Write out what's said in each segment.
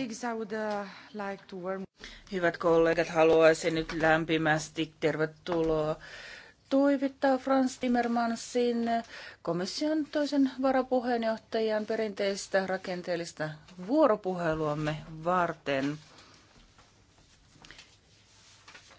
colleagues, I would uh, like to warm... Hyvät kollegat, haluaisin nyt lämpimästi tervetuloa toivittaa Frans Timmermansin komission toisen varapuheenjohtajan perinteistä rakenteellista vuoropuheluamme varten.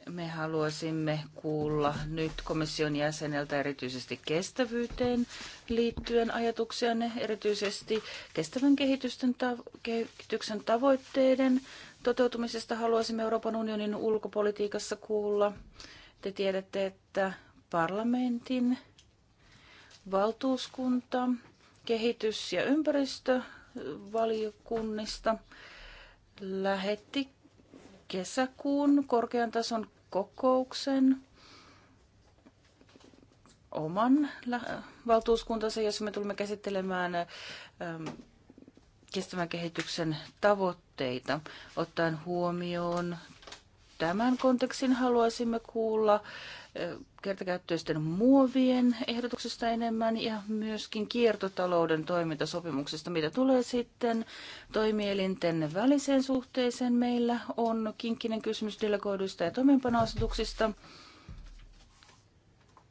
Me haluaisimme kuulla nyt komission jäseneltä erityisesti kestävyyteen liittyen ajatuksianne, erityisesti kestävän kehityksen tavoitteiden toteutumisesta haluaisimme Euroopan unionin ulkopolitiikassa kuulla. Te tiedätte, että parlamentin valtuuskunta, kehitys- ja ympäristövaliokunnista lähetti kesäkuun korkean tason kokouksen oman valtuuskuntansa, jossa me tulemme käsittelemään ähm, kestävän kehityksen tavoitteita. Ottaen huomioon tämän kontekstin haluaisimme kuulla kertakäyttöisten muovien ehdotuksesta enemmän ja myöskin kiertotalouden toimintasopimuksesta, mitä tulee sitten toimielinten väliseen suhteeseen. Meillä on kinkkinen kysymys delegoiduista ja toimeenpanoasetuksista.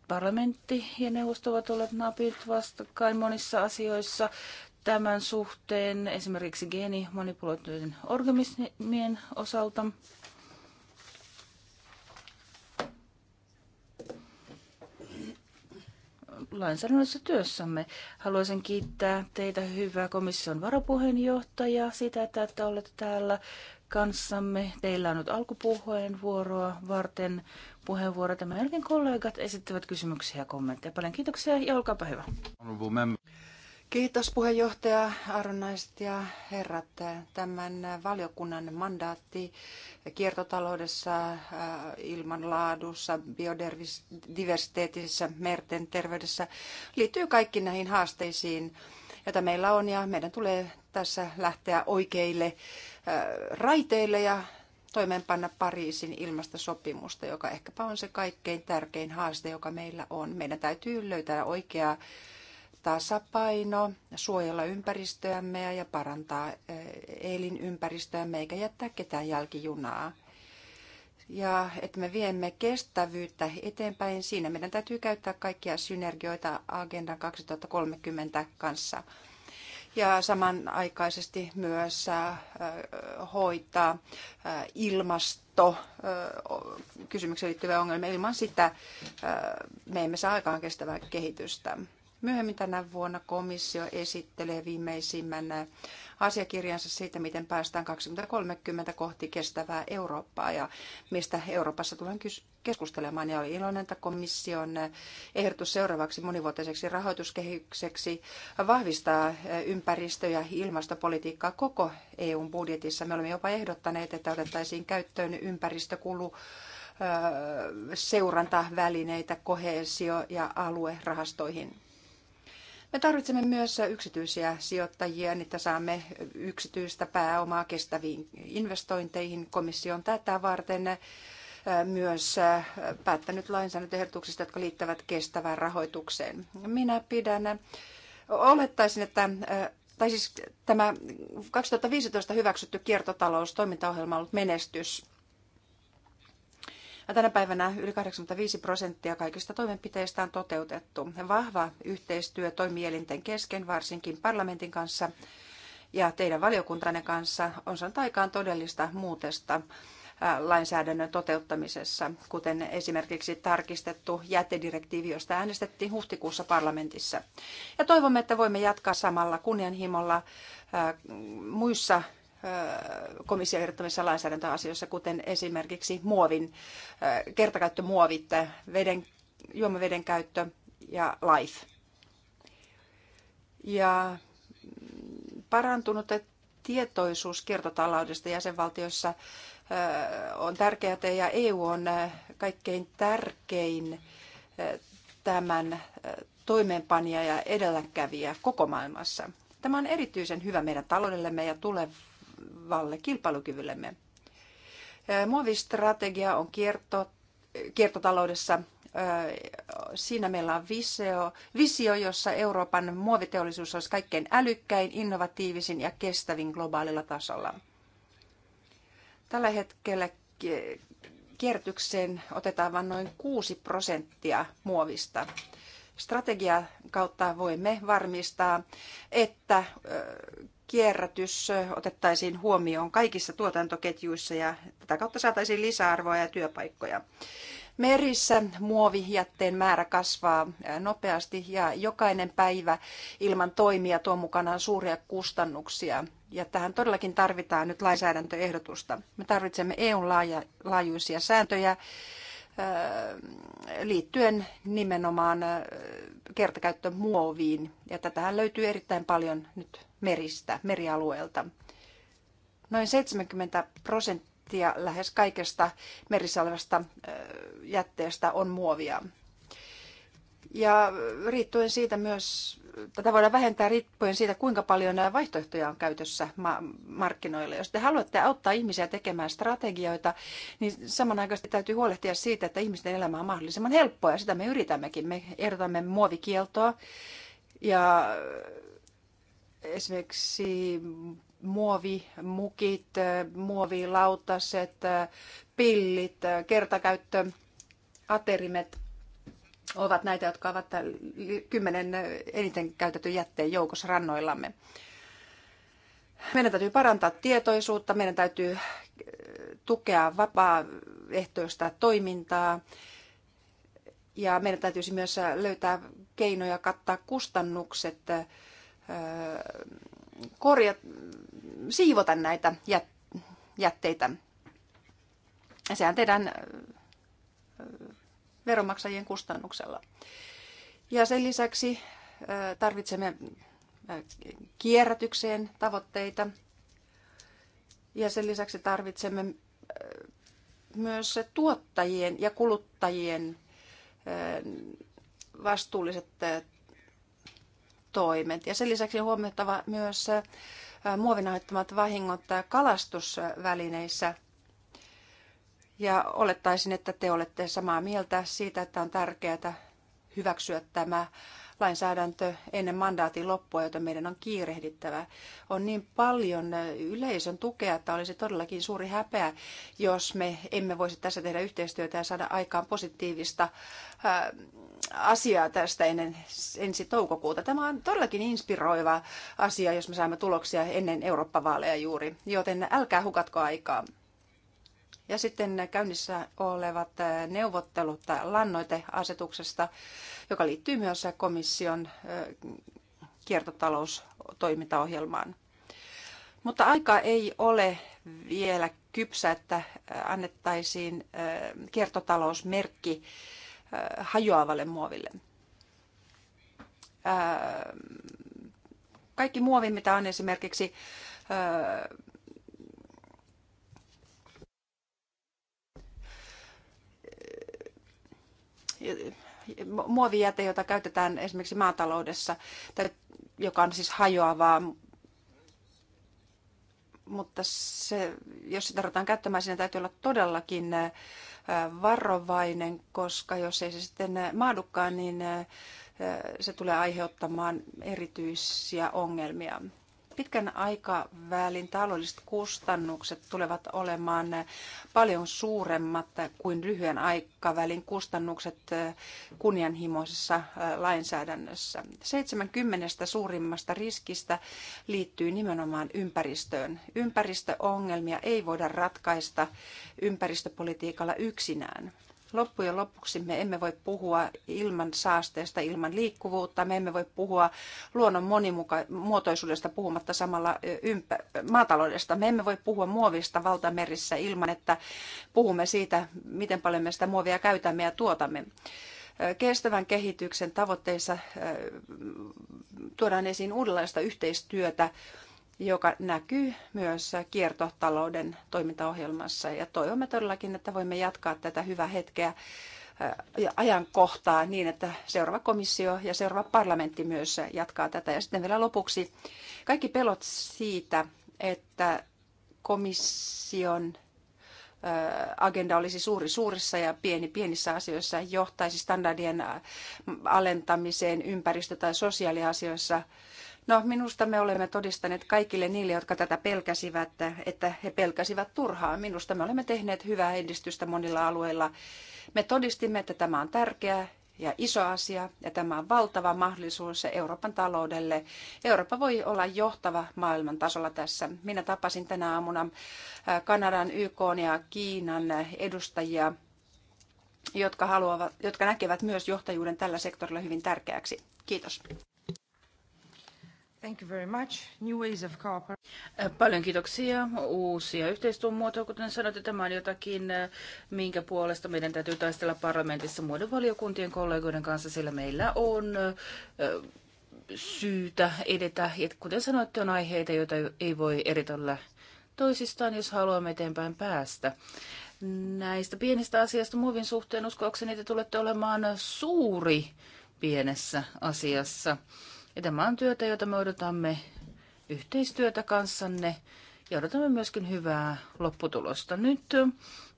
Parlamentti ja neuvosto ovat olleet napit vastakkain monissa asioissa tämän suhteen, esimerkiksi geenimanipuloitujen organismien osalta. lainsäädännössä työssämme. Haluaisin kiittää teitä, hyvää komission varapuheenjohtaja, sitä, että, että olette täällä kanssamme. Teillä on nyt alkupuheenvuoroa varten puheenvuoro. Tämän jälkeen kollegat esittävät kysymyksiä ja kommentteja. Paljon kiitoksia ja olkaapa hyvä. Kiitos puheenjohtaja, arvonaiset ja herrat. Tämän valiokunnan mandaatti kiertotaloudessa, äh, ilmanlaadussa, biodiversiteetissä, merten terveydessä liittyy kaikki näihin haasteisiin, joita meillä on ja meidän tulee tässä lähteä oikeille äh, raiteille ja toimeenpanna Pariisin ilmastosopimusta, joka ehkäpä on se kaikkein tärkein haaste, joka meillä on. Meidän täytyy löytää oikeaa tasapaino, suojella ympäristöämme ja parantaa eh, elinympäristöämme eikä jättää ketään jälkijunaa. Ja että me viemme kestävyyttä eteenpäin, siinä meidän täytyy käyttää kaikkia synergioita Agenda 2030 kanssa. Ja samanaikaisesti myös eh, hoitaa eh, ilmasto kysymykseen liittyviä ongelmia. Ilman sitä me emme saa aikaan kestävää kehitystä. Myöhemmin tänä vuonna komissio esittelee viimeisimmän äh, asiakirjansa siitä, miten päästään 2030 kohti kestävää Eurooppaa ja mistä Euroopassa tullaan keskustelemaan. Ja oli iloinen, että komission äh, ehdotus seuraavaksi monivuotiseksi rahoituskehykseksi vahvistaa äh, ympäristö- ja ilmastopolitiikkaa koko EUn budjetissa. Me olemme jopa ehdottaneet, että otettaisiin käyttöön ympäristökulu seurantavälineitä kohesio- ja aluerahastoihin. Me tarvitsemme myös yksityisiä sijoittajia, niin että saamme yksityistä pääomaa kestäviin investointeihin. Komissio on tätä varten äh, myös äh, päättänyt lainsäädäntöehdotuksista, jotka liittävät kestävään rahoitukseen. Minä pidän, olettaisin, että äh, tai siis tämä 2015 hyväksytty kiertotaloustoimintaohjelma on ollut menestys. Ja tänä päivänä yli 85 prosenttia kaikista toimenpiteistä on toteutettu. Vahva yhteistyö toimielinten kesken, varsinkin parlamentin kanssa ja teidän valiokuntanne kanssa, on saanut aikaan todellista muutosta äh, lainsäädännön toteuttamisessa, kuten esimerkiksi tarkistettu jätedirektiivi, josta äänestettiin huhtikuussa parlamentissa. Ja toivomme, että voimme jatkaa samalla kunnianhimolla äh, muissa komission ehdottamissa lainsäädäntöasioissa, kuten esimerkiksi muovin, kertakäyttömuovit, veden, juomaveden käyttö ja life. Ja parantunut tietoisuus kiertotaloudesta jäsenvaltioissa on tärkeää ja EU on kaikkein tärkein tämän toimeenpanija ja edelläkävijä koko maailmassa. Tämä on erityisen hyvä meidän taloudellemme ja tulevaisuudelle vahvalle kilpailukyvyllemme. Muovistrategia on kierto, kiertotaloudessa. Siinä meillä on visio, visio, jossa Euroopan muoviteollisuus olisi kaikkein älykkäin, innovatiivisin ja kestävin globaalilla tasolla. Tällä hetkellä kierrätykseen otetaan vain noin 6 prosenttia muovista. Strategian kautta voimme varmistaa, että kierrätys otettaisiin huomioon kaikissa tuotantoketjuissa ja tätä kautta saataisiin lisäarvoa ja työpaikkoja. Merissä muovijätteen määrä kasvaa nopeasti ja jokainen päivä ilman toimia tuo mukanaan suuria kustannuksia. Ja tähän todellakin tarvitaan nyt lainsäädäntöehdotusta. Me tarvitsemme EUn laaja, laajuisia sääntöjä liittyen nimenomaan kertakäyttömuoviin. Ja tätähän löytyy erittäin paljon nyt meristä, merialueelta. Noin 70 prosenttia lähes kaikesta merissä olevasta jätteestä on muovia. Ja riittuen siitä myös, tätä voidaan vähentää riippuen siitä, kuinka paljon nämä vaihtoehtoja on käytössä markkinoilla. Jos te haluatte auttaa ihmisiä tekemään strategioita, niin samanaikaisesti täytyy huolehtia siitä, että ihmisten elämä on mahdollisimman helppoa ja sitä me yritämmekin. Me ehdotamme muovikieltoa ja esimerkiksi muovimukit, muovilautaset, pillit, kertakäyttöaterimet ovat näitä, jotka ovat kymmenen eniten käytetyn jätteen joukossa rannoillamme. Meidän täytyy parantaa tietoisuutta, meidän täytyy äh, tukea vapaaehtoista toimintaa ja meidän täytyisi myös löytää keinoja kattaa kustannukset korjat, siivota näitä jätteitä. Sehän tehdään veronmaksajien kustannuksella. Ja sen lisäksi tarvitsemme kierrätykseen tavoitteita. Ja sen lisäksi tarvitsemme myös tuottajien ja kuluttajien vastuulliset toimet. Ja sen lisäksi on huomioitava myös äh, muovin aiheuttamat vahingot äh, kalastusvälineissä. Ja olettaisin, että te olette samaa mieltä siitä, että on tärkeää hyväksyä tämä lainsäädäntö ennen mandaatin loppua, joten meidän on kiirehdittävä. On niin paljon yleisön tukea, että olisi todellakin suuri häpeä, jos me emme voisi tässä tehdä yhteistyötä ja saada aikaan positiivista asiaa tästä ennen ensi toukokuuta. Tämä on todellakin inspiroiva asia, jos me saamme tuloksia ennen Eurooppa-vaaleja juuri, joten älkää hukatko aikaa. Ja sitten käynnissä olevat neuvottelut lannoiteasetuksesta, joka liittyy myös komission kiertotaloustoimintaohjelmaan. Mutta aika ei ole vielä kypsä, että annettaisiin kiertotalousmerkki hajoavalle muoville. Kaikki muovi, mitä on esimerkiksi muovijäte, jota käytetään esimerkiksi maataloudessa, joka on siis hajoavaa, mutta se, jos sitä ruvetaan käyttämään, siinä täytyy olla todellakin varovainen, koska jos ei se sitten maadukaan, niin se tulee aiheuttamaan erityisiä ongelmia pitkän aikavälin taloudelliset kustannukset tulevat olemaan paljon suuremmat kuin lyhyen aikavälin kustannukset kunnianhimoisessa lainsäädännössä. 70 suurimmasta riskistä liittyy nimenomaan ympäristöön. Ympäristöongelmia ei voida ratkaista ympäristöpolitiikalla yksinään. Loppujen lopuksi me emme voi puhua ilman saasteesta, ilman liikkuvuutta. Me emme voi puhua luonnon monimuotoisuudesta puhumatta samalla ympä- maataloudesta. Me emme voi puhua muovista valtamerissä ilman, että puhumme siitä, miten paljon me sitä muovia käytämme ja tuotamme kestävän kehityksen tavoitteissa tuodaan esiin uudenlaista yhteistyötä joka näkyy myös kiertotalouden toimintaohjelmassa. Ja toivomme todellakin, että voimme jatkaa tätä hyvää hetkeä äh, ja ajankohtaa niin, että seuraava komissio ja seuraava parlamentti myös jatkaa tätä. Ja sitten vielä lopuksi kaikki pelot siitä, että komission äh, agenda olisi suuri suurissa ja pieni pienissä asioissa, johtaisi standardien äh, alentamiseen ympäristö- tai sosiaaliasioissa No minusta me olemme todistaneet kaikille niille, jotka tätä pelkäsivät, että he pelkäsivät turhaan. Minusta me olemme tehneet hyvää edistystä monilla alueilla. Me todistimme, että tämä on tärkeää ja iso asia, ja tämä on valtava mahdollisuus Euroopan taloudelle. Eurooppa voi olla johtava maailman tasolla tässä. Minä tapasin tänä aamuna Kanadan, YK ja Kiinan edustajia, jotka, haluavat, jotka näkevät myös johtajuuden tällä sektorilla hyvin tärkeäksi. Kiitos. Thank you very much. New ways of Paljon kiitoksia. Uusia yhteistyön muotoja, kuten sanoitte, tämä on jotakin, minkä puolesta meidän täytyy taistella parlamentissa muiden valiokuntien kollegoiden kanssa, sillä meillä on syytä edetä. Ja kuten sanoitte, on aiheita, joita ei voi eritellä toisistaan, jos haluamme eteenpäin päästä. Näistä pienistä asioista muovin suhteen uskoakseni te tulette olemaan suuri pienessä asiassa. Ja tämä on työtä, jota me odotamme yhteistyötä kanssanne ja odotamme myöskin hyvää lopputulosta. Nyt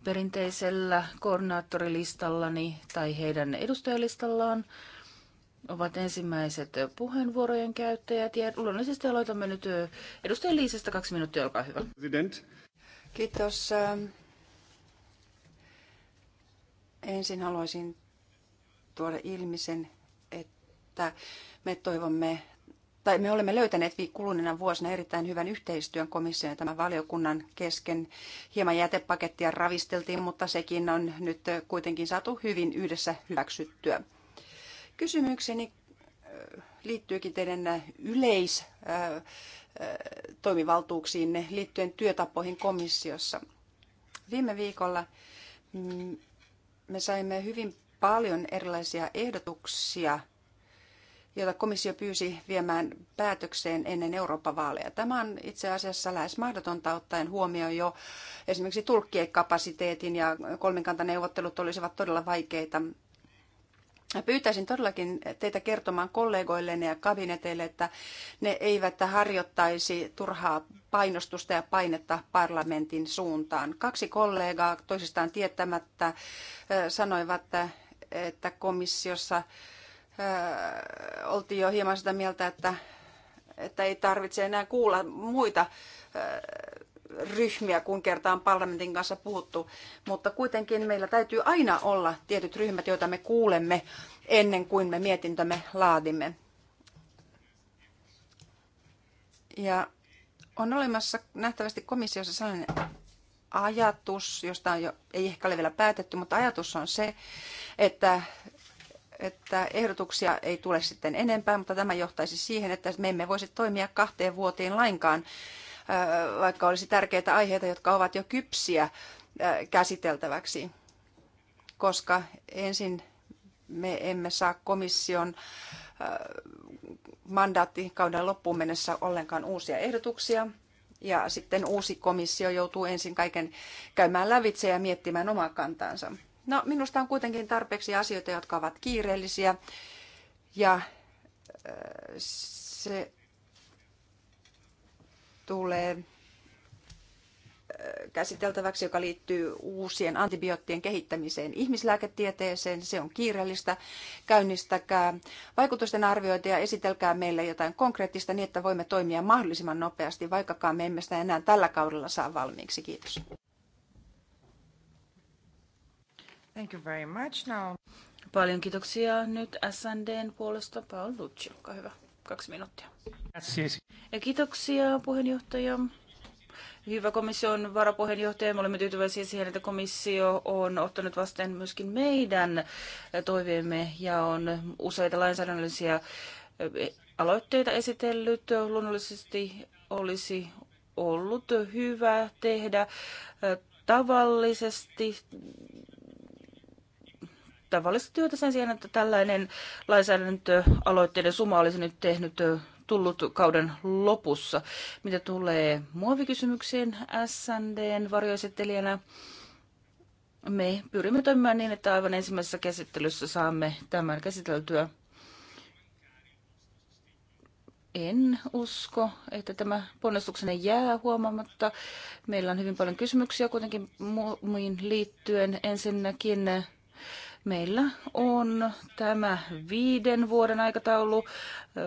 perinteisellä koordinaattorilistallani tai heidän edustajalistallaan ovat ensimmäiset puheenvuorojen käyttäjät. Ja luonnollisesti aloitamme nyt edustajan Liisestä kaksi minuuttia, olkaa hyvä. President. Kiitos. Ensin haluaisin tuoda ilmisen että me toivomme, tai me olemme löytäneet kuluneena vuosina erittäin hyvän yhteistyön komission ja tämän valiokunnan kesken. Hieman jätepakettia ravisteltiin, mutta sekin on nyt kuitenkin saatu hyvin yhdessä hyväksyttyä. Kysymykseni äh, liittyykin teidän yleistoimivaltuuksiinne äh, äh, liittyen työtapoihin komissiossa. Viime viikolla mm, me saimme hyvin paljon erilaisia ehdotuksia – jota komissio pyysi viemään päätökseen ennen Euroopan vaaleja. Tämä on itse asiassa lähes mahdotonta ottaen huomioon jo esimerkiksi tulkkien kapasiteetin ja kolmikantaneuvottelut olisivat todella vaikeita. Pyytäisin todellakin teitä kertomaan kollegoillenne ja kabineteille, että ne eivät harjoittaisi turhaa painostusta ja painetta parlamentin suuntaan. Kaksi kollegaa toisistaan tietämättä sanoivat, että komissiossa Öö, oltiin jo hieman sitä mieltä, että, että ei tarvitse enää kuulla muita öö, ryhmiä, kun kertaan parlamentin kanssa puhuttu. Mutta kuitenkin meillä täytyy aina olla tietyt ryhmät, joita me kuulemme ennen kuin me mietintömme laadimme. Ja on olemassa nähtävästi komissiossa sellainen ajatus, josta on jo, ei ehkä ole vielä päätetty, mutta ajatus on se, että että ehdotuksia ei tule sitten enempää, mutta tämä johtaisi siihen, että me emme voisi toimia kahteen vuoteen lainkaan, vaikka olisi tärkeitä aiheita, jotka ovat jo kypsiä käsiteltäväksi, koska ensin me emme saa komission mandaattikauden loppuun mennessä ollenkaan uusia ehdotuksia. Ja sitten uusi komissio joutuu ensin kaiken käymään lävitse ja miettimään omaa kantaansa. No, minusta on kuitenkin tarpeeksi asioita, jotka ovat kiireellisiä. Ja äh, se tulee äh, käsiteltäväksi, joka liittyy uusien antibioottien kehittämiseen ihmislääketieteeseen. Se on kiireellistä. Käynnistäkää vaikutusten arviointia ja esitelkää meille jotain konkreettista niin, että voimme toimia mahdollisimman nopeasti, vaikkakaan me emme sitä enää tällä kaudella saa valmiiksi. Kiitos. Thank you very much now. Paljon kiitoksia nyt SNDn puolesta. Paul Lucci, olkaa hyvä. Kaksi minuuttia. Siis. Ja kiitoksia puheenjohtaja. Hyvä komission varapuheenjohtaja. Me olemme tyytyväisiä siihen, että komissio on ottanut vastaan myöskin meidän toiveemme ja on useita lainsäädännöllisiä eh, aloitteita esitellyt. Luonnollisesti olisi ollut hyvä tehdä eh, tavallisesti tavallista työtä sen sijaan, että tällainen lainsäädäntöaloitteiden suma olisi nyt tehnyt tullut kauden lopussa. Mitä tulee muovikysymykseen SNDn varjoesittelijänä, me pyrimme toimimaan niin, että aivan ensimmäisessä käsittelyssä saamme tämän käsiteltyä. En usko, että tämä ponnistuksenne jää huomaamatta. Meillä on hyvin paljon kysymyksiä kuitenkin muihin liittyen. Ensinnäkin Meillä on tämä viiden vuoden aikataulu.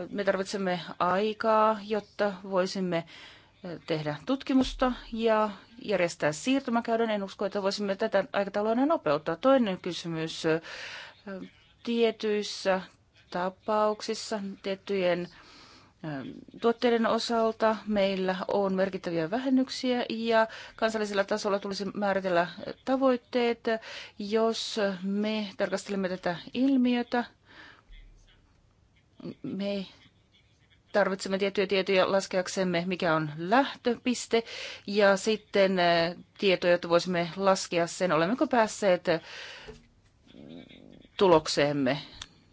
Me tarvitsemme aikaa, jotta voisimme tehdä tutkimusta ja järjestää siirtymäkäyden. En usko, että voisimme tätä aikataulua nopeuttaa. Toinen kysymys tietyissä tapauksissa tiettyjen Tuotteiden osalta meillä on merkittäviä vähennyksiä ja kansallisella tasolla tulisi määritellä tavoitteet. Jos me tarkastelemme tätä ilmiötä, me tarvitsemme tiettyjä tietoja laskeaksemme, mikä on lähtöpiste, ja sitten tietoja, jotta voisimme laskea sen, olemmeko päässeet tulokseemme.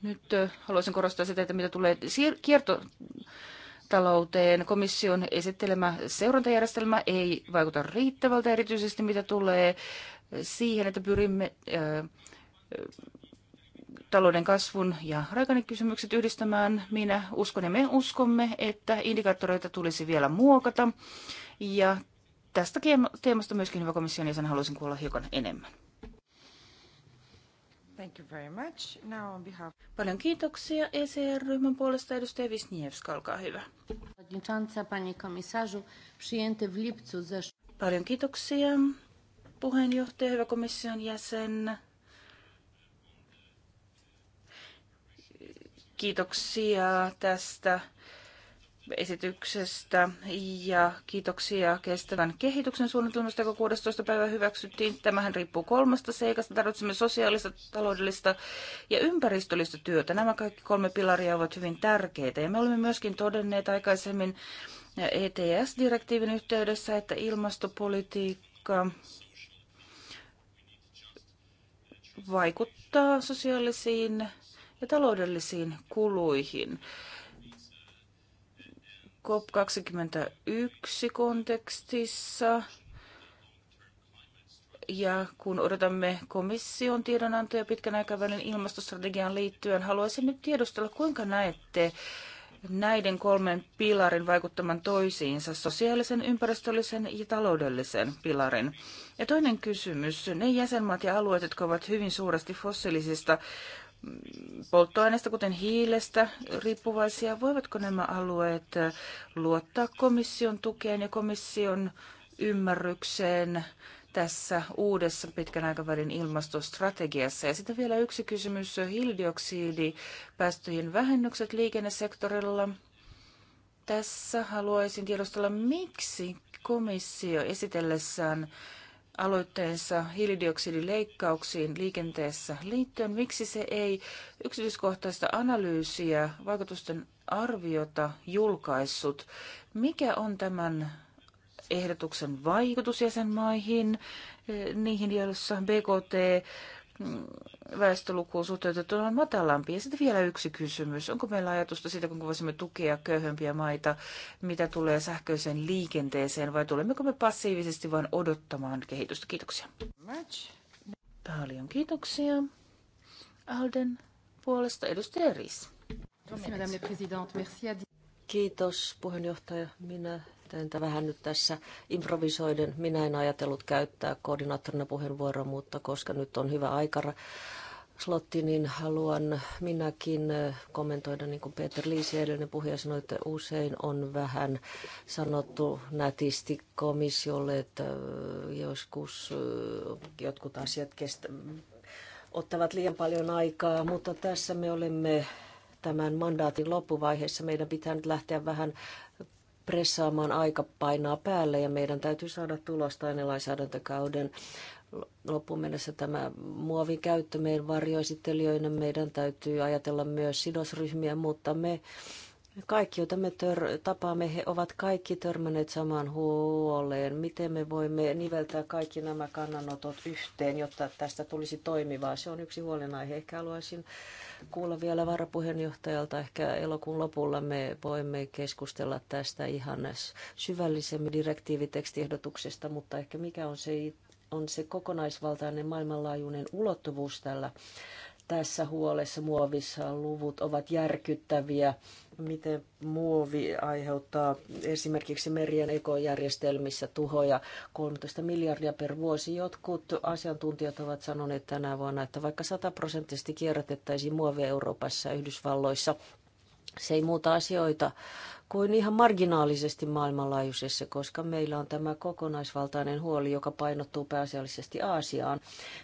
Nyt haluaisin korostaa sitä, että mitä tulee kiertotalouteen, komission esittelemä seurantajärjestelmä ei vaikuta riittävältä, erityisesti mitä tulee siihen, että pyrimme talouden kasvun ja raikannekysymykset yhdistämään. Minä uskon ja me uskomme, että indikaattoreita tulisi vielä muokata. Ja tästä teemasta myöskin hyvä komission jäsen haluaisin kuulla hiukan enemmän. Thank you very much. Now on behalf... Paljon kiitoksia ECR-ryhmän puolesta edustaja Wisniewska, olkaa hyvä. Paljon kiitoksia puheenjohtaja, hyvä komission jäsen. Kiitoksia tästä esityksestä ja kiitoksia kestävän kehityksen suunnitelmasta, joka 16. päivä hyväksyttiin. Tämähän riippuu kolmesta seikasta. Tarvitsemme sosiaalista, taloudellista ja ympäristöllistä työtä. Nämä kaikki kolme pilaria ovat hyvin tärkeitä ja me olemme myöskin todenneet aikaisemmin ETS-direktiivin yhteydessä, että ilmastopolitiikka vaikuttaa sosiaalisiin ja taloudellisiin kuluihin. COP21-kontekstissa ja kun odotamme komission tiedonantoja pitkän aikavälin ilmastostrategiaan liittyen, haluaisin nyt tiedustella, kuinka näette näiden kolmen pilarin vaikuttaman toisiinsa, sosiaalisen, ympäristöllisen ja taloudellisen pilarin. Ja toinen kysymys, ne jäsenmaat ja alueet, jotka ovat hyvin suuresti fossiilisista polttoaineesta, kuten hiilestä, riippuvaisia. Voivatko nämä alueet luottaa komission tukeen ja komission ymmärrykseen tässä uudessa pitkän aikavälin ilmastostrategiassa. Ja sitten vielä yksi kysymys, hiilidioksidipäästöjen vähennykset liikennesektorilla. Tässä haluaisin tiedostella, miksi komissio esitellessään aloitteensa hiilidioksidileikkauksiin liikenteessä liittyen. Miksi se ei yksityiskohtaista analyysiä, vaikutusten arviota julkaissut? Mikä on tämän ehdotuksen vaikutus jäsenmaihin, eh, niihin, joissa BKT väestölukuun suhteutettuna on matalampi. Ja sitten vielä yksi kysymys. Onko meillä ajatusta siitä, kun voisimme tukea köyhempiä maita, mitä tulee sähköiseen liikenteeseen, vai tulemmeko me passiivisesti vain odottamaan kehitystä? Kiitoksia. Paljon kiitoksia. Alden puolesta edustaja Riis. Kiitos puheenjohtaja. Minä Entä vähän nyt tässä improvisoiden. Minä en ajatellut käyttää koordinaattorina puheenvuoroa, mutta koska nyt on hyvä aikara slotti, niin haluan minäkin kommentoida, niin kuin Peter Liisi edellinen puhuja sanoi, että usein on vähän sanottu nätisti komissiolle, että joskus jotkut asiat kestä, ottavat liian paljon aikaa, mutta tässä me olemme tämän mandaatin loppuvaiheessa. Meidän pitää nyt lähteä vähän pressaamaan aika painaa päälle ja meidän täytyy saada tulosta ennen lainsäädäntökauden loppuun mennessä tämä muovin käyttö meidän varjoesittelijöinä. Meidän täytyy ajatella myös sidosryhmiä, mutta me kaikki, joita me tör- tapaamme, he ovat kaikki törmänneet samaan huoleen. Miten me voimme niveltää kaikki nämä kannanotot yhteen, jotta tästä tulisi toimivaa? Se on yksi huolenaihe. Ehkä haluaisin kuulla vielä varapuheenjohtajalta. Ehkä elokuun lopulla me voimme keskustella tästä ihan syvällisemmin direktiivitekstiehdotuksesta, mutta ehkä mikä on se on se kokonaisvaltainen maailmanlaajuinen ulottuvuus tällä tässä huolessa muovissa luvut ovat järkyttäviä. Miten muovi aiheuttaa esimerkiksi merien ekojärjestelmissä tuhoja 13 miljardia per vuosi. Jotkut asiantuntijat ovat sanoneet tänä vuonna, että vaikka sataprosenttisesti kierrätettäisiin muovia Euroopassa ja Yhdysvalloissa, se ei muuta asioita, kuin ihan marginaalisesti maailmanlaajuisessa, koska meillä on tämä kokonaisvaltainen huoli, joka painottuu pääasiallisesti Aasiaan.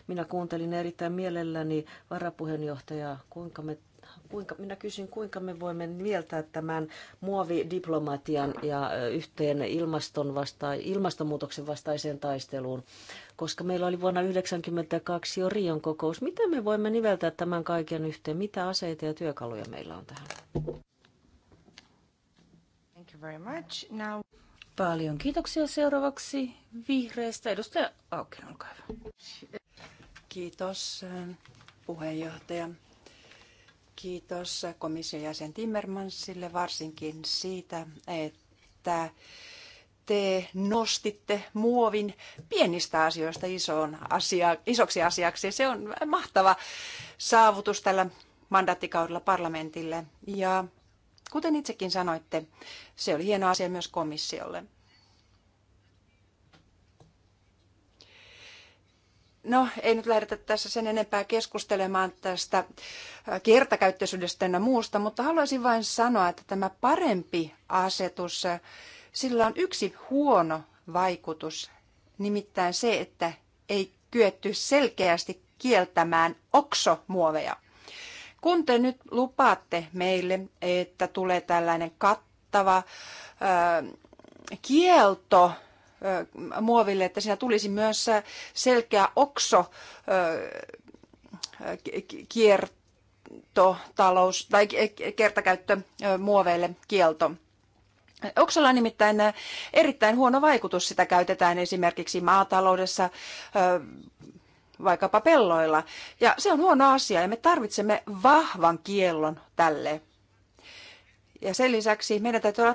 Minä kuuntelin erittäin mielelläni varapuheenjohtajaa, kuinka me kuinka, minä kysyn, kuinka me voimme mieltää tämän muovidiplomatian ja yhteen ilmaston vasta, ilmastonmuutoksen vastaiseen taisteluun, koska meillä oli vuonna 1992 jo Rion kokous. Miten me voimme niveltää tämän kaiken yhteen? Mitä aseita ja työkaluja meillä on tähän? very much. Now... Paljon kiitoksia seuraavaksi vihreistä. Edustaja Auken, olkaa hyvä. Kiitos ähm, puheenjohtaja. Kiitos komission jäsen Timmermansille varsinkin siitä, että te nostitte muovin pienistä asioista isoon asia, isoksi asiaksi. Se on mahtava saavutus tällä mandaattikaudella parlamentille. Ja Kuten itsekin sanoitte, se oli hieno asia myös komissiolle. No, ei nyt lähdetä tässä sen enempää keskustelemaan tästä kertakäyttöisyydestä ja muusta, mutta haluaisin vain sanoa, että tämä parempi asetus, sillä on yksi huono vaikutus, nimittäin se, että ei kyetty selkeästi kieltämään oksomuoveja. Kun te nyt lupaatte meille, että tulee tällainen kattava kielto muoville, että siinä tulisi myös selkeä okso kiertotalous tai kertakäyttö muoveille kielto. Oksalla on nimittäin erittäin huono vaikutus. Sitä käytetään esimerkiksi maataloudessa, vaikkapa pelloilla. Ja se on huono asia ja me tarvitsemme vahvan kiellon tälle. Ja sen lisäksi meidän täytyy olla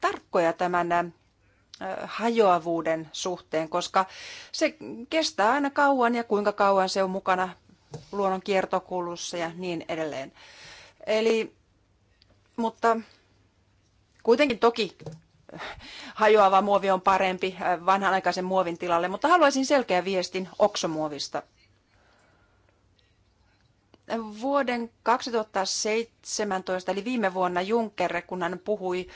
tarkkoja tämän äh, hajoavuuden suhteen, koska se kestää aina kauan ja kuinka kauan se on mukana luonnon kiertokulussa ja niin edelleen. Eli, mutta kuitenkin toki hajoava muovi on parempi äh, vanhanaikaisen muovin tilalle, mutta haluaisin selkeän viestin oksomuovista. Vuoden 2017, eli viime vuonna Juncker, kun hän puhui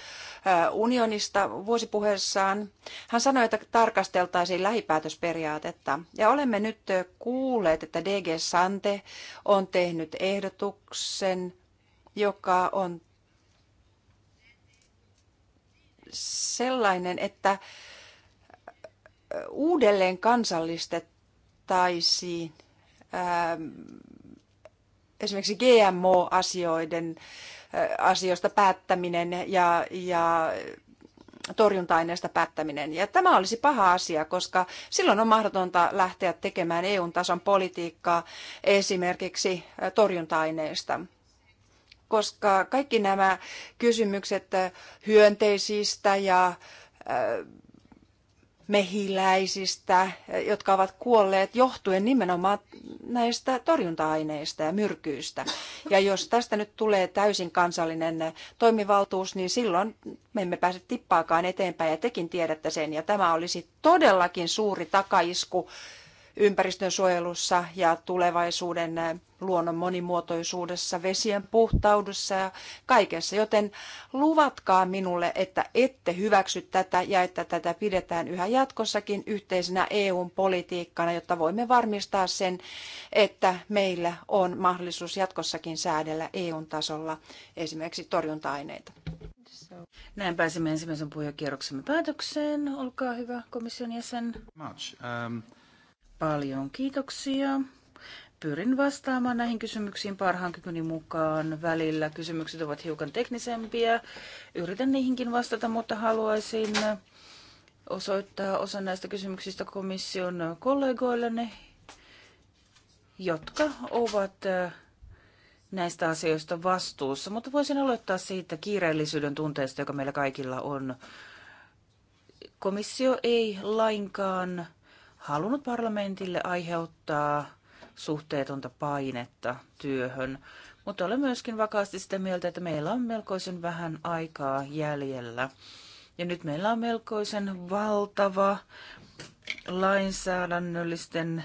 äh, unionista vuosipuheessaan, hän sanoi, että tarkasteltaisiin lähipäätösperiaatetta. Ja olemme nyt äh, kuulleet, että DG Sante on tehnyt ehdotuksen, joka on sellainen, että uudelleen kansallistettaisiin ähm, esimerkiksi GMO-asioiden äh, asioista päättäminen ja, ja torjunta-aineista päättäminen. Ja tämä olisi paha asia, koska silloin on mahdotonta lähteä tekemään EU-tason politiikkaa esimerkiksi torjunta-aineista koska kaikki nämä kysymykset hyönteisistä ja mehiläisistä, jotka ovat kuolleet johtuen nimenomaan näistä torjunta-aineista ja myrkyistä. Ja jos tästä nyt tulee täysin kansallinen toimivaltuus, niin silloin me emme pääse tippaakaan eteenpäin ja tekin tiedätte sen. Ja tämä olisi todellakin suuri takaisku ympäristönsuojelussa ja tulevaisuuden luonnon monimuotoisuudessa, vesien puhtaudessa ja kaikessa. Joten luvatkaa minulle, että ette hyväksy tätä ja että tätä pidetään yhä jatkossakin yhteisenä EU-politiikkana, jotta voimme varmistaa sen, että meillä on mahdollisuus jatkossakin säädellä EU-tasolla esimerkiksi torjunta-aineita. Näin pääsemme ensimmäisen puheenjohtajakierroksemme päätökseen. Olkaa hyvä komission jäsen. Much. Um paljon kiitoksia. Pyrin vastaamaan näihin kysymyksiin parhaan kykyni mukaan. Välillä kysymykset ovat hiukan teknisempiä. Yritän niihinkin vastata, mutta haluaisin osoittaa osan näistä kysymyksistä komission kollegoillenne, jotka ovat äh, näistä asioista vastuussa. Mutta voisin aloittaa siitä kiireellisyyden tunteesta, joka meillä kaikilla on. Komissio ei lainkaan halunnut parlamentille aiheuttaa suhteetonta painetta työhön, mutta olen myöskin vakaasti sitä mieltä, että meillä on melkoisen vähän aikaa jäljellä. Ja nyt meillä on melkoisen valtava lainsäädännöllisten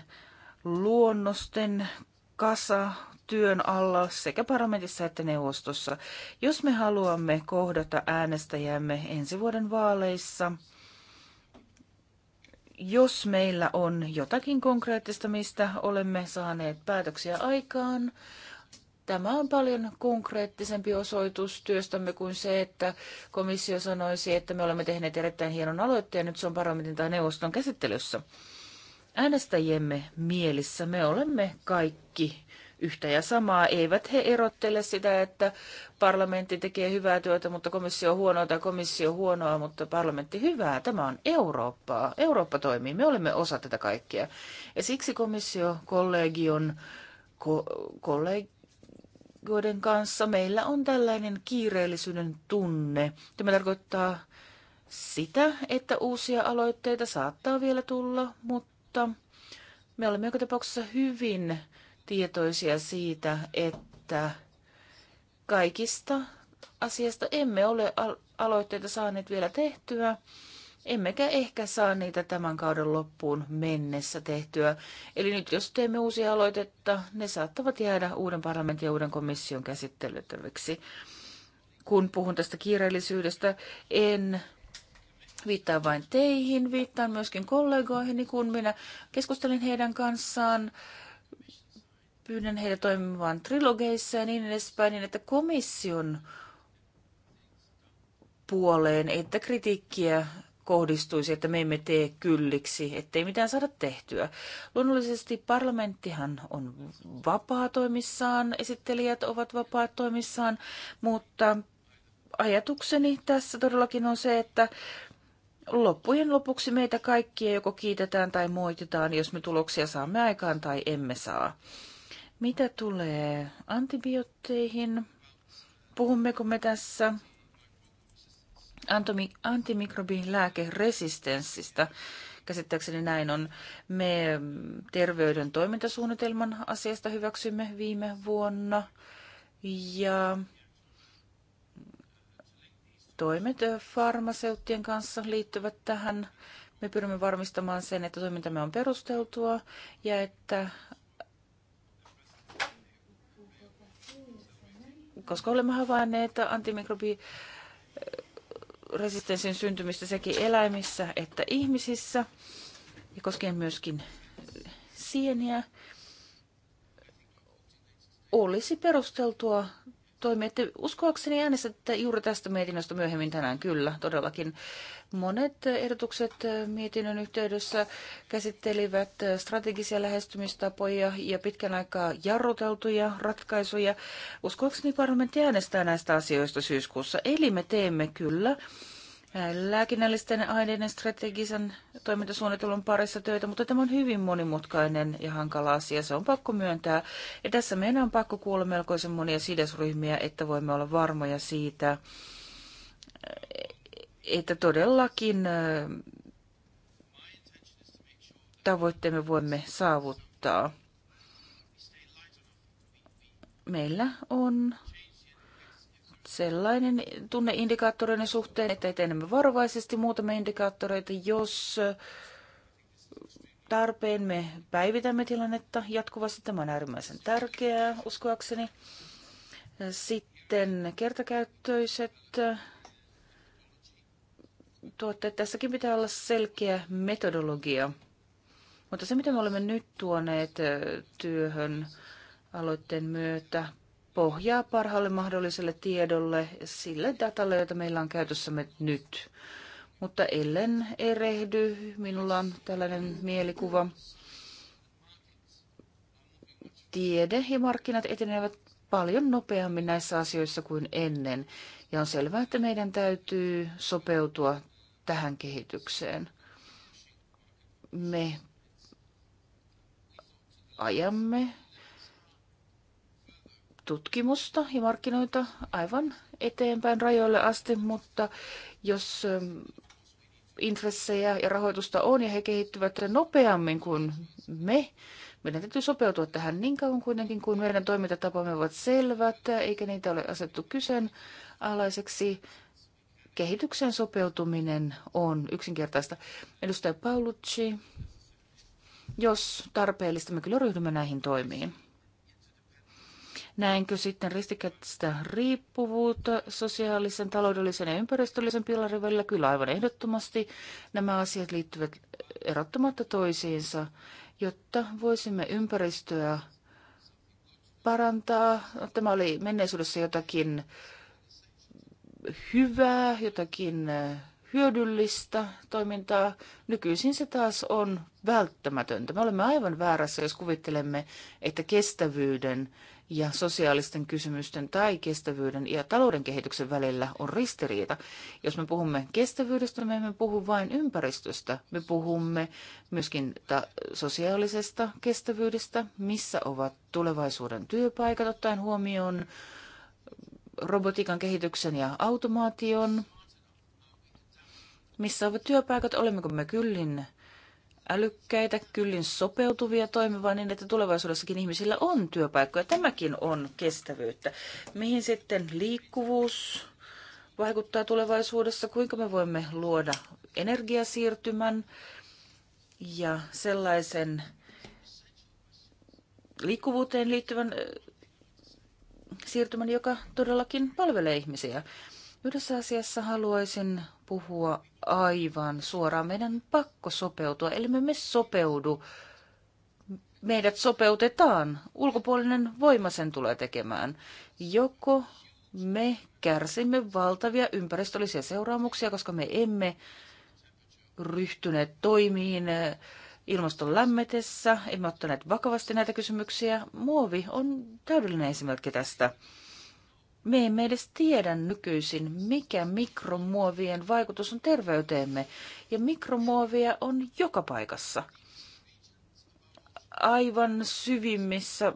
luonnosten kasa työn alla sekä parlamentissa että neuvostossa. Jos me haluamme kohdata äänestäjämme ensi vuoden vaaleissa – jos meillä on jotakin konkreettista, mistä olemme saaneet päätöksiä aikaan, tämä on paljon konkreettisempi osoitus työstämme kuin se, että komissio sanoisi, että me olemme tehneet erittäin hienon aloitteen, nyt se on parlamentin tai neuvoston käsittelyssä. Äänestäjiemme mielissä me olemme kaikki yhtä ja samaa. Eivät he erottele sitä, että parlamentti tekee hyvää työtä, mutta komissio on huonoa tai komissio on huonoa, mutta parlamentti hyvää. Tämä on Eurooppaa. Eurooppa toimii. Me olemme osa tätä kaikkea. Ja siksi komissio kollegion ko- joiden kanssa meillä on tällainen kiireellisyyden tunne. Tämä tarkoittaa sitä, että uusia aloitteita saattaa vielä tulla, mutta me olemme joka tapauksessa hyvin tietoisia siitä, että kaikista asiasta emme ole aloitteita saaneet vielä tehtyä, emmekä ehkä saa niitä tämän kauden loppuun mennessä tehtyä. Eli nyt jos teemme uusia aloitetta, ne saattavat jäädä uuden parlamentin ja uuden komission käsittelytäväksi. Kun puhun tästä kiireellisyydestä, en viittaa vain teihin, viittaan myöskin kollegoihin, kun minä keskustelin heidän kanssaan pyydän heitä toimimaan trilogeissa ja niin edespäin, niin että komission puoleen, että kritiikkiä kohdistuisi, että me emme tee kylliksi, ettei mitään saada tehtyä. Luonnollisesti parlamenttihan on vapaa toimissaan, esittelijät ovat vapaa toimissaan, mutta ajatukseni tässä todellakin on se, että loppujen lopuksi meitä kaikkia joko kiitetään tai moititaan, jos me tuloksia saamme aikaan tai emme saa. Mitä tulee antibiootteihin? Puhummeko me tässä antimikrobilääkeresistenssistä? Käsittääkseni näin on. Me terveyden toimintasuunnitelman asiasta hyväksymme viime vuonna. Ja toimet farmaseuttien kanssa liittyvät tähän. Me pyrimme varmistamaan sen, että toimintamme on perusteltua ja että koska olemme havainneet antimikrobiresistenssin syntymistä sekä eläimissä että ihmisissä ja koskien myöskin sieniä, olisi perusteltua toimia. uskoakseni äänestätte juuri tästä mietinnöstä myöhemmin tänään, kyllä, todellakin. Monet ehdotukset äh, mietinnön yhteydessä käsittelivät äh, strategisia lähestymistapoja ja pitkän aikaa jarruteltuja ratkaisuja. Uskoakseni parlamentti äänestää näistä asioista syyskuussa, eli me teemme kyllä lääkinnällisten aineiden strategisen toimintasuunnitelman parissa töitä, mutta tämä on hyvin monimutkainen ja hankala asia. Se on pakko myöntää. Ja tässä meidän on pakko kuulla melkoisen monia sidosryhmiä, että voimme olla varmoja siitä, että todellakin tavoitteemme voimme saavuttaa. Meillä on sellainen tunne indikaattoreiden suhteen, että etenemme varovaisesti muutamia indikaattoreita, jos tarpeen me päivitämme tilannetta jatkuvasti. Tämä on äärimmäisen tärkeää, uskoakseni. Sitten kertakäyttöiset tuotteet. Tässäkin pitää olla selkeä metodologia. Mutta se, mitä me olemme nyt tuoneet työhön aloitteen myötä, pohjaa parhaalle mahdolliselle tiedolle, sille datalle, jota meillä on käytössämme nyt. Mutta ellen erehdy, minulla on tällainen mielikuva. Tiede ja markkinat etenevät paljon nopeammin näissä asioissa kuin ennen, ja on selvää, että meidän täytyy sopeutua tähän kehitykseen. Me ajamme tutkimusta ja markkinoita aivan eteenpäin rajoille asti, mutta jos ähm, intressejä ja rahoitusta on ja he kehittyvät nopeammin kuin me, meidän täytyy sopeutua tähän niin kauan kuitenkin, kun meidän toimintatapamme ovat selvät, eikä niitä ole asettu kyseenalaiseksi. Kehityksen sopeutuminen on yksinkertaista. Edustaja Paulucci, jos tarpeellista, me kyllä ryhdymme näihin toimiin. Näinkö sitten ristikettä riippuvuutta sosiaalisen, taloudellisen ja ympäristöllisen pilarin välillä? Kyllä aivan ehdottomasti nämä asiat liittyvät erottamatta toisiinsa, jotta voisimme ympäristöä parantaa. Tämä oli menneisyydessä jotakin hyvää, jotakin hyödyllistä toimintaa. Nykyisin se taas on välttämätöntä. Me olemme aivan väärässä, jos kuvittelemme, että kestävyyden ja sosiaalisten kysymysten tai kestävyyden ja talouden kehityksen välillä on ristiriita. Jos me puhumme kestävyydestä, niin me emme puhu vain ympäristöstä. Me puhumme myöskin sosiaalisesta kestävyydestä, missä ovat tulevaisuuden työpaikat, ottaen huomioon robotiikan kehityksen ja automaation, missä ovat työpaikat, olemmeko me kyllin älykkäitä, kyllin sopeutuvia toimivaa niin, että tulevaisuudessakin ihmisillä on työpaikkoja. Tämäkin on kestävyyttä. Mihin sitten liikkuvuus vaikuttaa tulevaisuudessa? Kuinka me voimme luoda energiasiirtymän ja sellaisen liikkuvuuteen liittyvän siirtymän, joka todellakin palvelee ihmisiä? Yhdessä asiassa haluaisin puhua aivan suoraan. Meidän on pakko sopeutua. Eli me, me sopeudu. Meidät sopeutetaan. Ulkopuolinen voima sen tulee tekemään. Joko me kärsimme valtavia ympäristöllisiä seuraamuksia, koska me emme ryhtyneet toimiin eh, ilmaston lämmetessä, emme ottaneet vakavasti näitä kysymyksiä. Muovi on täydellinen esimerkki tästä. Me emme edes tiedä nykyisin, mikä mikromuovien vaikutus on terveyteemme. Ja mikromuovia on joka paikassa. Aivan syvimmissä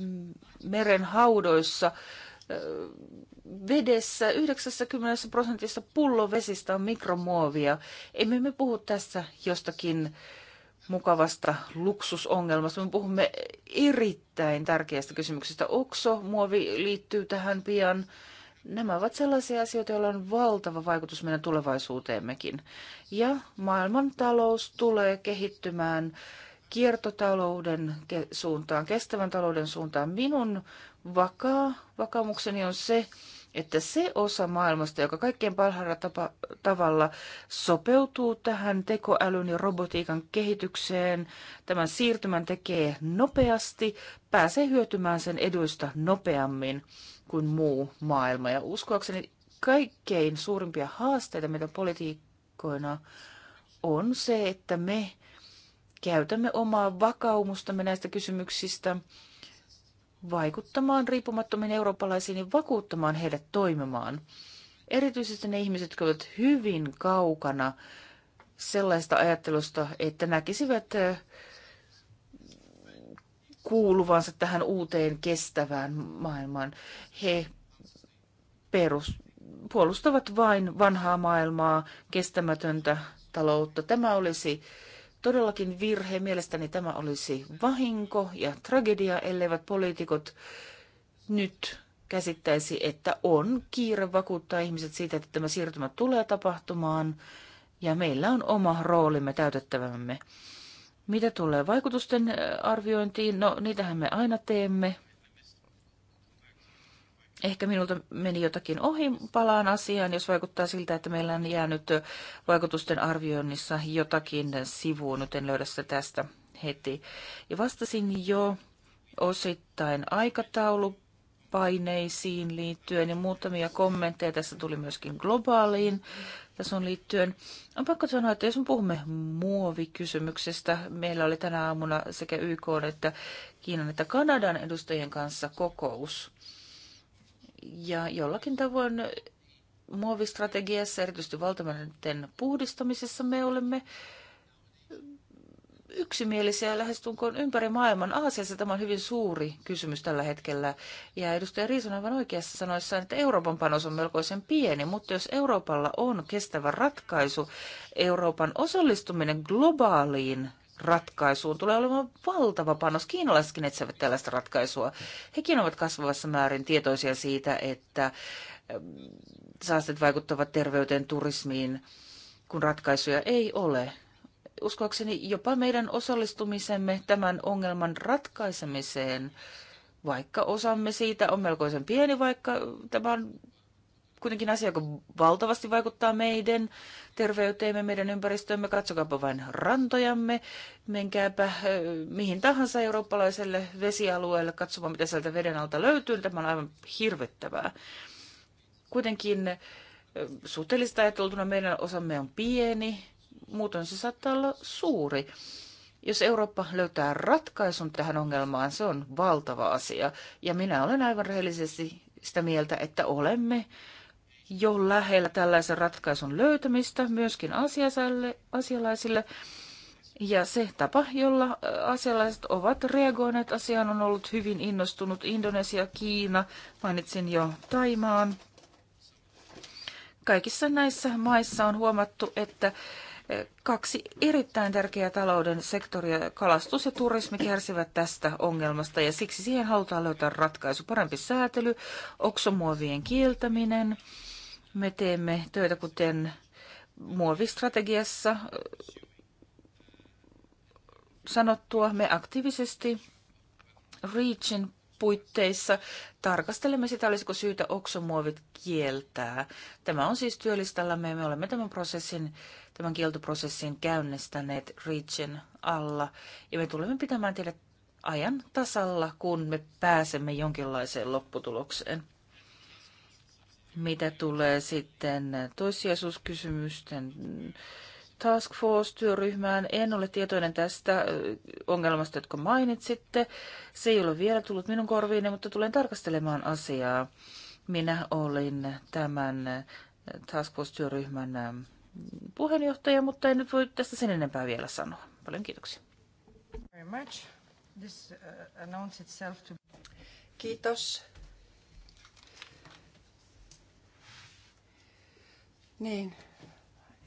mm, meren haudoissa, vedessä 90 prosentissa pullovesistä on mikromuovia. Emme me puhu tässä jostakin äh, mukavasta luksusongelmasta. Me puhumme erittäin tärkeästä kysymyksestä. Okso, muovi liittyy tähän pian. Nämä ovat sellaisia asioita, joilla on valtava vaikutus meidän tulevaisuuteemmekin. Ja maailmantalous tulee kehittymään kiertotalouden suuntaan, kestävän talouden suuntaan. Minun vakaa vakamukseni on se, että se osa maailmasta, joka kaikkein parhaalla tapa, tavalla sopeutuu tähän tekoälyn ja robotiikan kehitykseen, tämän siirtymän tekee nopeasti, pääsee hyötymään sen eduista nopeammin kuin muu maailma. Ja uskoakseni kaikkein suurimpia haasteita, mitä politiikkoina on se, että me käytämme omaa vakaumustamme näistä kysymyksistä – vaikuttamaan riippumattomiin eurooppalaisiin ja vakuuttamaan heidät toimimaan. Erityisesti ne ihmiset, jotka ovat hyvin kaukana sellaista ajattelusta, että näkisivät eh, kuuluvansa tähän uuteen kestävään maailmaan. He perus, puolustavat vain vanhaa maailmaa, kestämätöntä taloutta. Tämä olisi äh, todellakin virhe. Mielestäni tämä olisi vahinko ja tragedia, elleivät poliitikot nyt käsittäisi, että on kiire vakuuttaa ihmiset siitä, että tämä siirtymä tulee tapahtumaan ja meillä on oma roolimme täytettävämme. Mitä tulee vaikutusten äh, arviointiin? No, niitähän me aina teemme. Ehkä minulta meni jotakin ohi, palaan asiaan, jos vaikuttaa siltä, että meillä on jäänyt vaikutusten arvioinnissa jotakin sivuun, nyt en löydä sitä tästä heti. Ja vastasin jo osittain aikataulupaineisiin liittyen ja muutamia kommentteja. Tässä tuli myöskin globaaliin tason liittyen. On pakko sanoa, että jos me puhumme muovikysymyksestä, meillä oli tänä aamuna sekä YK että Kiinan että Kanadan edustajien kanssa kokous. Ja jollakin tavoin muovistrategiassa, erityisesti valtamerten puhdistamisessa, me olemme yksimielisiä lähestulkoon ympäri maailman. Aasiassa tämä on hyvin suuri kysymys tällä hetkellä. Ja edustaja Riison aivan oikeassa sanoissaan, että Euroopan panos on melkoisen pieni, mutta jos Euroopalla on kestävä ratkaisu, Euroopan osallistuminen globaaliin ratkaisuun tulee olemaan valtava panos. Kiinalaisetkin etsivät tällaista ratkaisua. Hekin ovat kasvavassa määrin tietoisia siitä, että mm, saastet vaikuttavat terveyteen, turismiin, kun ratkaisuja ei ole. Uskoakseni jopa meidän osallistumisemme tämän ongelman ratkaisemiseen, vaikka osamme siitä on melkoisen pieni, vaikka tämä on kuitenkin asia, joka valtavasti vaikuttaa meidän terveyteemme, meidän ympäristöömme. Katsokaapa vain rantojamme, menkääpä mihin tahansa eurooppalaiselle vesialueelle katsomaan, mitä sieltä veden alta löytyy. Tämä on aivan hirvettävää. Kuitenkin suhteellista ajateltuna meidän osamme on pieni, muuten se saattaa olla suuri. Jos Eurooppa löytää ratkaisun tähän ongelmaan, se on valtava asia. Ja minä olen aivan rehellisesti sitä mieltä, että olemme jo lähellä tällaisen ratkaisun löytämistä myöskin asialaisille. Ja se tapa, jolla äh, asialaiset ovat reagoineet asiaan, on ollut hyvin innostunut. Indonesia, Kiina, mainitsin jo Taimaan. Kaikissa näissä maissa on huomattu, että äh, kaksi erittäin tärkeää talouden sektoria, kalastus ja turismi, kärsivät tästä ongelmasta ja siksi siihen halutaan löytää ratkaisu. Parempi säätely, oksomuovien kieltäminen, me teemme töitä, kuten muovistrategiassa sanottua, me aktiivisesti REACHin puitteissa tarkastelemme sitä, olisiko syytä oksomuovit kieltää. Tämä on siis työlistallamme ja me olemme tämän prosessin, tämän kieltoprosessin käynnistäneet REACHin alla ja me tulemme pitämään teidät ajan tasalla, kun me pääsemme jonkinlaiseen lopputulokseen. Mitä tulee sitten toissijaisuuskysymysten Task Force-työryhmään. En ole tietoinen tästä ongelmasta, jotka mainitsitte. Se ei ole vielä tullut minun korviini, mutta tulen tarkastelemaan asiaa. Minä olin tämän Task Force-työryhmän puheenjohtaja, mutta en nyt voi tästä sen enempää vielä sanoa. Paljon kiitoksia. Kiitos. Niin,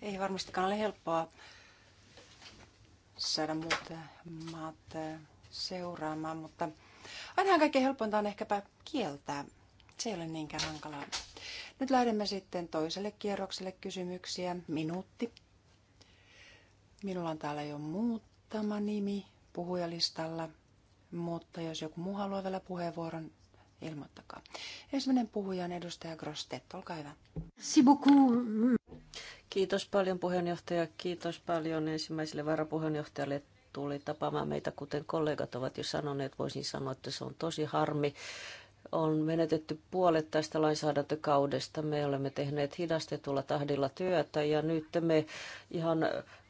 ei varmastikaan ole helppoa saada muut maat eh, seuraamaan, mutta ainahan kaikkein helpointa on ehkäpä kieltää. Se ei ole niinkään hankalaa. Nyt lähdemme sitten toiselle kierrokselle kysymyksiä. Minuutti. Minulla on täällä jo muutama nimi puhujalistalla, mutta jos joku muu haluaa vielä puheenvuoron, ilmoittakaa. Ensimmäinen puhuja on edustaja Grostet, olkaa hyvä. Kiitos paljon puheenjohtaja, kiitos paljon ensimmäiselle varapuheenjohtajalle tuli tapaamaan meitä, kuten kollegat ovat jo sanoneet. Voisin sanoa, että se on tosi harmi. On menetetty puolet tästä lainsäädäntökaudesta. Me olemme tehneet hidastetulla tahdilla työtä ja nyt me ihan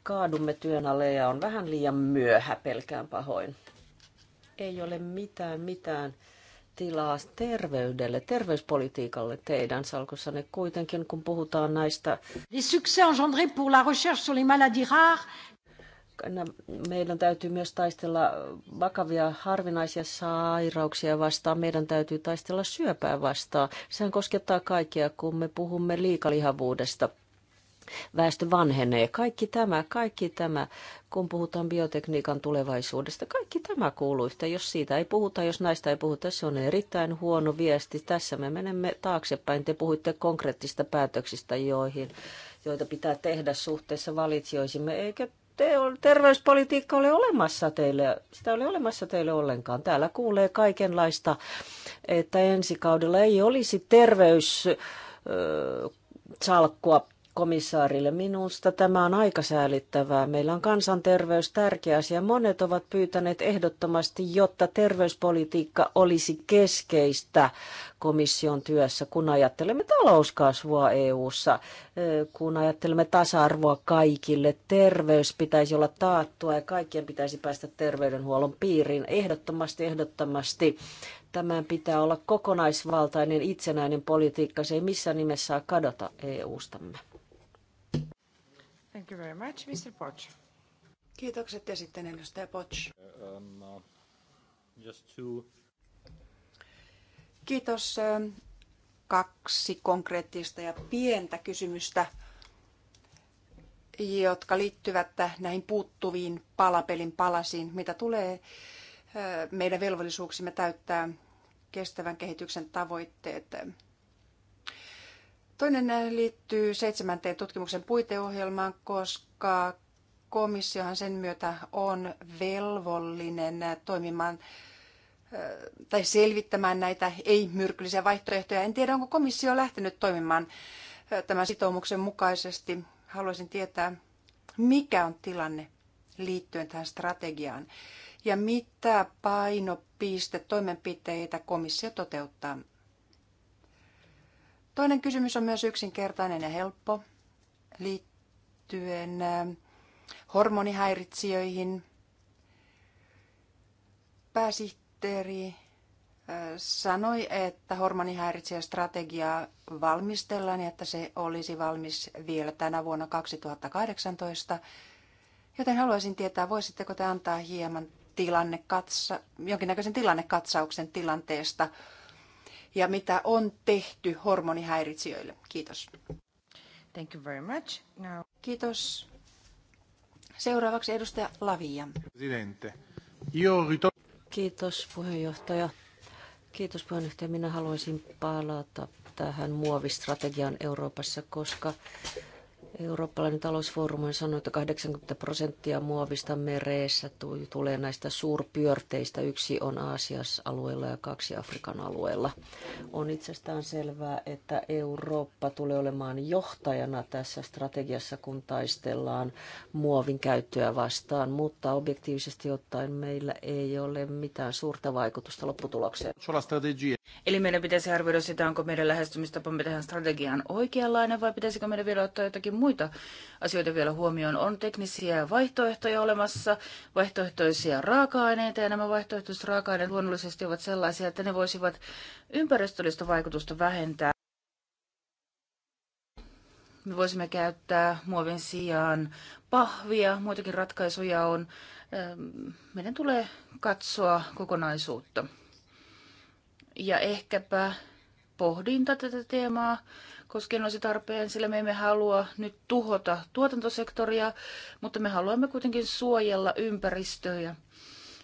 kaadumme työn alle ja on vähän liian myöhä, pelkään pahoin. Ei ole mitään mitään tilaa terveydelle, terveyspolitiikalle teidän salkussanne kuitenkin, kun puhutaan näistä... Les succès engendrés pour la recherche sur les maladies rares meidän täytyy myös taistella vakavia harvinaisia sairauksia vastaan. Meidän täytyy taistella syöpää vastaan. Sehän koskettaa kaikkia, kun me puhumme liikalihavuudesta – väestö vanhenee. Kaikki tämä, kaikki tämä, kun puhutaan biotekniikan tulevaisuudesta, kaikki tämä kuuluu yhtä. Jos siitä ei puhuta, jos näistä ei puhuta, se on erittäin huono viesti. Tässä me menemme taaksepäin. Te puhuitte konkreettista päätöksistä, joihin, joita pitää tehdä suhteessa valitsijoisimme, eikä te, terveyspolitiikka ole olemassa teille, sitä ole olemassa teille ollenkaan. Täällä kuulee kaikenlaista, että ensi kaudella ei olisi terveys salkkua komissaarille. Minusta tämä on aika säälittävää. Meillä on kansanterveys tärkeä asia. Monet ovat pyytäneet ehdottomasti, jotta terveyspolitiikka olisi keskeistä komission työssä, kun ajattelemme talouskasvua EU:ssa, kun ajattelemme tasa-arvoa kaikille. Terveys pitäisi olla taattua ja kaikkien pitäisi päästä terveydenhuollon piiriin. Ehdottomasti, ehdottomasti tämän pitää olla kokonaisvaltainen itsenäinen politiikka. Se ei missään nimessä saa kadota EU-stamme. Thank you very much, Mr. Potch. Kiitokset ja sitten edustaja Potch. Eh, um, no, just two. Kiitos. Kaksi konkreettista ja pientä kysymystä, jotka liittyvät näihin puuttuviin palapelin palasiin, mitä tulee meidän velvollisuuksimme täyttää kestävän kehityksen tavoitteet. Toinen liittyy seitsemänteen tutkimuksen puiteohjelmaan, koska komissiohan sen myötä on velvollinen toimimaan tai selvittämään näitä ei-myrkyllisiä vaihtoehtoja. En tiedä, onko komissio lähtenyt toimimaan tämän sitoumuksen mukaisesti. Haluaisin tietää, mikä on tilanne liittyen tähän strategiaan ja mitä painopiste toimenpiteitä komissio toteuttaa Toinen kysymys on myös yksinkertainen ja helppo liittyen hormonihäiritsijöihin. Pääsihteeri sanoi, että hormonihäiritsijästrategiaa valmistellaan ja että se olisi valmis vielä tänä vuonna 2018. Joten haluaisin tietää, voisitteko te antaa hieman tilannekatsa, jonkinnäköisen tilannekatsauksen tilanteesta ja mitä on tehty hormonihäiritsijöille. Kiitos. Thank you very much. Now... Kiitos. Seuraavaksi edustaja Lavia. Kiitos puheenjohtaja. Kiitos puheenjohtaja. Minä haluaisin palata tähän muovistrategiaan Euroopassa, koska Eurooppalainen talousfoorumi sanoi, että 80 prosenttia muovista mereessä tulee näistä suurpyörteistä. Yksi on Aasias alueella ja kaksi Afrikan alueella. On itsestään selvää, että Eurooppa tulee olemaan johtajana tässä strategiassa, kun taistellaan muovin käyttöä vastaan, mutta objektiivisesti ottaen meillä ei ole mitään suurta vaikutusta lopputulokseen. Eli meidän pitäisi arvioida sitä, onko meidän lähestymistapamme tähän strategiaan oikeanlainen vai pitäisikö meidän vielä ottaa jotakin muita asioita vielä huomioon. On teknisiä vaihtoehtoja olemassa, vaihtoehtoisia raaka-aineita ja nämä vaihtoehtoiset raaka-aineet luonnollisesti ovat sellaisia, että ne voisivat ympäristöllistä vaikutusta vähentää. Me voisimme käyttää muovin sijaan pahvia, muitakin ratkaisuja on. Ähm, meidän tulee katsoa kokonaisuutta. Ja ehkäpä pohdinta tätä teemaa koskien olisi tarpeen, sillä me emme halua nyt tuhota tuotantosektoria, mutta me haluamme kuitenkin suojella ympäristöjä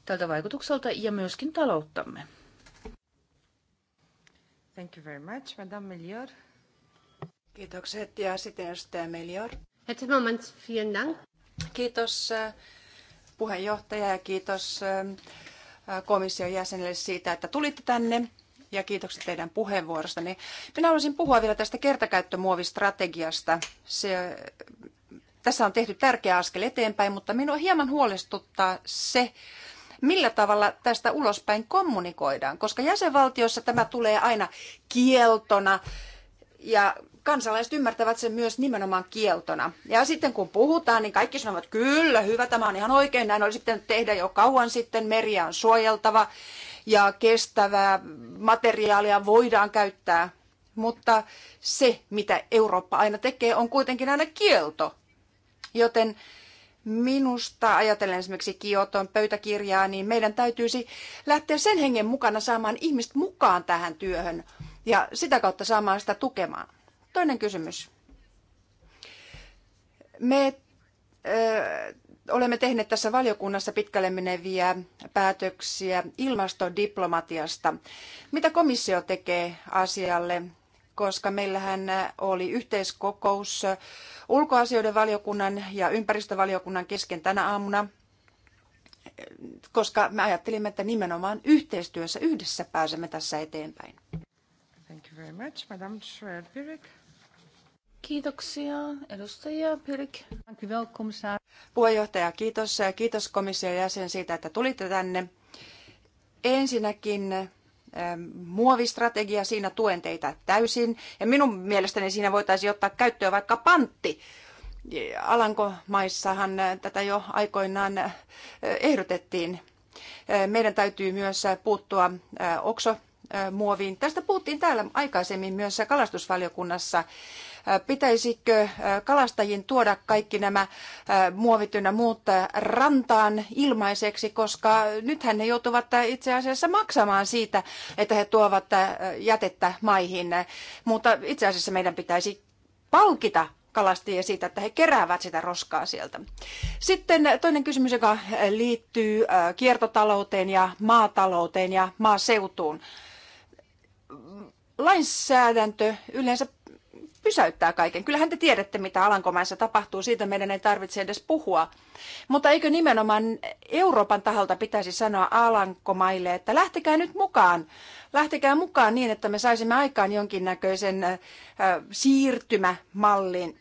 tältä vaikutukselta ja myöskin talouttamme. Thank you very much, Madame Melior. Kiitokset ja sitten edustaja Melior. At the moment, vielen Dank. Kiitos äh, puheenjohtaja ja kiitos äh, komission jäsenelle siitä, että tulitte tänne ja kiitokset teidän puheenvuorostanne. Minä haluaisin puhua vielä tästä kertakäyttömuovistrategiasta. Se, tässä on tehty tärkeä askel eteenpäin, mutta minua hieman huolestuttaa se, millä tavalla tästä ulospäin kommunikoidaan, koska jäsenvaltioissa tämä tulee aina kieltona ja kansalaiset ymmärtävät sen myös nimenomaan kieltona. Ja sitten kun puhutaan, niin kaikki sanovat, että kyllä, hyvä, tämä on ihan oikein, näin olisi pitänyt tehdä jo kauan sitten, meriä on suojeltava ja kestävää materiaalia voidaan käyttää, mutta se, mitä Eurooppa aina tekee, on kuitenkin aina kielto. Joten minusta, ajatellen esimerkiksi Kioton pöytäkirjaa, niin meidän täytyisi lähteä sen hengen mukana saamaan ihmiset mukaan tähän työhön ja sitä kautta saamaan sitä tukemaan. Toinen kysymys. Me olemme tehneet tässä valiokunnassa pitkälle meneviä päätöksiä ilmastodiplomatiasta. Mitä komissio tekee asialle? koska meillähän oli yhteiskokous ulkoasioiden valiokunnan ja ympäristövaliokunnan kesken tänä aamuna, koska me ajattelimme, että nimenomaan yhteistyössä yhdessä pääsemme tässä eteenpäin. Thank you very much, Madame Kiitoksia. Edustaja Pyrk. Puheenjohtaja, kiitos. Kiitos komission jäsen siitä, että tulitte tänne. Ensinnäkin ähm, muovistrategia, siinä tuen teitä täysin. Ja minun mielestäni siinä voitaisiin ottaa käyttöön vaikka pantti. Alankomaissahan äh, tätä jo aikoinaan äh, ehdotettiin. Äh, meidän täytyy myös puuttua okso muoviin. Tästä puhuttiin täällä aikaisemmin myös kalastusvaliokunnassa Pitäisikö kalastajien tuoda kaikki nämä muovit ynnä muut rantaan ilmaiseksi, koska nythän ne joutuvat itse asiassa maksamaan siitä, että he tuovat jätettä maihin. Mutta itse asiassa meidän pitäisi palkita kalastajia siitä, että he keräävät sitä roskaa sieltä. Sitten toinen kysymys, joka liittyy kiertotalouteen ja maatalouteen ja maaseutuun. Lainsäädäntö yleensä pysäyttää kaiken. Kyllähän te tiedätte, mitä Alankomaissa tapahtuu, siitä meidän ei tarvitse edes puhua. Mutta eikö nimenomaan Euroopan taholta pitäisi sanoa Alankomaille, että lähtekää nyt mukaan, lähtekää mukaan niin, että me saisimme aikaan jonkinnäköisen äh, siirtymämallin,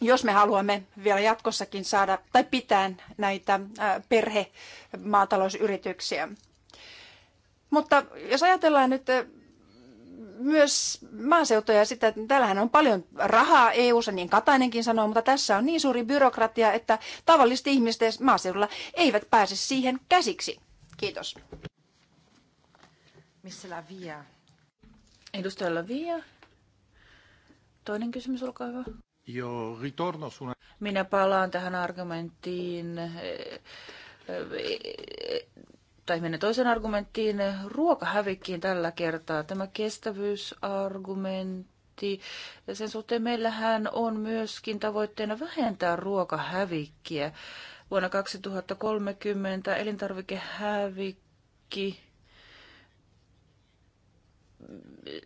jos me haluamme vielä jatkossakin saada tai pitää näitä äh, perhemaatalousyrityksiä. Mutta jos ajatellaan nyt äh, myös maaseutuja sitä, että täällähän on paljon rahaa EU-ssa, niin Katainenkin sanoo, mutta tässä on niin suuri byrokratia, että tavalliset ihmiset maaseudulla eivät pääse siihen käsiksi. Kiitos. Missä Lavia? Edustaja Lavia. Toinen kysymys, olkaa hyvä. Joo, ritorno sun... Minä palaan tähän argumenttiin eh, eh, tai mennä toisen argumenttiin, ruokahävikkiin tällä kertaa. Tämä kestävyysargumentti, ja sen suhteen meillähän on myöskin tavoitteena vähentää ruokahävikkiä. Vuonna 2030 elintarvikehävikki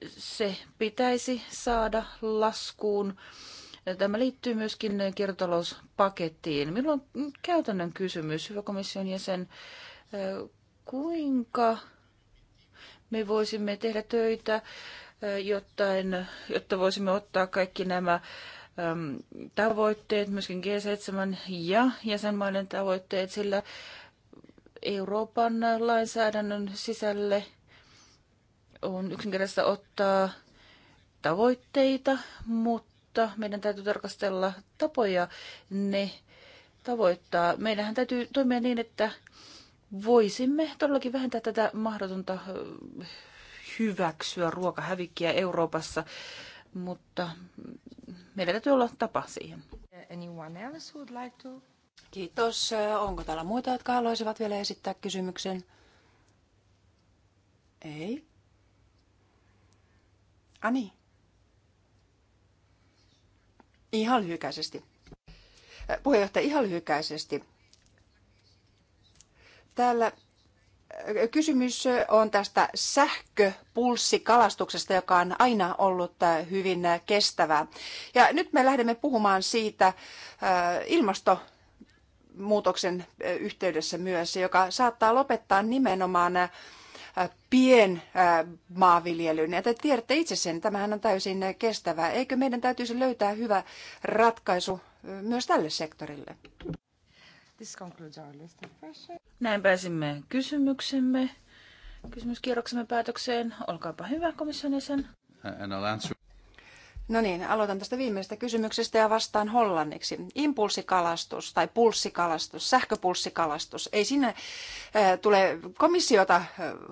se pitäisi saada laskuun. Tämä liittyy myöskin kiertotalouspakettiin. Minulla on käytännön kysymys, hyvä komission jäsen. Kuinka me voisimme tehdä töitä, jottain, jotta voisimme ottaa kaikki nämä äm, tavoitteet, myöskin G7 ja jäsenmaiden tavoitteet, sillä Euroopan lainsäädännön sisälle on yksinkertaista ottaa tavoitteita, mutta meidän täytyy tarkastella tapoja ne tavoittaa. Meidän täytyy toimia niin, että voisimme todellakin vähentää tätä mahdotonta eh, hyväksyä ruokahävikkiä Euroopassa, mutta meillä täytyy olla tapa siihen. Kiitos. Onko täällä muita, jotka haluaisivat vielä esittää kysymyksen? Ei. Ani. Ah, niin. Ihan lyhykäisesti. Puheenjohtaja, ihan lyhykäisesti. Täällä äh, kysymys on tästä sähköpulssikalastuksesta, joka on aina ollut äh, hyvin äh, kestävää. Ja nyt me lähdemme puhumaan siitä ilmasto muutoksen yhteydessä myös, joka saattaa lopettaa nimenomaan pien Ja te tiedätte itse sen, tämähän on täysin kestävää. Eikö meidän täytyisi löytää hyvä ratkaisu myös tälle sektorille? This concludes our list of questions. Näin pääsimme kysymyksemme, kysymyskierroksemme päätökseen. Olkaapa hyvä komission jäsen. No niin, aloitan tästä viimeisestä kysymyksestä ja vastaan hollanniksi. Impulssikalastus tai pulssikalastus, sähköpulssikalastus, ei sinne eh, tule komissiota eh,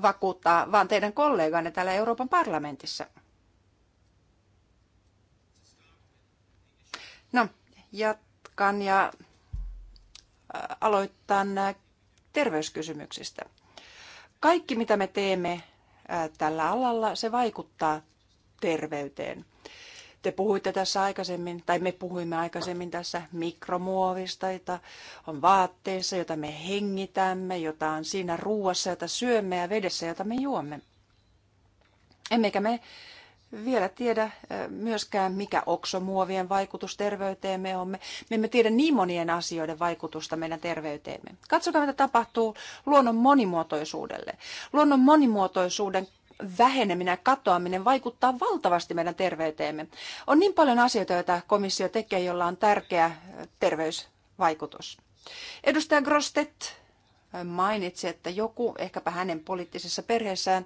vakuuttaa, vaan teidän kolleganne täällä Euroopan parlamentissa. No, jatkan ja aloittaa nämä terveyskysymyksistä. Kaikki, mitä me teemme tällä alalla, se vaikuttaa terveyteen. Te puhuitte tässä aikaisemmin, tai me puhuimme aikaisemmin tässä mikromuovista, jota on vaatteissa, jota me hengitämme, jota on siinä ruuassa, jota syömme ja vedessä, jota me juomme. Emmekä me vielä tiedä eh, myöskään, mikä oksomuovien vaikutus terveyteemme on. Me emme tiedä niin monien asioiden vaikutusta meidän terveyteemme. Katsokaa, mitä tapahtuu luonnon monimuotoisuudelle. Luonnon monimuotoisuuden väheneminen ja katoaminen vaikuttaa valtavasti meidän terveyteemme. On niin paljon asioita, joita komissio tekee, jolla on tärkeä eh, terveysvaikutus. Edustaja Grostet eh, mainitsi, että joku, ehkäpä hänen poliittisessa perheessään,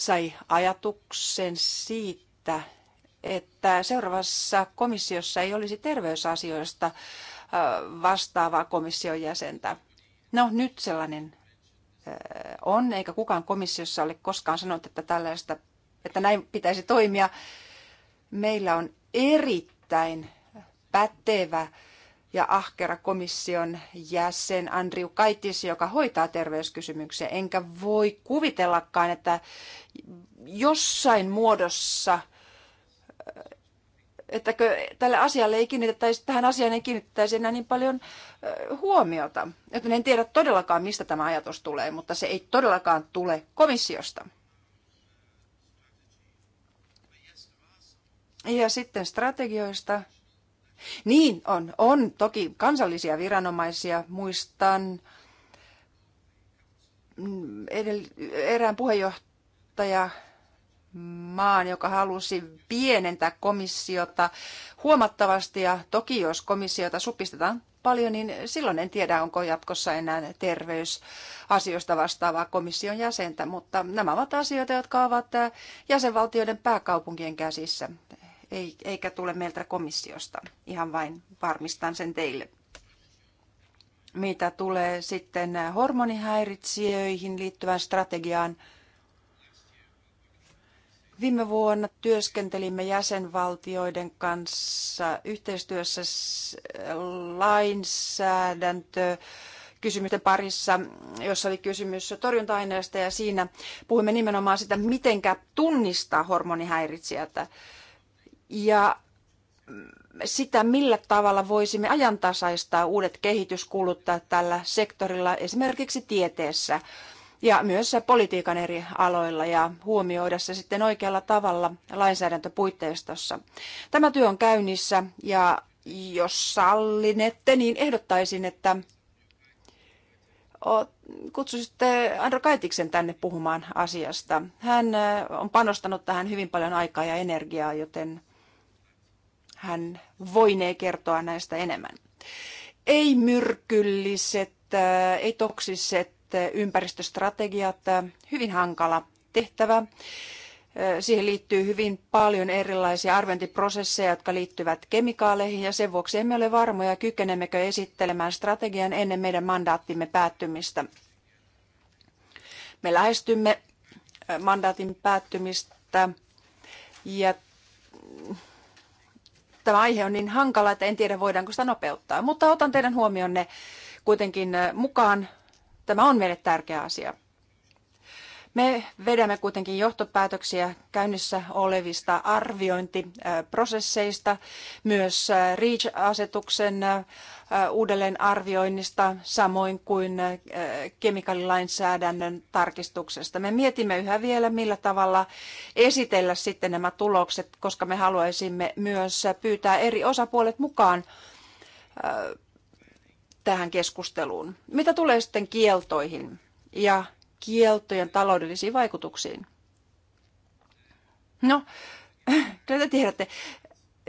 sai ajatuksen siitä, että seuraavassa komissiossa ei olisi terveysasioista vastaavaa komission jäsentä. No nyt sellainen on, eikä kukaan komissiossa ole koskaan sanonut, että tällaista, että näin pitäisi toimia. Meillä on erittäin pätevä ja ahkera komission jäsen Andriu Kaitis, joka hoitaa terveyskysymyksiä. Enkä voi kuvitellakaan, että jossain muodossa että tälle asialle ei kiinnitettäisi, tähän asiaan ei kiinnitettäisi enää niin paljon huomiota. Joten en tiedä todellakaan, mistä tämä ajatus tulee, mutta se ei todellakaan tule komissiosta. Ja sitten strategioista. Niin on, on toki kansallisia viranomaisia, muistan edell- erään puheenjohtaja maan, joka halusi pienentää komissiota huomattavasti ja toki jos komissiota supistetaan paljon, niin silloin en tiedä, onko jatkossa enää terveysasioista vastaavaa komission jäsentä, mutta nämä ovat asioita, jotka ovat jäsenvaltioiden pääkaupunkien käsissä eikä tule meiltä komissiosta. Ihan vain varmistan sen teille. Mitä tulee sitten hormonihäiritsijöihin liittyvään strategiaan, Viime vuonna työskentelimme jäsenvaltioiden kanssa yhteistyössä lainsäädäntö kysymysten parissa, jossa oli kysymys torjunta aineesta ja siinä puhuimme nimenomaan sitä, mitenkä tunnistaa hormonihäiritsijätä ja sitä, millä tavalla voisimme ajantasaistaa uudet kehityskulut tällä sektorilla, esimerkiksi tieteessä ja myös politiikan eri aloilla ja huomioida se sitten oikealla tavalla lainsäädäntöpuitteistossa. Tämä työ on käynnissä ja jos sallinette, niin ehdottaisin, että kutsuisitte Andro Kaitiksen tänne puhumaan asiasta. Hän on panostanut tähän hyvin paljon aikaa ja energiaa, joten hän voinee kertoa näistä enemmän. Ei myrkylliset, äh, ei toksiset äh, ympäristöstrategiat, äh, hyvin hankala tehtävä. Siihen liittyy hyvin paljon erilaisia arviointiprosesseja, jotka liittyvät kemikaaleihin ja sen vuoksi emme ole varmoja, kykenemmekö esittelemään strategian ennen meidän mandaattimme päättymistä. Me lähestymme mandaatin päättymistä ja tämä aihe on niin hankala, että en tiedä voidaanko sitä nopeuttaa. Mutta otan teidän huomionne kuitenkin äh, mukaan. Tämä on meille tärkeä asia. Me vedämme kuitenkin johtopäätöksiä käynnissä olevista arviointiprosesseista, myös äh, REACH-asetuksen äh, uudelleenarvioinnista, samoin kuin äh, kemikaalilainsäädännön tarkistuksesta. Me mietimme yhä vielä, millä tavalla esitellä sitten nämä tulokset, koska me haluaisimme myös pyytää eri osapuolet mukaan tähän keskusteluun. Mitä tulee sitten kieltoihin ja kieltojen taloudellisiin vaikutuksiin? No, kyllä te tiedätte,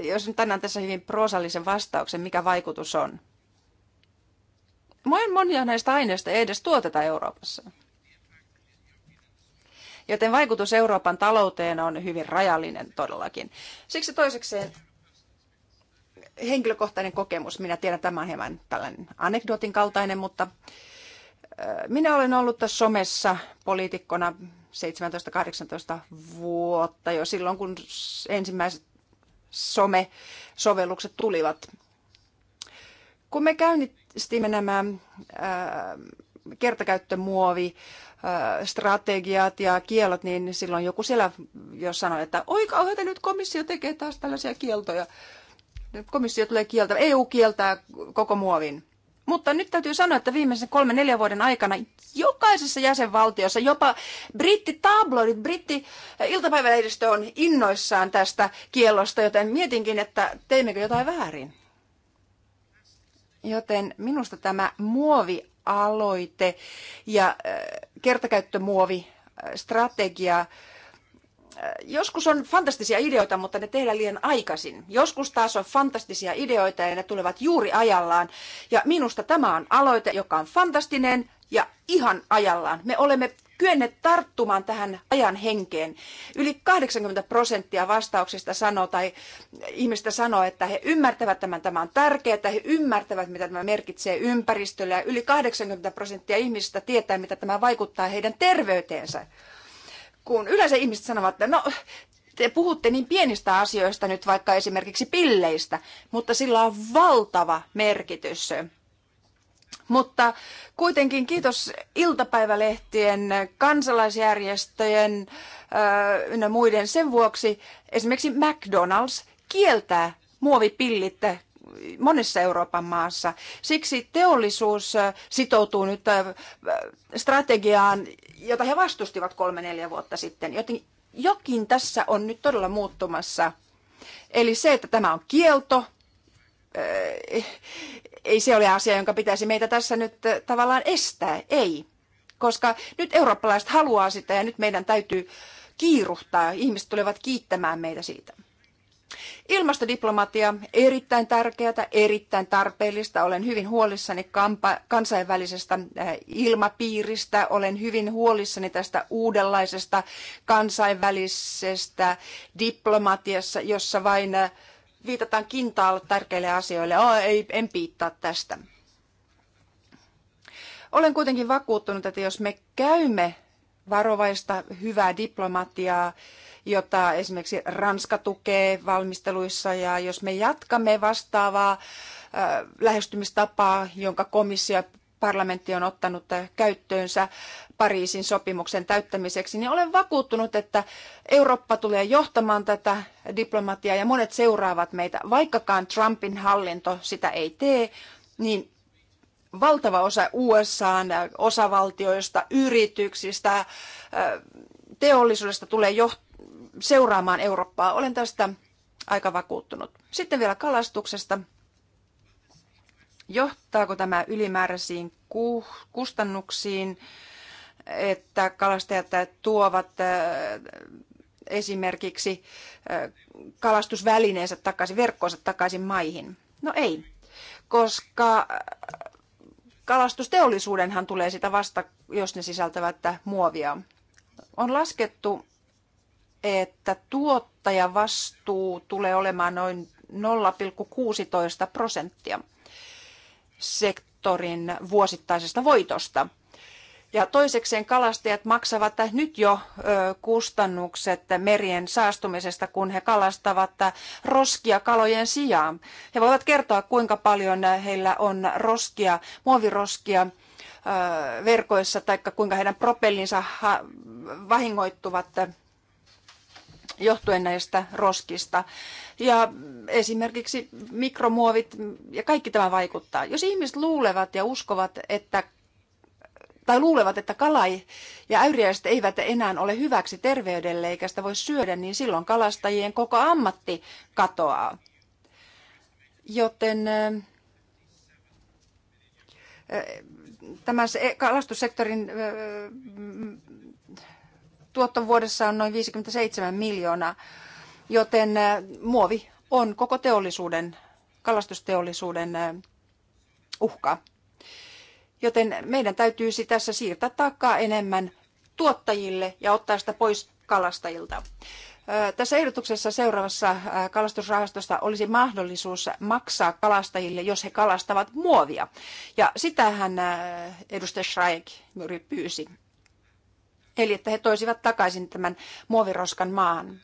jos nyt annan tässä hyvin proosallisen vastauksen, mikä vaikutus on. Monia näistä aineista ei edes tuoteta Euroopassa. Joten vaikutus Euroopan talouteen on hyvin rajallinen todellakin. Siksi toisekseen henkilökohtainen kokemus. Minä tiedän, tämän hieman tällainen anekdootin kaltainen, mutta minä olen ollut tässä somessa poliitikkona 17-18 vuotta jo silloin, kun ensimmäiset some-sovellukset tulivat. Kun me käynnistimme nämä ää, äh, kertakäyttömuovi, äh, strategiat ja kielot, niin silloin joku siellä jo sanoi, että oi kauheita nyt komissio tekee taas tällaisia kieltoja. komissio tulee kieltä, EU kieltää koko muovin. Mutta nyt täytyy sanoa, että viimeisen kolmen neljän vuoden aikana jokaisessa jäsenvaltiossa, jopa Britti tabloidit, britti eh, iltapäivälehdistö on innoissaan tästä kiellosta, joten mietinkin, että teimmekö jotain väärin. Joten minusta tämä muovialoite ja eh, kertakäyttömuovi strategia joskus on fantastisia ideoita, mutta ne tehdään liian aikaisin. Joskus taas on fantastisia ideoita ja ne tulevat juuri ajallaan. Ja minusta tämä on aloite, joka on fantastinen ja ihan ajallaan. Me olemme kyenneet tarttumaan tähän ajan henkeen. Yli 80 prosenttia vastauksista sanoo tai ihmistä sanoo, että he ymmärtävät tämän, tämä on tärkeää, että he ymmärtävät, mitä tämä merkitsee ympäristölle ja yli 80 prosenttia ihmisistä tietää, mitä tämä vaikuttaa heidän terveyteensä kun yleensä ihmiset sanovat, että no te puhutte niin pienistä asioista nyt vaikka esimerkiksi pilleistä, mutta sillä on valtava merkitys. Mutta kuitenkin kiitos iltapäivälehtien, kansalaisjärjestöjen ja muiden sen vuoksi esimerkiksi McDonald's kieltää muovipillit monessa Euroopan maassa. Siksi teollisuus äh, sitoutuu nyt äh, strategiaan, jota he vastustivat kolme neljä vuotta sitten. Joten jokin tässä on nyt todella muuttumassa. Eli se, että tämä on kielto, äh, ei se ole asia, jonka pitäisi meitä tässä nyt tavallaan estää, ei. Koska nyt eurooppalaiset haluaa sitä ja nyt meidän täytyy kiiruhtaa. Ihmiset tulevat kiittämään meitä siitä. Ilmastodiplomatia erittäin tärkeää, erittäin tarpeellista. Olen hyvin huolissani kansainvälisestä eh, ilmapiiristä. Olen hyvin huolissani tästä uudenlaisesta kansainvälisestä diplomatiassa, jossa vain eh, viitataan kintaalla tärkeille asioille. Oh, ei, en piittaa tästä. Olen kuitenkin vakuuttunut, että jos me käymme varovaista hyvää diplomatiaa, jota esimerkiksi Ranska tukee valmisteluissa. Ja jos me jatkamme vastaavaa äh, lähestymistapaa, jonka komissio ja parlamentti on ottanut äh, käyttöönsä Pariisin sopimuksen täyttämiseksi, niin olen vakuuttunut, että Eurooppa tulee johtamaan tätä diplomatiaa ja monet seuraavat meitä. Vaikkakaan Trumpin hallinto sitä ei tee, niin valtava osa USAn äh, osavaltioista, yrityksistä, teollisuudesta tulee johtamaan seuraamaan Eurooppaa. Olen tästä aika vakuuttunut. Sitten vielä kalastuksesta. Johtaako tämä ylimääräisiin kustannuksiin, että kalastajat tuovat äh, esimerkiksi äh, kalastusvälineensä takaisin, verkkoonsa takaisin maihin? No ei, koska äh, kalastusteollisuudenhan tulee sitä vasta, jos ne sisältävät muovia. On laskettu, että tuottajavastuu tulee olemaan noin 0,16 prosenttia sektorin vuosittaisesta voitosta. Ja toisekseen kalastajat maksavat nyt jo kustannukset merien saastumisesta, kun he kalastavat roskia kalojen sijaan. He voivat kertoa, kuinka paljon heillä on roskia, muoviroskia verkoissa tai kuinka heidän propellinsa vahingoittuvat johtuen näistä roskista. Ja esimerkiksi mikromuovit ja kaikki tämä vaikuttaa. Jos ihmiset luulevat ja uskovat, että tai luulevat, että kalai ja äyriäiset eivät enää ole hyväksi terveydelle eikä sitä voi syödä, niin silloin kalastajien koko ammatti katoaa. Joten tämän kalastussektorin tuotto vuodessa on noin 57 miljoonaa, joten muovi on koko teollisuuden, kalastusteollisuuden uhka. Joten meidän täytyisi tässä siirtää taakkaa enemmän tuottajille ja ottaa sitä pois kalastajilta. Tässä ehdotuksessa seuraavassa kalastusrahastosta olisi mahdollisuus maksaa kalastajille, jos he kalastavat muovia. Ja sitähän edustaja Schreik juuri pyysi. Eli että he toisivat takaisin tämän muoviroskan maahan.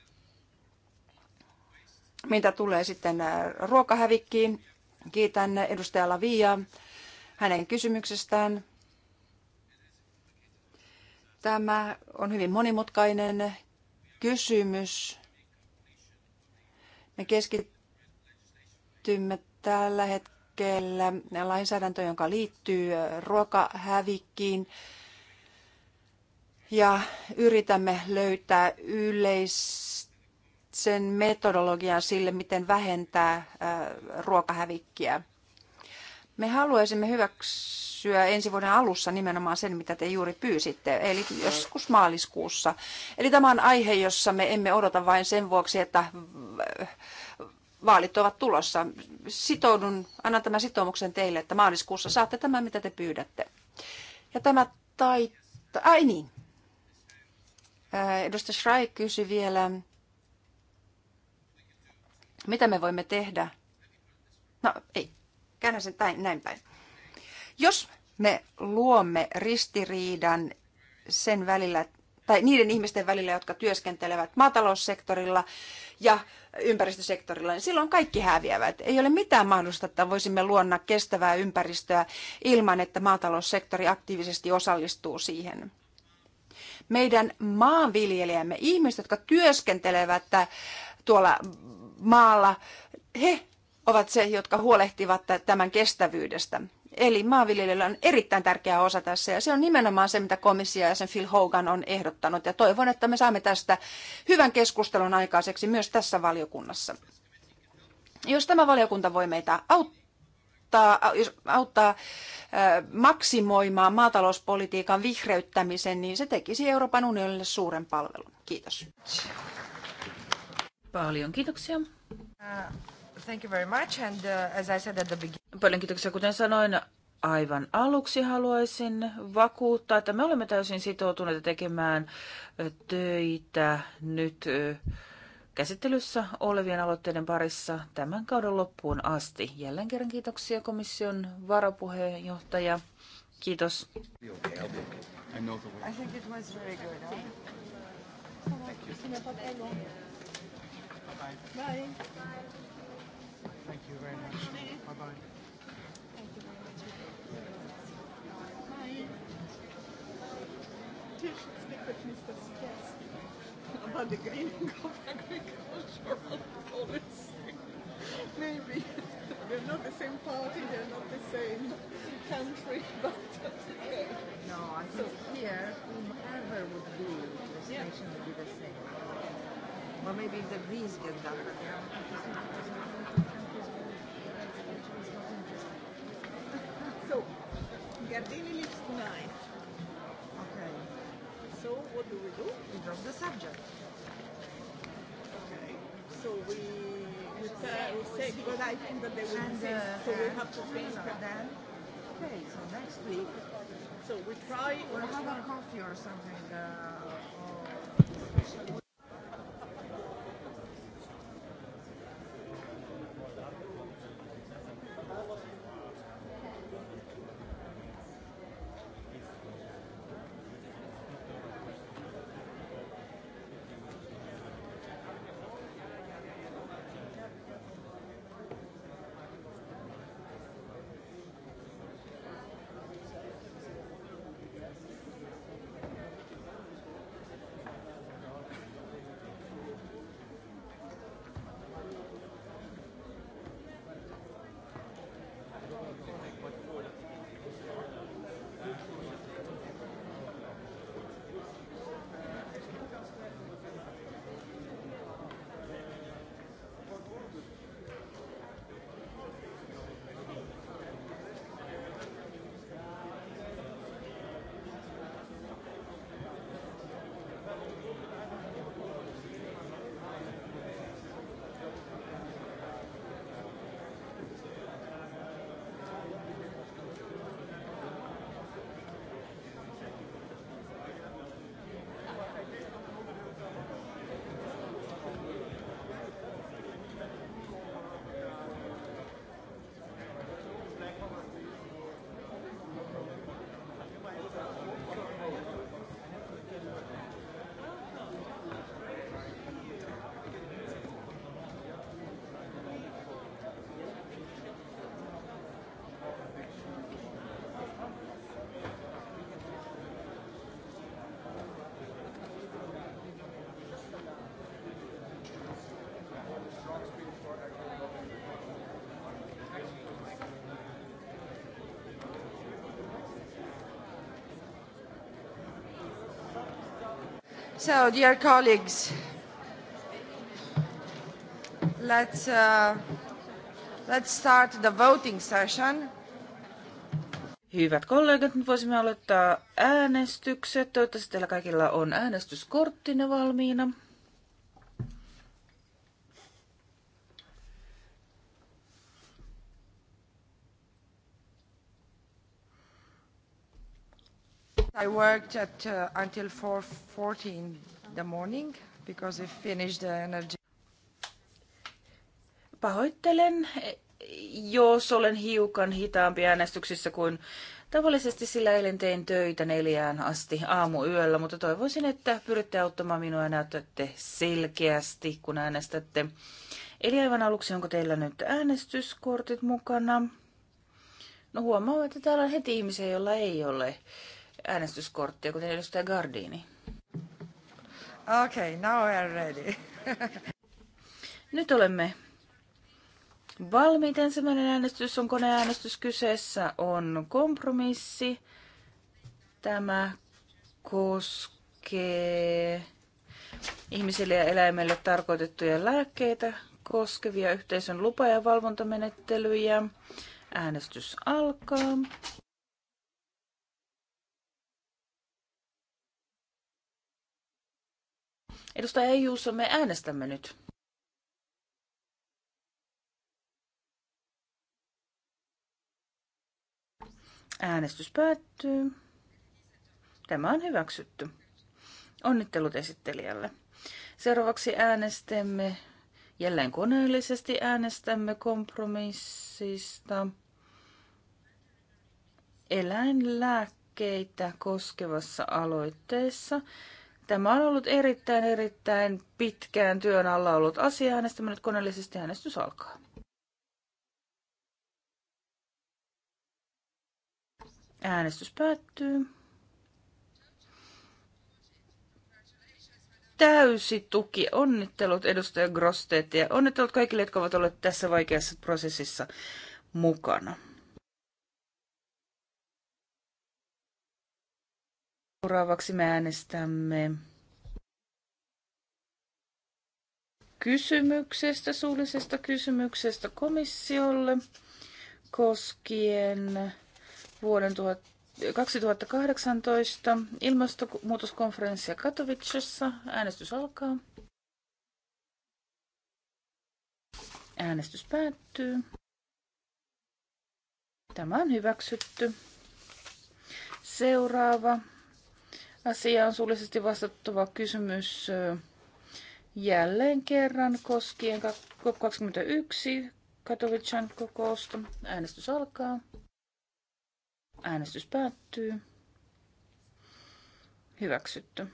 Mitä tulee sitten äh, ruokahävikkiin, kiitän edustaja Lavia hänen kysymyksestään. Tämä on hyvin monimutkainen kysymys. Me keskittymme tällä hetkellä lainsäädäntöön, joka liittyy äh, ruokahävikkiin ja yritämme löytää yleisen metodologian sille, miten vähentää ruokahävikkiä. Me haluaisimme hyväksyä ensi vuoden alussa nimenomaan sen, mitä te juuri pyysitte, eli joskus maaliskuussa. Eli tämä on aihe, jossa me emme odota vain sen vuoksi, että vaalit ovat tulossa. Sitoudun, annan tämän sitoumuksen teille, että maaliskuussa saatte tämän, mitä te pyydätte. Ja tämä taitaa, ai niin, Äh, edustaja Schrei kysyi vielä, mitä me voimme tehdä. No ei, käännän sen tain, näin päin. Jos me luomme ristiriidan sen välillä, tai niiden ihmisten välillä, jotka työskentelevät maataloussektorilla ja ympäristösektorilla, niin silloin kaikki häviävät. Ei ole mitään mahdollista, että voisimme luonna kestävää ympäristöä ilman, että maataloussektori aktiivisesti osallistuu siihen meidän maanviljelijämme, ihmiset, jotka työskentelevät äh, tuolla maalla, he ovat se, jotka huolehtivat tämän kestävyydestä. Eli maanviljelijöillä on erittäin tärkeä osa tässä ja se on nimenomaan se, mitä komissio ja sen Phil Hogan on ehdottanut. Ja toivon, että me saamme tästä hyvän keskustelun aikaiseksi myös tässä valiokunnassa. Jos tämä valiokunta voi meitä auttaa, auttaa, auttaa maksimoimaan maatalouspolitiikan vihreyttämisen, niin se tekisi Euroopan unionille suuren palvelun. Kiitos. Paljon kiitoksia. Uh, thank you very much. And uh, as I said at the beginning... Paljon kiitoksia. Kuten sanoin aivan aluksi haluaisin vakuuttaa, että me olemme täysin sitoutuneita tekemään töitä nyt käsittelyssä olevien aloitteiden parissa tämän kauden loppuun asti. Jälleen kerran kiitoksia komission varapuheenjohtaja. Kiitos. Thank you very much. Bye-bye. Thank you very much. Bye on the green and go back agricultural policy. Maybe. They're not the same party, they're not the same country, but that's okay. No, I think so, here, whomever would be, the situation yeah. would be the same. Or maybe the Greens get done. So, Gardini lives tonight. Okay. So, what do we do? We drop the subject so we we, we say because I think that they will and, insist, uh, so we have to think. okay, so next week. So we try. We'll have a coffee or something. Uh, or So, dear colleagues, let's, uh, let's start the voting session. Hyvät kollegat, nyt voisimme aloittaa äänestykset. Toivottavasti teillä kaikilla on äänestyskorttina valmiina. I worked at uh, until 4:40 in the morning because I finished the energy. Pahoittelen, jos olen hiukan hitaampi äänestyksissä kuin tavallisesti, sillä eilen tein töitä neljään asti aamu yöllä, mutta toivoisin, että pyritte auttamaan minua ja näytätte selkeästi, kun äänestätte. Eli aivan aluksi, onko teillä nyt äänestyskortit mukana? No huomaa, että täällä on heti ihmisiä, joilla ei ole äänestyskorttia, kuten edustaja Gardini. Okay, now we are ready. Nyt olemme valmiit. Ensimmäinen äänestys on koneäänestys. Kyseessä on kompromissi. Tämä koskee ihmisille ja eläimille tarkoitettuja lääkkeitä koskevia yhteisön lupa- ja valvontamenettelyjä. Äänestys alkaa. Edustaja Juuso, me äänestämme nyt. Äänestys päättyy. Tämä on hyväksytty. Onnittelut esittelijälle. Seuraavaksi äänestämme, jälleen koneellisesti äänestämme kompromissista eläinlääkkeitä koskevassa aloitteessa Tämä on ollut erittäin, erittäin pitkään työn alla ollut asia. äänestämään, nyt koneellisesti äänestys alkaa. Äänestys päättyy. Täysi tuki. Onnittelut edustaja Grosteet ja onnittelut kaikille, jotka ovat olleet tässä vaikeassa prosessissa mukana. Seuraavaksi me äänestämme kysymyksestä, suullisesta kysymyksestä komissiolle koskien vuoden 2018 ilmastonmuutoskonferenssia Katowicessa. Äänestys alkaa. Äänestys päättyy. Tämä on hyväksytty. Seuraava asia on suullisesti vastattava kysymys jälleen kerran koskien COP21 Katowican kokousta. Äänestys alkaa. Äänestys päättyy. Hyväksytty.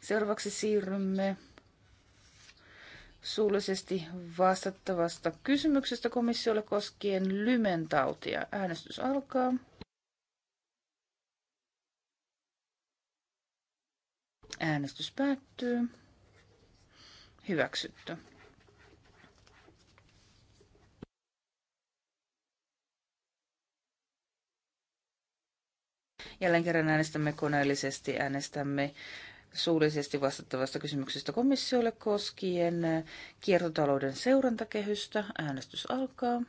Seuraavaksi siirrymme suullisesti vastattavasta kysymyksestä komissiolle koskien lymentautia. Äänestys alkaa. Äänestys päättyy. Hyväksytty. Jälleen kerran äänestämme koneellisesti, äänestämme suullisesti vastattavasta kysymyksestä komissiolle koskien kiertotalouden seurantakehystä. Äänestys alkaa.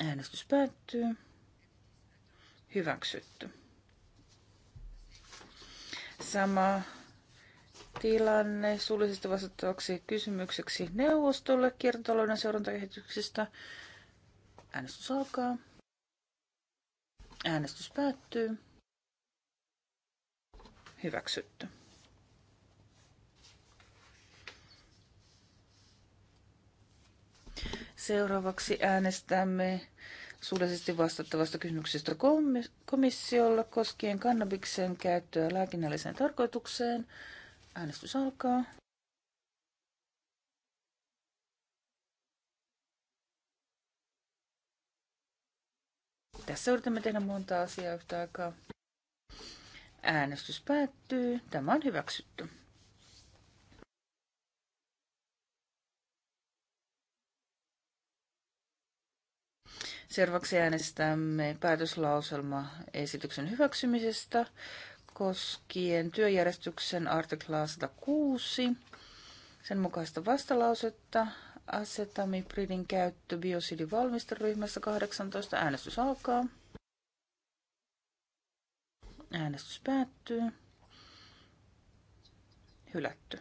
Äänestys päättyy. Hyväksytty sama tilanne suullisesti vastattavaksi kysymykseksi neuvostolle kiertotalouden seurantakehityksestä. Äänestys alkaa. Äänestys päättyy. Hyväksytty. Seuraavaksi äänestämme suullisesti vastattavasta kysymyksestä komissiolle koskien kannabiksen käyttöä lääkinnälliseen tarkoitukseen. Äänestys alkaa. Tässä yritämme tehdä monta asiaa yhtä aikaa. Äänestys päättyy. Tämä on hyväksytty. Seuraavaksi äänestämme päätöslauselma esityksen hyväksymisestä koskien työjärjestyksen artiklaa 106. Sen mukaista vastalausetta asetamipridin käyttö biosidivalmisteryhmässä 18. Äänestys alkaa. Äänestys päättyy. Hylätty.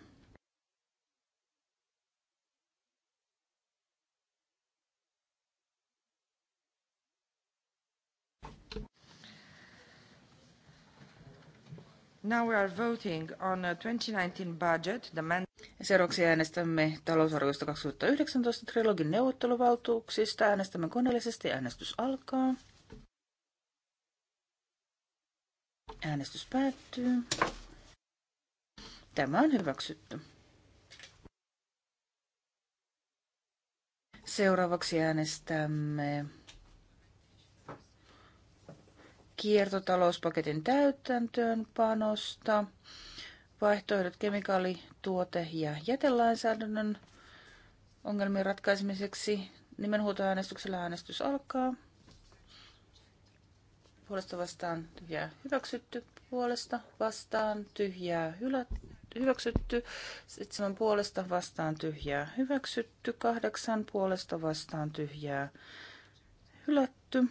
Now we are voting on 2019 budget, the man... Seuraavaksi äänestämme talousarviosta 2019 trilogin neuvotteluvaltuuksista. Äänestämme koneellisesti. Äänestys alkaa. Äänestys päättyy. Tämä on hyväksytty. Seuraavaksi äänestämme kiertotalouspaketin täytäntöönpanosta, vaihtoehdot kemikaali-, tuote- ja jätelainsäädännön ongelmien ratkaisemiseksi. Nimenhuutoäänestyksellä äänestys alkaa. Puolesta vastaan tyhjää hyväksytty. Puolesta vastaan tyhjää hylätty hyväksytty, seitsemän puolesta vastaan tyhjää hyväksytty, kahdeksan puolesta vastaan tyhjää hylätty,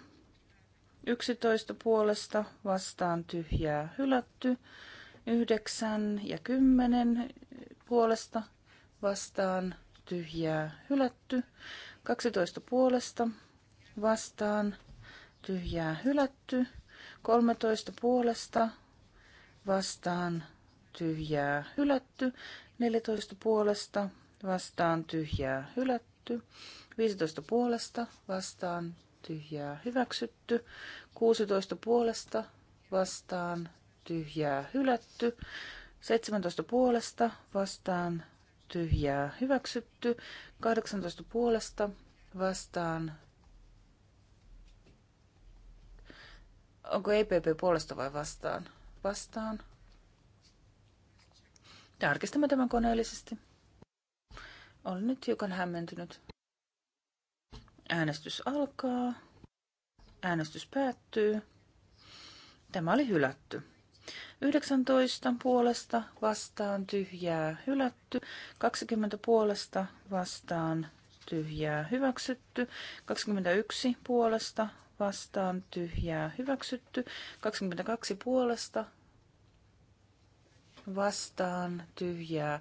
11 puolesta vastaan tyhjää hylätty. 9 ja 10 puolesta vastaan tyhjää hylätty. 12 puolesta vastaan tyhjää hylätty. 13 puolesta vastaan tyhjää hylätty. 14 puolesta vastaan tyhjää hylätty. 15 puolesta vastaan tyhjää hyväksytty. 16 puolesta vastaan tyhjää hylätty. 17 puolesta vastaan tyhjää hyväksytty. 18 puolesta vastaan. Onko EPP puolesta vai vastaan? Vastaan. Tarkistamme tämän koneellisesti. Olen nyt hiukan hämmentynyt. Äänestys alkaa. Äänestys päättyy. Tämä oli hylätty. 19 puolesta vastaan tyhjää hylätty, 20 puolesta vastaan tyhjää hyväksytty, 21 puolesta vastaan tyhjää hyväksytty, 22 puolesta vastaan tyhjää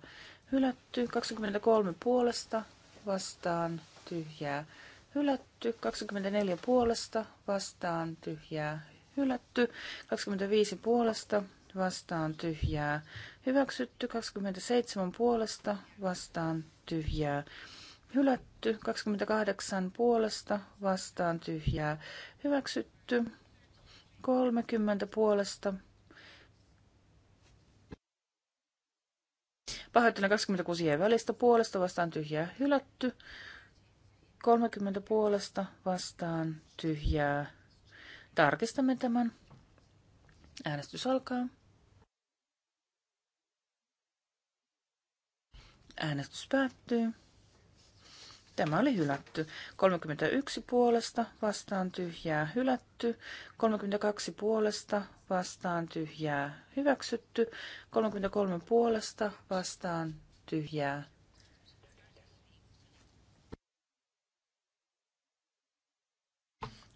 hylätty, 23 puolesta vastaan tyhjää hylätty hylätty, 24 puolesta vastaan tyhjää hylätty, 25 puolesta vastaan tyhjää hyväksytty, 27 puolesta vastaan tyhjää hylätty, 28 puolesta vastaan tyhjää hyväksytty, 30 puolesta Pahoittelen 26 jäi välistä puolesta vastaan tyhjää hylätty, 30 puolesta vastaan tyhjää. Tarkistamme tämän. Äänestys alkaa. Äänestys päättyy. Tämä oli hylätty. 31 puolesta vastaan tyhjää hylätty. 32 puolesta vastaan tyhjää hyväksytty. 33 puolesta vastaan tyhjää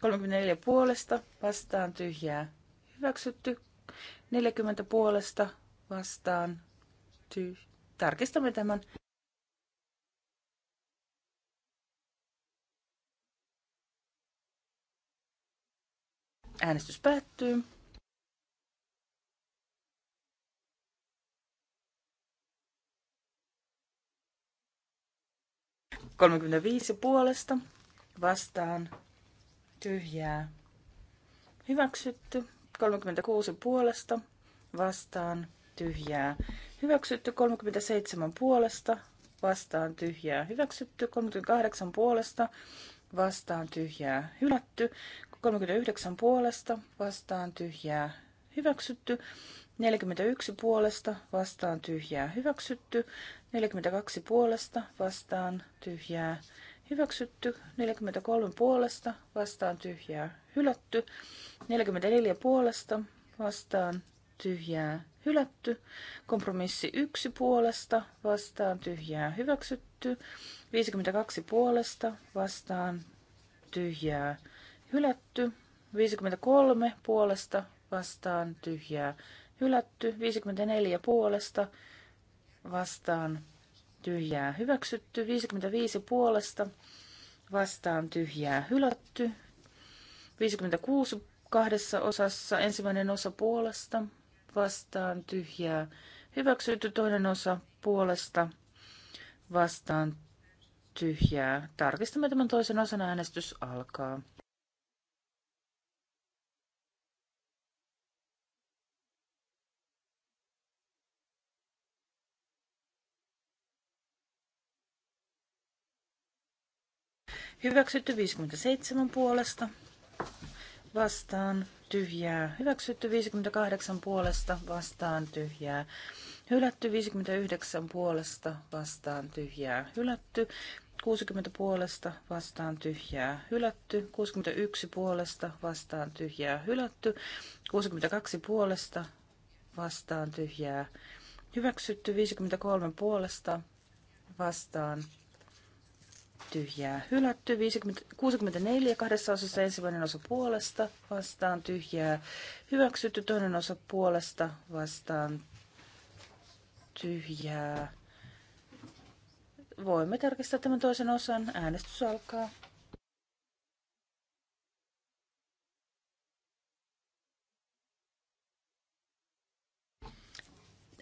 34 puolesta vastaan tyhjää hyväksytty. 40 puolesta vastaan tyhjää. Tarkistamme tämän. Äänestys päättyy. Kolmekymmentäviisi puolesta vastaan tyhjää. Hyväksytty 36 puolesta vastaan tyhjää. Hyväksytty 37 puolesta vastaan tyhjää. Hyväksytty 38 puolesta vastaan tyhjää. Hylätty 39 puolesta vastaan tyhjää. Hyväksytty 41 puolesta vastaan tyhjää. Hyväksytty 42 puolesta vastaan tyhjää hyväksytty, 43 puolesta, vastaan tyhjää, hylätty, 44 puolesta, vastaan tyhjää, hylätty, kompromissi 1 puolesta, vastaan tyhjää, hyväksytty, 52 puolesta, vastaan tyhjää, hylätty, 53 puolesta, vastaan tyhjää, hylätty, 54 puolesta, vastaan tyhjää hyväksytty, 55 puolesta vastaan tyhjää hylätty, 56 kahdessa osassa, ensimmäinen osa puolesta vastaan tyhjää hyväksytty, toinen osa puolesta vastaan tyhjää. Tarkistamme tämän toisen osan äänestys alkaa. Hyväksytty 57 puolesta. Vastaan tyhjää. Hyväksytty 58 puolesta. Vastaan tyhjää. Hylätty 59 puolesta. Vastaan tyhjää. Hylätty 60 puolesta vastaan tyhjää hylätty, 61 puolesta vastaan tyhjää hylätty, 62 puolesta vastaan tyhjää hyväksytty, 53 puolesta vastaan tyhjää hylätty. 50, 64 kahdessa osassa ensimmäinen osa puolesta vastaan tyhjää hyväksytty. Toinen osa puolesta vastaan tyhjää. Voimme tarkistaa tämän toisen osan. Äänestys alkaa.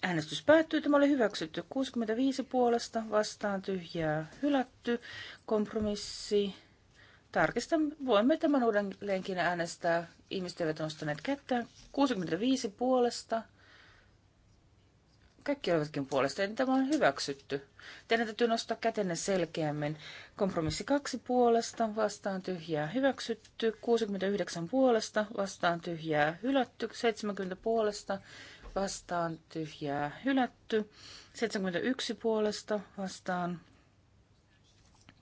Äänestys päättyy. Tämä oli hyväksytty. 65 puolesta vastaan tyhjää hylätty. Kompromissi. Tarkistamme. Voimme tämän uudelleenkin äänestää. Ihmiset eivät nostaneet kättä, 65 puolesta. Kaikki olivatkin puolesta, niin tämä on hyväksytty. Teidän täytyy nostaa kätenne selkeämmin. Kompromissi kaksi puolesta, vastaan tyhjää hyväksytty. 69 puolesta, vastaan tyhjää hylätty. 70 puolesta, vastaan tyhjää hylätty. 71 puolesta vastaan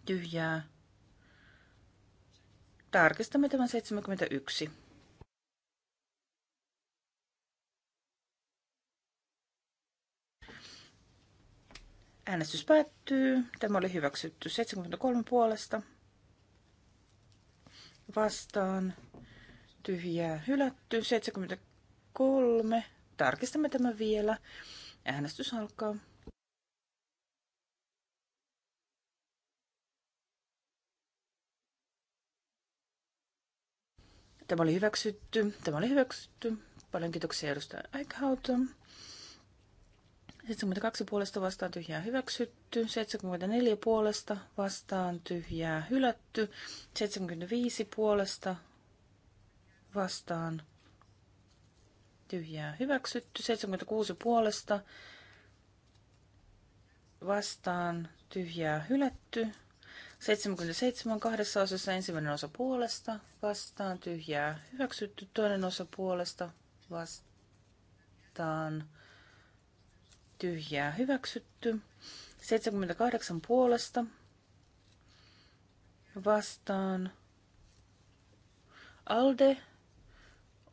tyhjää. Tarkistamme tämän 71. Äänestys päättyy. Tämä oli hyväksytty 73 puolesta. Vastaan tyhjää hylätty 73 tarkistamme tämä vielä. Äänestys alkaa. Tämä oli hyväksytty. Tämä oli hyväksytty. Paljon kiitoksia edustaja Eichhauta. 72 puolesta vastaan tyhjää hyväksytty, 74 puolesta vastaan tyhjää hylätty, 75 puolesta vastaan tyhjää hyväksytty. 76 puolesta vastaan tyhjää hylätty. 77 kahdessa osassa ensimmäinen osa puolesta vastaan tyhjää hyväksytty. Toinen osa puolesta vastaan tyhjää hyväksytty. 78 puolesta vastaan. Alde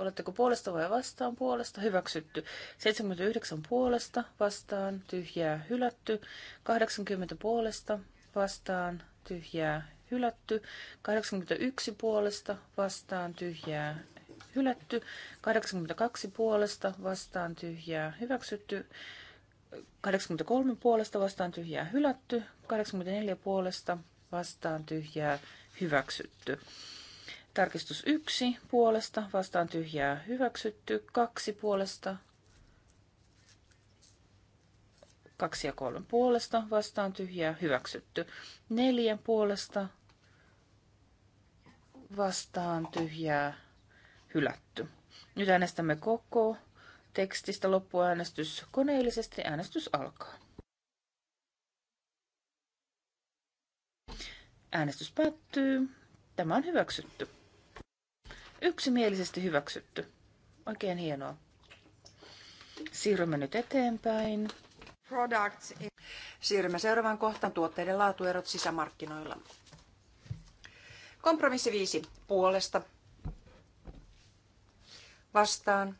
Oletteko puolesta vai vastaan? Puolesta hyväksytty. 79 puolesta vastaan tyhjää hylätty. 80 puolesta vastaan tyhjää hylätty. 81 puolesta vastaan tyhjää hylätty. 82 puolesta vastaan tyhjää hyväksytty. 83 puolesta vastaan tyhjää hylätty. 84 puolesta vastaan tyhjää hyväksytty. Tarkistus 1 puolesta vastaan tyhjää hyväksytty. 2 puolesta. 2 ja 3 puolesta vastaan tyhjää hyväksytty. 4 puolesta vastaan tyhjää hylätty. Nyt äänestämme koko tekstistä loppuäänestys koneellisesti. Äänestys alkaa. Äänestys päättyy. Tämä on hyväksytty. Yksimielisesti hyväksytty. Oikein hienoa. Siirrymme nyt eteenpäin. Products. Siirrymme seuraavaan kohtaan tuotteiden laatuerot sisämarkkinoilla. Kompromissi 5. Puolesta. Vastaan.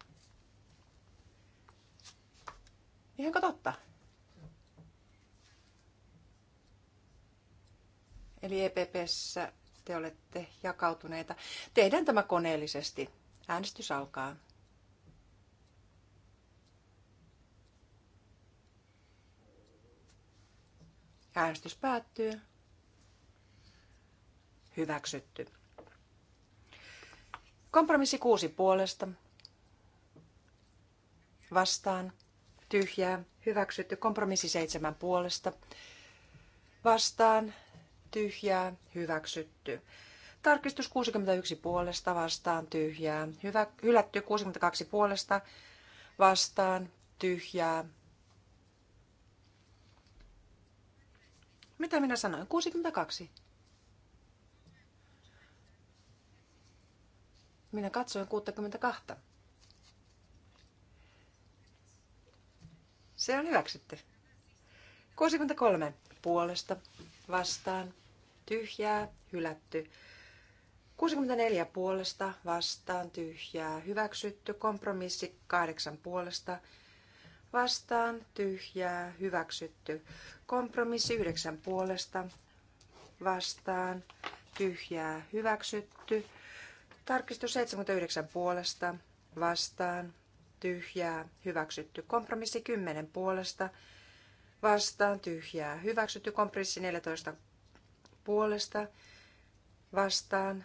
Ihanko totta? Eli EPPssä te olette jakautuneita. Tehdään tämä koneellisesti. Äänestys alkaa. Äänestys päättyy. Hyväksytty. Kompromissi kuusi puolesta. Vastaan. Tyhjää. Hyväksytty. Kompromissi seitsemän puolesta. Vastaan tyhjää, hyväksytty. Tarkistus 61 puolesta vastaan tyhjää, hyvä, hylätty 62 puolesta vastaan tyhjää. Mitä minä sanoin? 62. Minä katsoin 62. Se on hyväksytty. 63 puolesta vastaan tyhjää, hylätty. 64 puolesta, vastaan, tyhjää, hyväksytty. Kompromissi 8 puolesta, vastaan, tyhjää, hyväksytty. Kompromissi 9 puolesta, vastaan, tyhjää, hyväksytty. Tarkistus 79 puolesta, vastaan, tyhjää, hyväksytty. Kompromissi 10 puolesta, vastaan, tyhjää, hyväksytty. Kompromissi 14 puolesta vastaan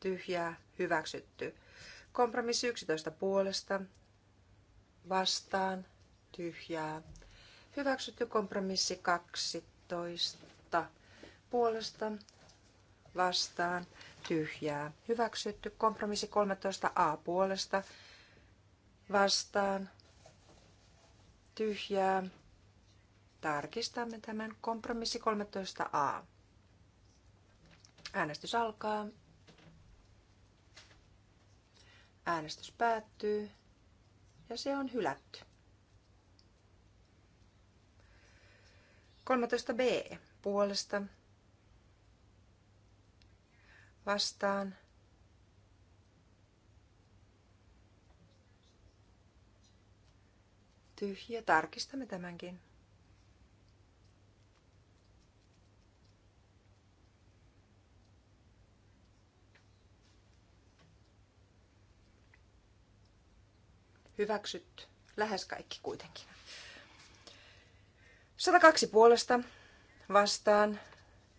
tyhjää hyväksytty. Kompromissi 11 puolesta vastaan tyhjää hyväksytty. Kompromissi 12 puolesta vastaan tyhjää hyväksytty. Kompromissi 13a puolesta vastaan tyhjää Tarkistamme tämän kompromissi 13a. Äänestys alkaa. Äänestys päättyy ja se on hylätty. 13b puolesta vastaan tyhjä. Tarkistamme tämänkin. Hyväksytty. Lähes kaikki kuitenkin. 102 puolesta vastaan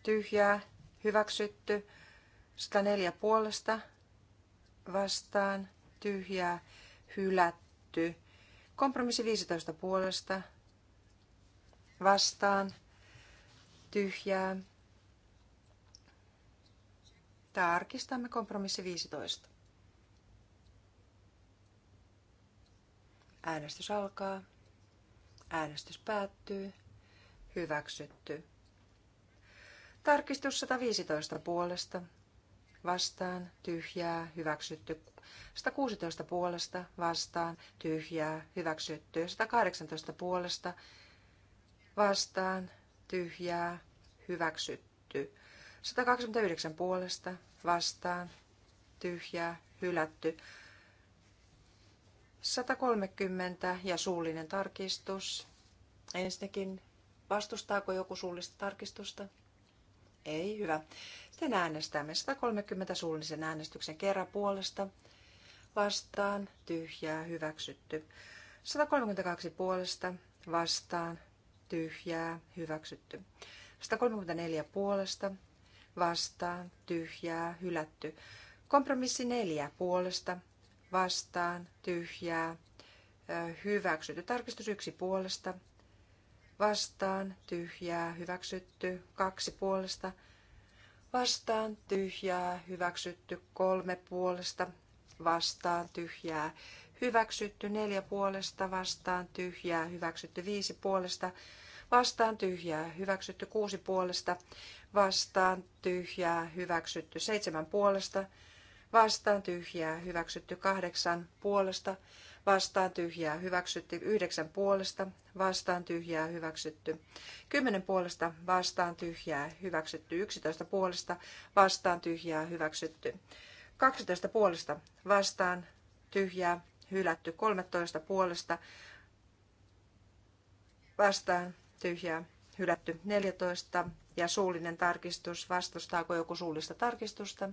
tyhjää hyväksytty. 104 puolesta vastaan tyhjää hylätty. Kompromissi 15 puolesta vastaan tyhjää. Tarkistamme kompromissi 15. Äänestys alkaa. Äänestys päättyy. Hyväksytty. Tarkistus 115 puolesta. Vastaan. Tyhjää. Hyväksytty. 116 puolesta. Vastaan. Tyhjää. Hyväksytty. 118 puolesta. Vastaan. Tyhjää. Hyväksytty. 129 puolesta. Vastaan. Tyhjää. Hylätty. 130 ja suullinen tarkistus. Ensinnäkin, vastustaako joku suullista tarkistusta? Ei, hyvä. Sitten äänestämme 130 suullisen äänestyksen kerran puolesta. Vastaan, tyhjää, hyväksytty. 132 puolesta, vastaan, tyhjää, hyväksytty. 134 puolesta, vastaan, tyhjää, hylätty. Kompromissi 4 puolesta, vastaan, tyhjää, hyväksytty. Tarkistus yksi puolesta, vastaan, tyhjää, hyväksytty. Kaksi puolesta, vastaan, tyhjää, hyväksytty. Kolme puolesta, vastaan, tyhjää, hyväksytty. Neljä puolesta, vastaan, tyhjää, hyväksytty. Viisi puolesta, vastaan, tyhjää, hyväksytty. Kuusi puolesta, vastaan, tyhjää, hyväksytty. Seitsemän puolesta, vastaan, tyhjää, vastaan tyhjää hyväksytty kahdeksan puolesta, vastaan tyhjää hyväksytty yhdeksän puolesta, vastaan tyhjää hyväksytty kymmenen puolesta, vastaan tyhjää hyväksytty yksitoista puolesta, vastaan tyhjää hyväksytty kaksitoista puolesta, vastaan tyhjää hylätty kolmetoista puolesta, vastaan tyhjää hylätty 14 ja suullinen tarkistus, vastustaako joku suullista tarkistusta?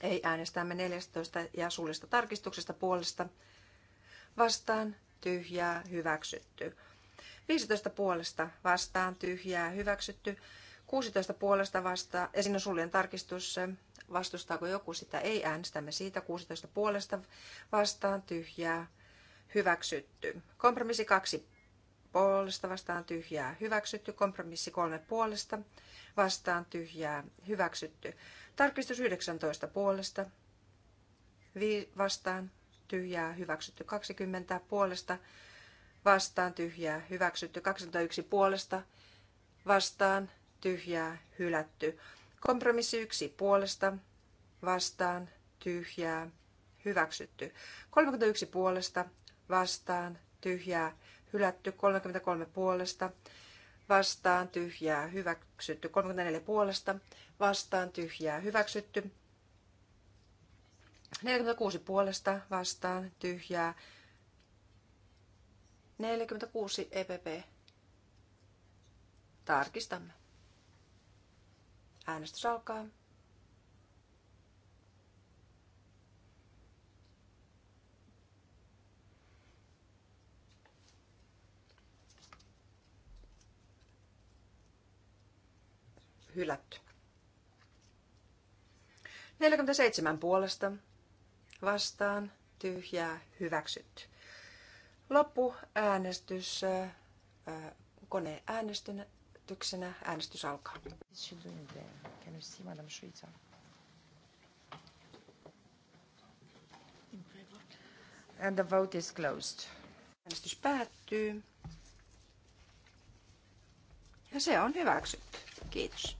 Ei äänestämme 14 ja suullisesta tarkistuksesta puolesta vastaan tyhjää hyväksytty. 15 puolesta vastaan tyhjää hyväksytty. 16 puolesta vastaan, ja siinä on suullinen tarkistus, vastustaako joku sitä, ei äänestämme siitä. 16 puolesta vastaan tyhjää hyväksytty. Kompromissi 2 puolesta vastaan tyhjää hyväksytty. Kompromissi kolme puolesta vastaan tyhjää hyväksytty. Tarkistus 19 puolesta vi- vastaan tyhjää hyväksytty. 20 puolesta vastaan tyhjää hyväksytty. 21 puolesta vastaan tyhjää hylätty. Kompromissi 1 puolesta vastaan tyhjää hyväksytty. 31 puolesta vastaan tyhjää hylätty, 33 puolesta, vastaan tyhjää hyväksytty, 34 puolesta, vastaan tyhjää hyväksytty, 46 puolesta, vastaan tyhjää, 46 EPP. Tarkistamme. Äänestys alkaa. hylätty. 47 puolesta vastaan tyhjää hyväksytty. äänestys kone äänestyksenä. Äänestys alkaa. And the vote is closed. Äänestys päättyy. Ja se on hyväksytty. Kiitos.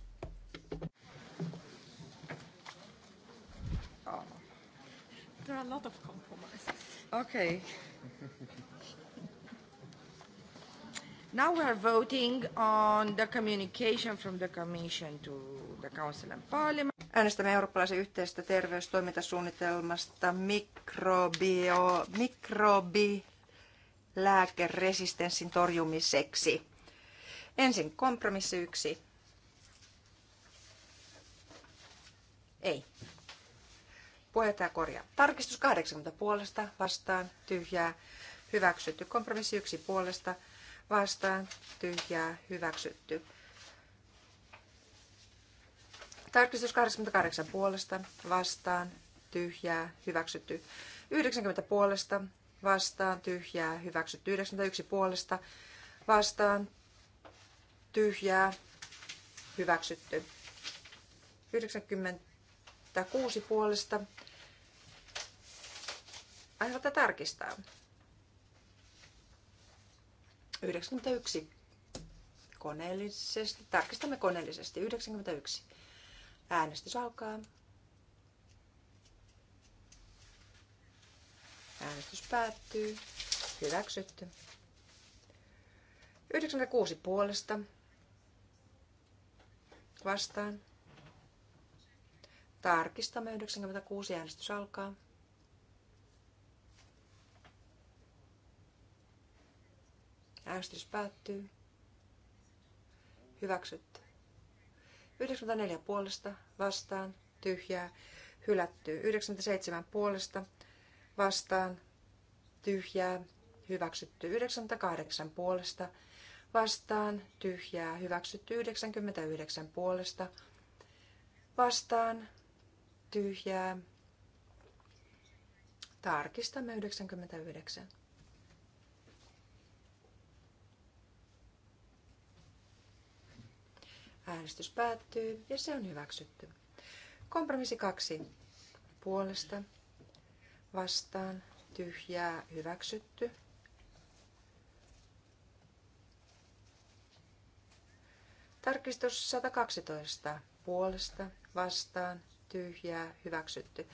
There are a lot of compromises. Okay. Now we are voting on the communication from the Commission to the Council and Parliament. Äänestämme eurooppalaisen yhteistä terveystoimintasuunnitelmasta mikrobio, mikrobilääkeresistenssin torjumiseksi. Ensin kompromissi yksi Ei. Puheenjohtaja korjaa. Tarkistus 80 puolesta vastaan tyhjää hyväksytty. Kompromissi 1 puolesta vastaan tyhjää hyväksytty. Tarkistus 88 puolesta vastaan tyhjää hyväksytty. 90 puolesta vastaan tyhjää hyväksytty. 91 puolesta vastaan tyhjää hyväksytty. 90 kuusi puolesta. tätä tarkistaa. 91. Koneellisesti. Tarkistamme koneellisesti. 91. Äänestys alkaa. Äänestys päättyy. Hyväksytty. 96 puolesta. Vastaan. Tarkistamme 96 äänestys alkaa. Äänestys päättyy. Hyväksytty. 94 puolesta vastaan tyhjää hylättyy. 97 puolesta vastaan tyhjää hyväksytty. 98 puolesta vastaan tyhjää hyväksytty. 99 puolesta vastaan tyhjää. Tarkistamme 99. Äänestys päättyy ja se on hyväksytty. Kompromissi 2. Puolesta, vastaan, tyhjää, hyväksytty. Tarkistus 112. Puolesta, vastaan, tyhjää, hyväksytty.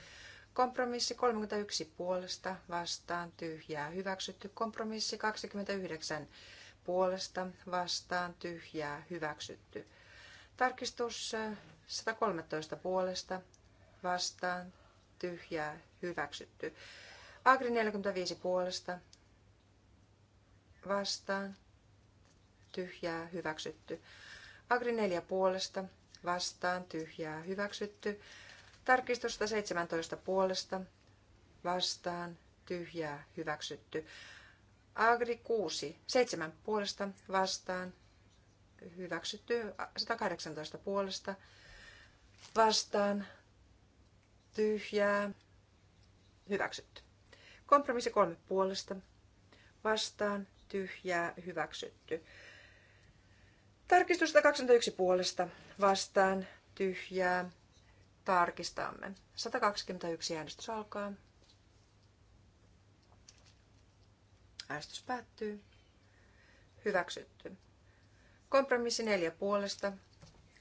Kompromissi 31 puolesta, vastaan, tyhjää, hyväksytty. Kompromissi 29 puolesta, vastaan, tyhjää, hyväksytty. Tarkistus 113 puolesta, vastaan, tyhjää, hyväksytty. Agri 45 puolesta, vastaan, tyhjää, hyväksytty. Agri 4 puolesta, vastaan, tyhjää, hyväksytty. Tarkistusta 17 puolesta vastaan tyhjää hyväksytty. Agri 6, 7 puolesta vastaan hyväksytty. 118 puolesta vastaan tyhjää hyväksytty. Kompromissi 3 puolesta vastaan tyhjää hyväksytty. Tarkistusta 121 puolesta vastaan tyhjää tarkistamme. 121 äänestys alkaa. Äänestys päättyy. Hyväksytty. Kompromissi neljä puolesta.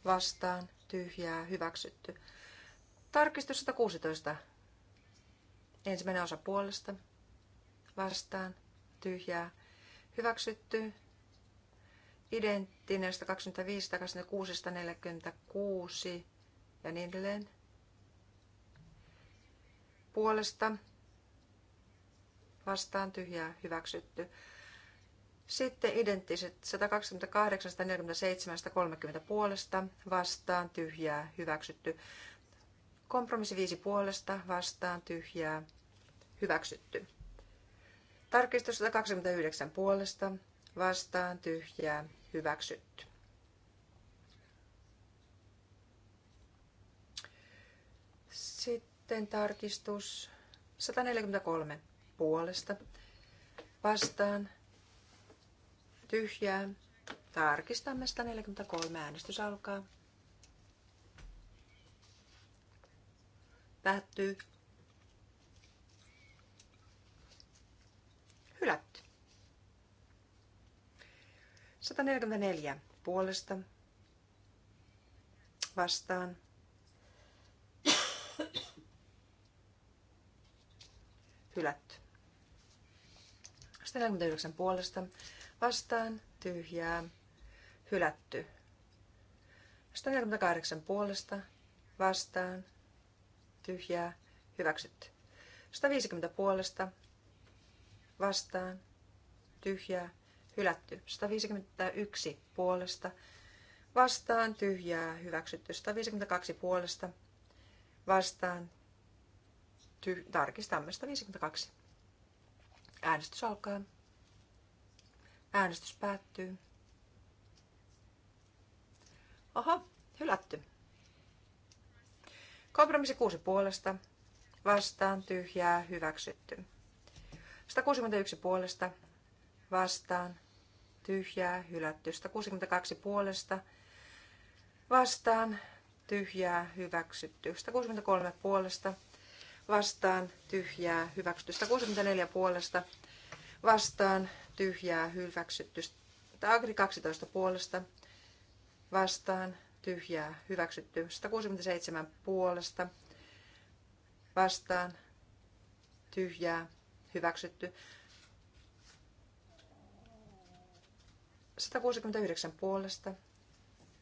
Vastaan. Tyhjää. Hyväksytty. Tarkistus 116. Ensimmäinen osa puolesta. Vastaan. Tyhjää. Hyväksytty. Identtinen 125, 126, 46 ja niin edelleen puolesta vastaan tyhjää hyväksytty. Sitten identtiset 128, 147, 30 puolesta vastaan tyhjää hyväksytty. Kompromissi 5 puolesta vastaan tyhjää hyväksytty. Tarkistus 129 puolesta vastaan tyhjää hyväksytty. Sitten tarkistus 143 puolesta vastaan tyhjää. Tarkistamme 143. Äänestys alkaa. Päättyy. Hylätty. 144 puolesta vastaan hylätty. 149 puolesta vastaan tyhjää hylätty. 148 puolesta vastaan tyhjää hyväksytty. 150 puolesta vastaan tyhjää hylätty. 151 puolesta vastaan tyhjää hyväksytty. 152 puolesta vastaan Ty- tarkistamme 152. Äänestys alkaa. Äänestys päättyy. Oho, hylätty. Kompromissi 6 puolesta. Vastaan tyhjää hyväksytty. 161 puolesta. Vastaan tyhjää hylätty. 162 puolesta. Vastaan tyhjää hyväksytty. 163 puolesta vastaan tyhjää hyväksytystä. 164 puolesta vastaan tyhjää hyväksytystä Agri 12 puolesta vastaan tyhjää hyväksytty. 167 puolesta vastaan tyhjää hyväksytty. 169 puolesta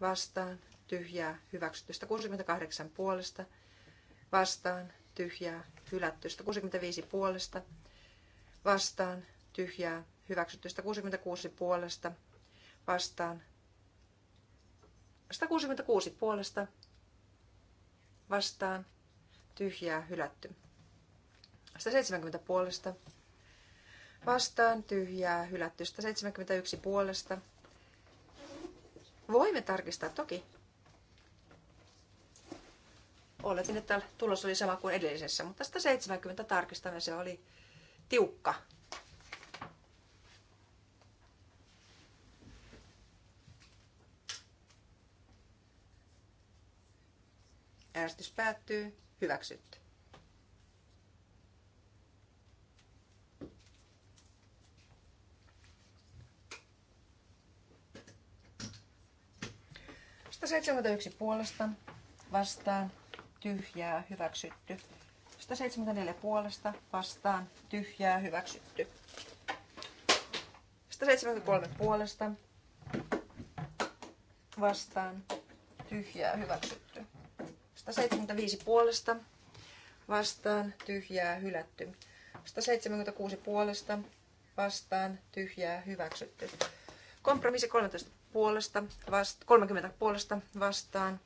vastaan tyhjää hyväksytty. 168 puolesta vastaan tyhjää, hylätty. 165 puolesta vastaan, tyhjää, hyväksytty. 166 puolesta vastaan, 166 puolesta vastaan, tyhjää, hylätty. 170 puolesta vastaan, tyhjää, hylätty. 171 puolesta. Voimme tarkistaa toki oletin, että tulos oli sama kuin edellisessä, mutta 170 tarkistamme, se oli tiukka. Äänestys päättyy. Hyväksytty. Sitä yksi puolesta vastaan tyhjää, hyväksytty. 174 puolesta vastaan, tyhjää, hyväksytty. 173 puolesta vastaan, tyhjää, hyväksytty. 175 puolesta vastaan, tyhjää, hylätty. 176 puolesta vastaan, tyhjää, hyväksytty. Kompromissi 13 puolesta, vast, 30 puolesta vastaan,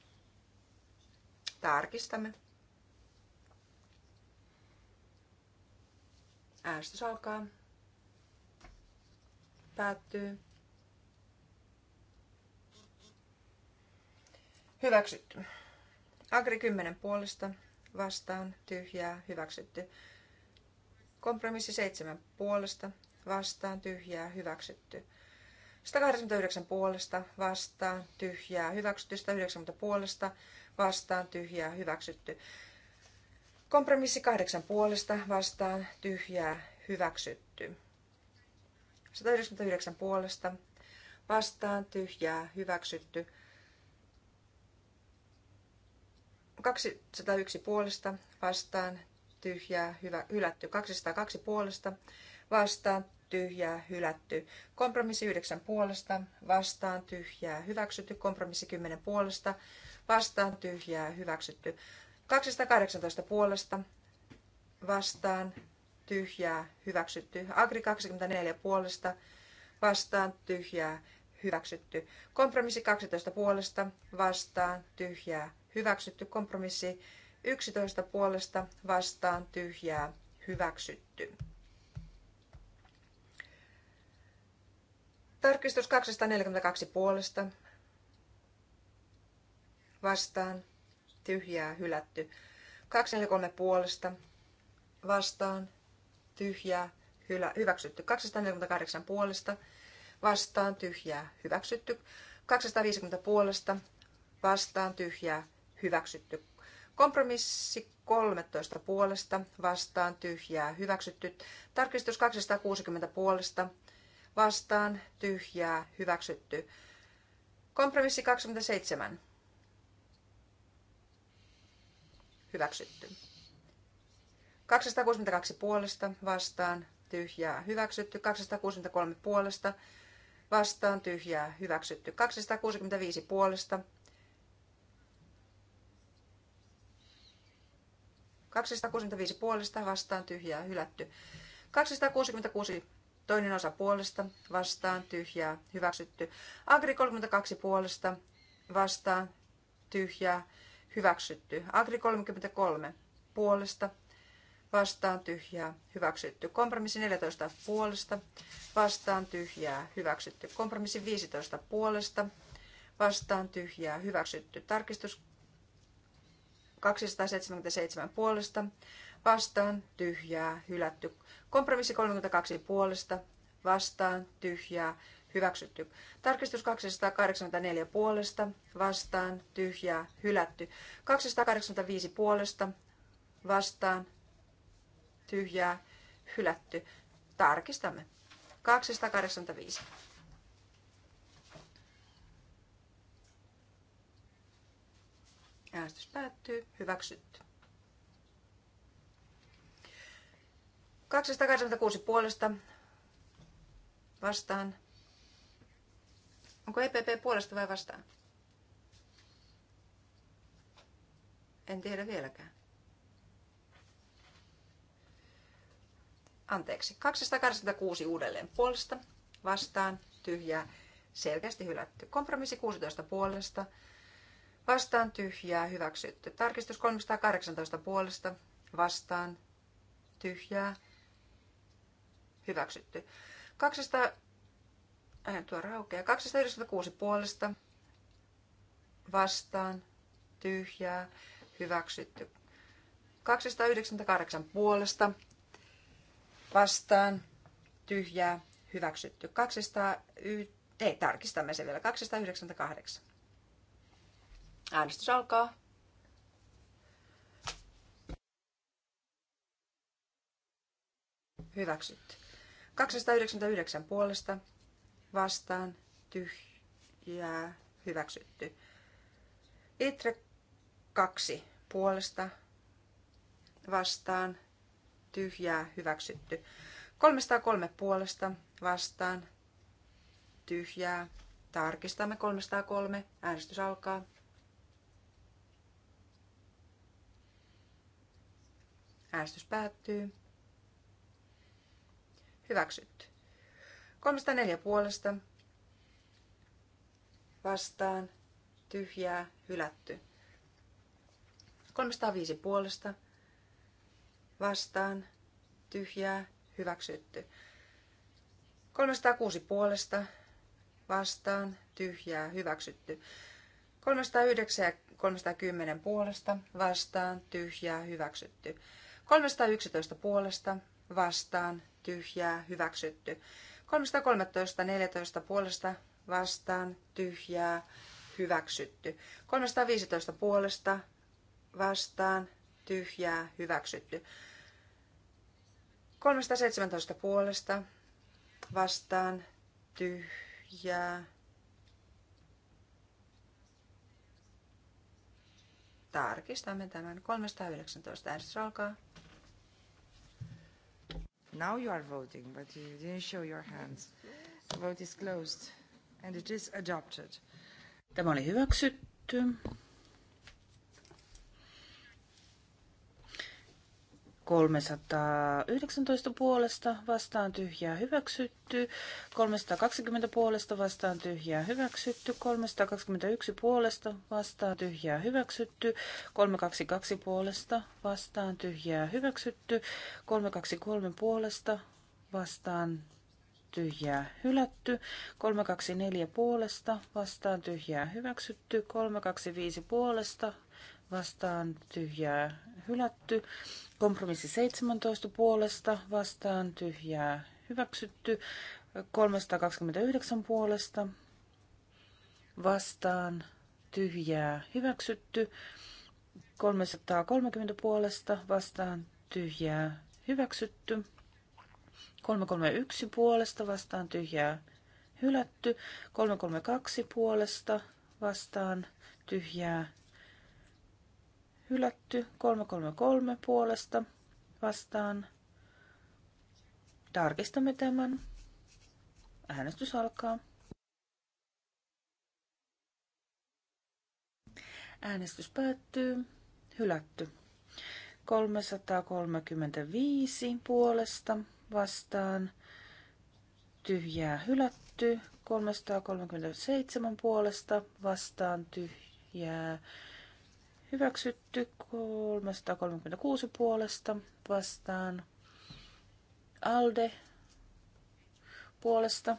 Tarkistamme. Äänestys alkaa. Päättyy. Hyväksytty. Agri 10 puolesta vastaan tyhjää hyväksytty. Kompromissi 7 puolesta vastaan tyhjää hyväksytty. 189 puolesta vastaan tyhjää hyväksytty. 190 puolesta vastaan tyhjää hyväksytty. Kompromissi kahdeksan puolesta vastaan tyhjää hyväksytty. 199 puolesta vastaan tyhjää hyväksytty. 201 puolesta vastaan tyhjää hyvä, hylätty. 202 puolesta vastaan tyhjää hylätty. Kompromissi 9 puolesta vastaan tyhjää hyväksytty. Kompromissi 10 puolesta vastaan tyhjää hyväksytty. 218 puolesta vastaan tyhjää hyväksytty. Agri 24 puolesta vastaan tyhjää hyväksytty. Kompromissi 12 puolesta vastaan tyhjää hyväksytty. Kompromissi 11 puolesta vastaan tyhjää hyväksytty. Tarkistus 242 puolesta vastaan, tyhjää, hylätty. 243 puolesta vastaan, tyhjää, hylä, hyväksytty. 248 puolesta vastaan, tyhjää, hyväksytty. 250 puolesta vastaan, tyhjää, hyväksytty. Kompromissi 13 puolesta vastaan, tyhjää, hyväksytty. Tarkistus 260 puolesta vastaan, tyhjää, hyväksytty. Kompromissi 27 hyväksytty. 262 puolesta vastaan tyhjää hyväksytty, 263 puolesta vastaan tyhjää hyväksytty, 265 puolesta 265 puolesta vastaan tyhjää hylätty. 266 toinen osa puolesta vastaan tyhjää hyväksytty. Agri 32 puolesta vastaan tyhjää hyväksytty. Agri 33 puolesta vastaan tyhjää, hyväksytty. Kompromissi 14 puolesta, vastaan tyhjää, hyväksytty. Kompromissi 15 puolesta, vastaan tyhjää, hyväksytty. Tarkistus 277 puolesta, vastaan tyhjää, hylätty. Kompromissi 32 puolesta, vastaan tyhjää, hyväksytty. Tarkistus 284 puolesta, vastaan, tyhjää, hylätty. 285 puolesta, vastaan, tyhjää, hylätty. Tarkistamme. 285. Äänestys päättyy. Hyväksytty. 286 puolesta vastaan Onko EPP puolesta vai vastaan? En tiedä vieläkään. Anteeksi. 286 uudelleen puolesta, vastaan, tyhjää, selkeästi hylätty. Kompromissi 16 puolesta, vastaan, tyhjää, hyväksytty. Tarkistus 318 puolesta, vastaan, tyhjää, hyväksytty. 200 tuo raukeaa. 296 puolesta vastaan tyhjää hyväksytty. 298 puolesta vastaan tyhjää hyväksytty. 200, ei, tarkistamme se vielä. 298. Äänestys alkaa. Hyväksytty. 299 puolesta vastaan tyhjää hyväksytty. Itre 2 puolesta vastaan tyhjää hyväksytty. 303 puolesta vastaan tyhjää. Tarkistamme 303. Äänestys alkaa. Äänestys päättyy. Hyväksytty. 304 puolesta vastaan tyhjää hylätty. 305 puolesta vastaan tyhjää hyväksytty. 306 puolesta vastaan tyhjää hyväksytty. 309 ja 310 puolesta vastaan tyhjää hyväksytty. 311 puolesta vastaan tyhjää hyväksytty. 313, 14 puolesta vastaan, tyhjää, hyväksytty. 315 puolesta vastaan, tyhjää, hyväksytty. 317 puolesta vastaan, tyhjää. Tarkistamme tämän. 319 äänestys alkaa. Now you are voting, but you didn't show your hands. The vote is closed and it is adopted. Tämä oli hyväksytty. 319 puolesta vastaan tyhjää hyväksytty, 320 puolesta vastaan tyhjää hyväksytty, 321 puolesta vastaan tyhjää hyväksytty, 322 puolesta vastaan tyhjää hyväksytty, 323 puolesta vastaan tyhjää hylätty, 324 puolesta vastaan tyhjää hyväksytty, 325 puolesta vastaan tyhjää hylätty. Kompromissi 17 puolesta vastaan tyhjää hyväksytty. 329 puolesta vastaan tyhjää hyväksytty. 330 puolesta vastaan tyhjää hyväksytty. 331 puolesta vastaan tyhjää hylätty. 332 puolesta vastaan tyhjää Hylätty 333 puolesta vastaan. Tarkistamme tämän. Äänestys alkaa. Äänestys päättyy. Hylätty. 335 puolesta vastaan. Tyhjää hylätty. 337 puolesta vastaan tyhjää Hyväksytty 336 puolesta vastaan. Alde puolesta.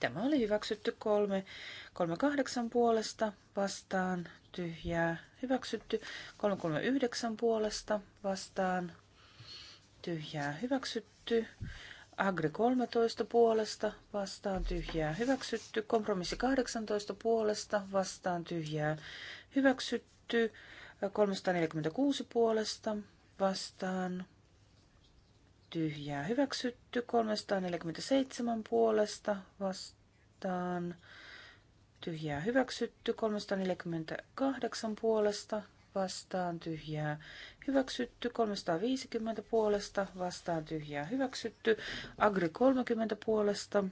Tämä oli hyväksytty 338 puolesta vastaan tyhjää. Hyväksytty 339 puolesta vastaan tyhjää. Hyväksytty Agri 13 puolesta vastaan tyhjää. Hyväksytty kompromissi 18 puolesta vastaan tyhjää. Hyväksytty tehty 346 puolesta vastaan tyhjää hyväksytty. 347 puolesta vastaan tyhjää hyväksytty. 348 puolesta vastaan tyhjää hyväksytty, 350 puolesta vastaan tyhjää hyväksytty, Agri 30 puolesta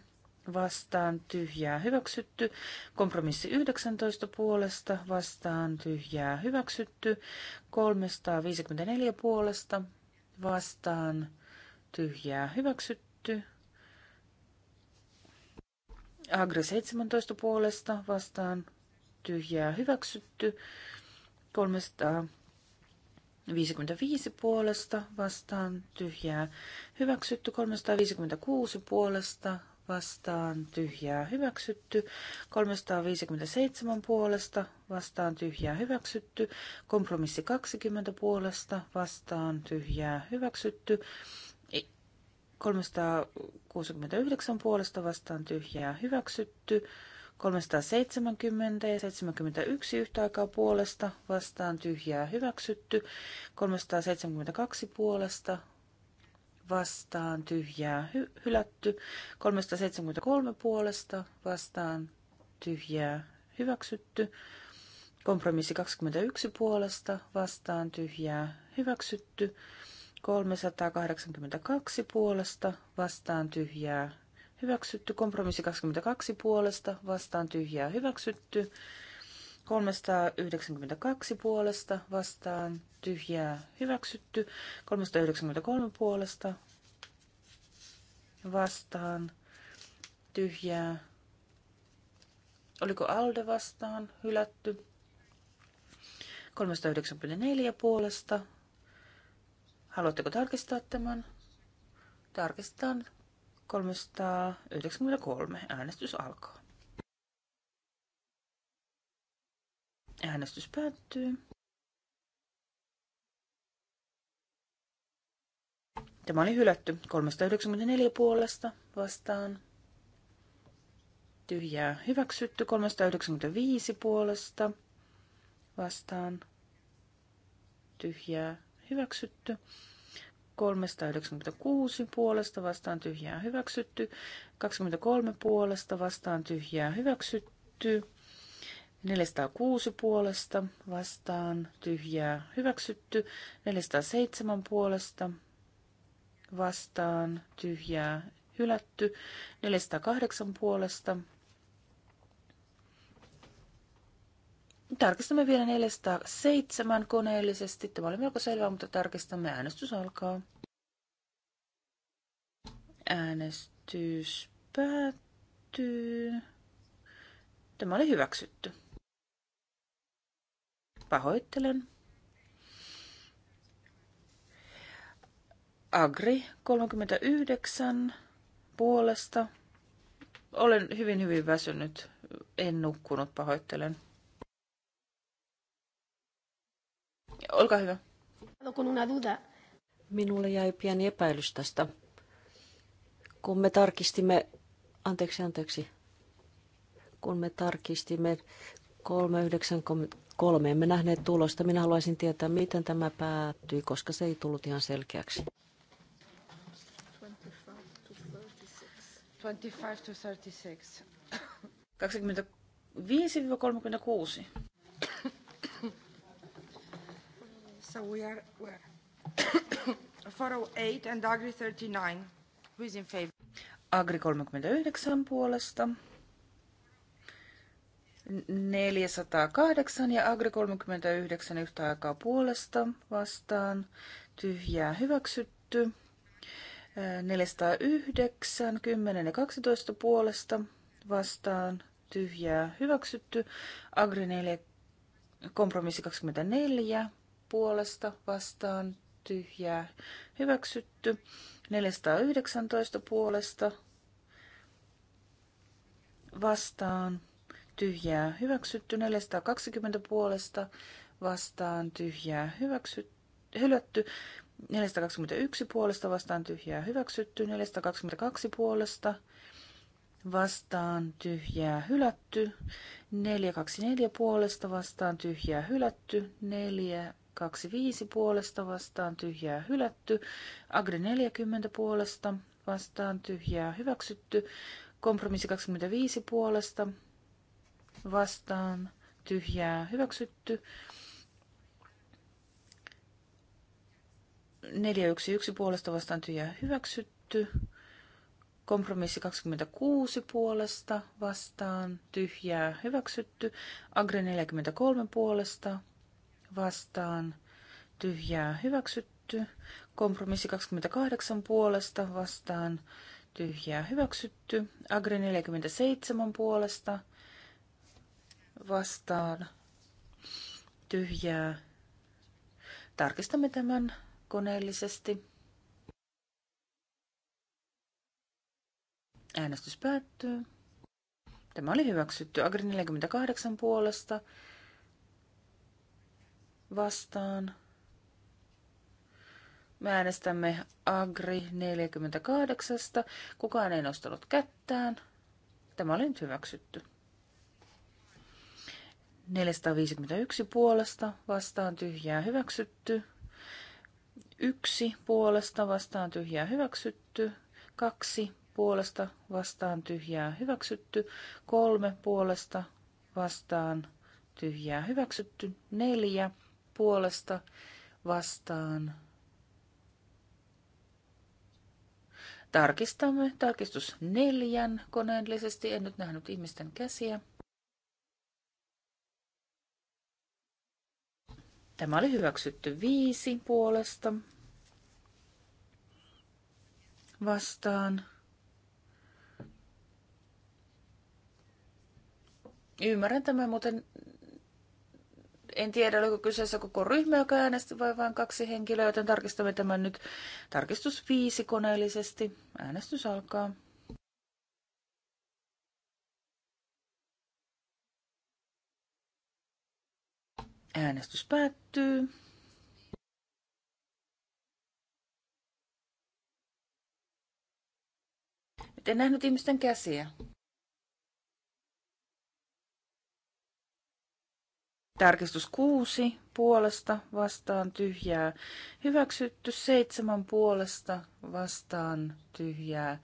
vastaan tyhjää hyväksytty. Kompromissi 19 puolesta vastaan tyhjää hyväksytty. 354 puolesta vastaan tyhjää hyväksytty. Agri 17 puolesta vastaan tyhjää hyväksytty. 355 puolesta vastaan tyhjää hyväksytty. 356 puolesta vastaan tyhjää hyväksytty, 357 puolesta vastaan tyhjää hyväksytty, kompromissi 20 puolesta vastaan tyhjää hyväksytty, 369 puolesta vastaan tyhjää hyväksytty, 370 ja 71 yhtä aikaa puolesta vastaan tyhjää hyväksytty, 372 puolesta vastaan tyhjää hy- hylätty. 373 puolesta vastaan tyhjää hyväksytty. Kompromissi 21 puolesta vastaan tyhjää hyväksytty. 382 puolesta vastaan tyhjää hyväksytty. Kompromissi 22 puolesta vastaan tyhjää hyväksytty. 392 puolesta vastaan tyhjää hyväksytty. 393 puolesta vastaan tyhjää. Oliko Alde vastaan hylätty? 394 puolesta. Haluatteko tarkistaa tämän? Tarkistetaan 393. Äänestys alkaa. Äänestys päättyy. Tämä oli hylätty 394 puolesta vastaan. Tyhjää hyväksytty 395 puolesta vastaan. Tyhjää hyväksytty 396 puolesta vastaan tyhjää hyväksytty. 23 puolesta vastaan tyhjää hyväksytty. 406 puolesta vastaan tyhjää hyväksytty. 407 puolesta vastaan tyhjää hylätty. 408 puolesta. Tarkistamme vielä 407 koneellisesti. Tämä oli melko selvää, mutta tarkistamme. Äänestys alkaa. Äänestys päättyy. Tämä oli hyväksytty. Pahoittelen. Agri 39 puolesta. Olen hyvin hyvin väsynyt. En nukkunut, pahoittelen. Olkaa hyvä. Minulle jäi pieni epäilys tästä. Kun me tarkistimme, anteeksi, anteeksi, kun me tarkistimme Kolme emme nähneet tulosta. Minä haluaisin tietää, miten tämä päättyi, koska se ei tullut ihan selkeäksi. 25-36. So we are where? 408 and Agri 39. Who is in favor? Agri 39 puolesta. 408 ja Agri 39 yhtä aikaa puolesta vastaan. Tyhjää hyväksytty. 409, 10 ja 12 puolesta vastaan. Tyhjää hyväksytty. Agri 4, kompromissi 24 puolesta vastaan. Tyhjää hyväksytty. 419 puolesta vastaan tyhjää hyväksytty, 420 puolesta vastaan tyhjää hyväksytty, hylätty, 421 puolesta vastaan tyhjää hyväksytty, 422 puolesta vastaan tyhjää hylätty, 424 puolesta vastaan tyhjää hylätty, 425 puolesta vastaan tyhjää hylätty, Agri 40 puolesta vastaan tyhjää hyväksytty, kompromissi 25 puolesta vastaan tyhjää hyväksytty. 411 puolesta vastaan tyhjää hyväksytty. Kompromissi 26 puolesta vastaan tyhjää hyväksytty. Agre 43 puolesta vastaan tyhjää hyväksytty. Kompromissi 28 puolesta vastaan tyhjää hyväksytty. Agri 47 puolesta vastaan tyhjää. Tarkistamme tämän koneellisesti. Äänestys päättyy. Tämä oli hyväksytty Agri 48 puolesta vastaan. Me äänestämme Agri 48. Kukaan ei nostanut kättään. Tämä oli nyt hyväksytty. 451 puolesta vastaan tyhjää hyväksytty. Yksi puolesta vastaan tyhjää hyväksytty. Kaksi puolesta vastaan tyhjää hyväksytty. Kolme puolesta vastaan tyhjää hyväksytty. Neljä puolesta vastaan. Tarkistamme tarkistus neljän koneellisesti. En nyt nähnyt ihmisten käsiä. Tämä oli hyväksytty viisi puolesta vastaan. Ymmärrän tämän, muuten. en tiedä, oliko kyseessä koko ryhmä, joka äänesti vai vain kaksi henkilöä, joten tarkistamme tämän nyt tarkistus viisi koneellisesti. Äänestys alkaa. Äänestys päättyy. Miten en nähnyt ihmisten käsiä. Tarkistus kuusi puolesta vastaan tyhjää. Hyväksytty seitsemän puolesta vastaan tyhjää.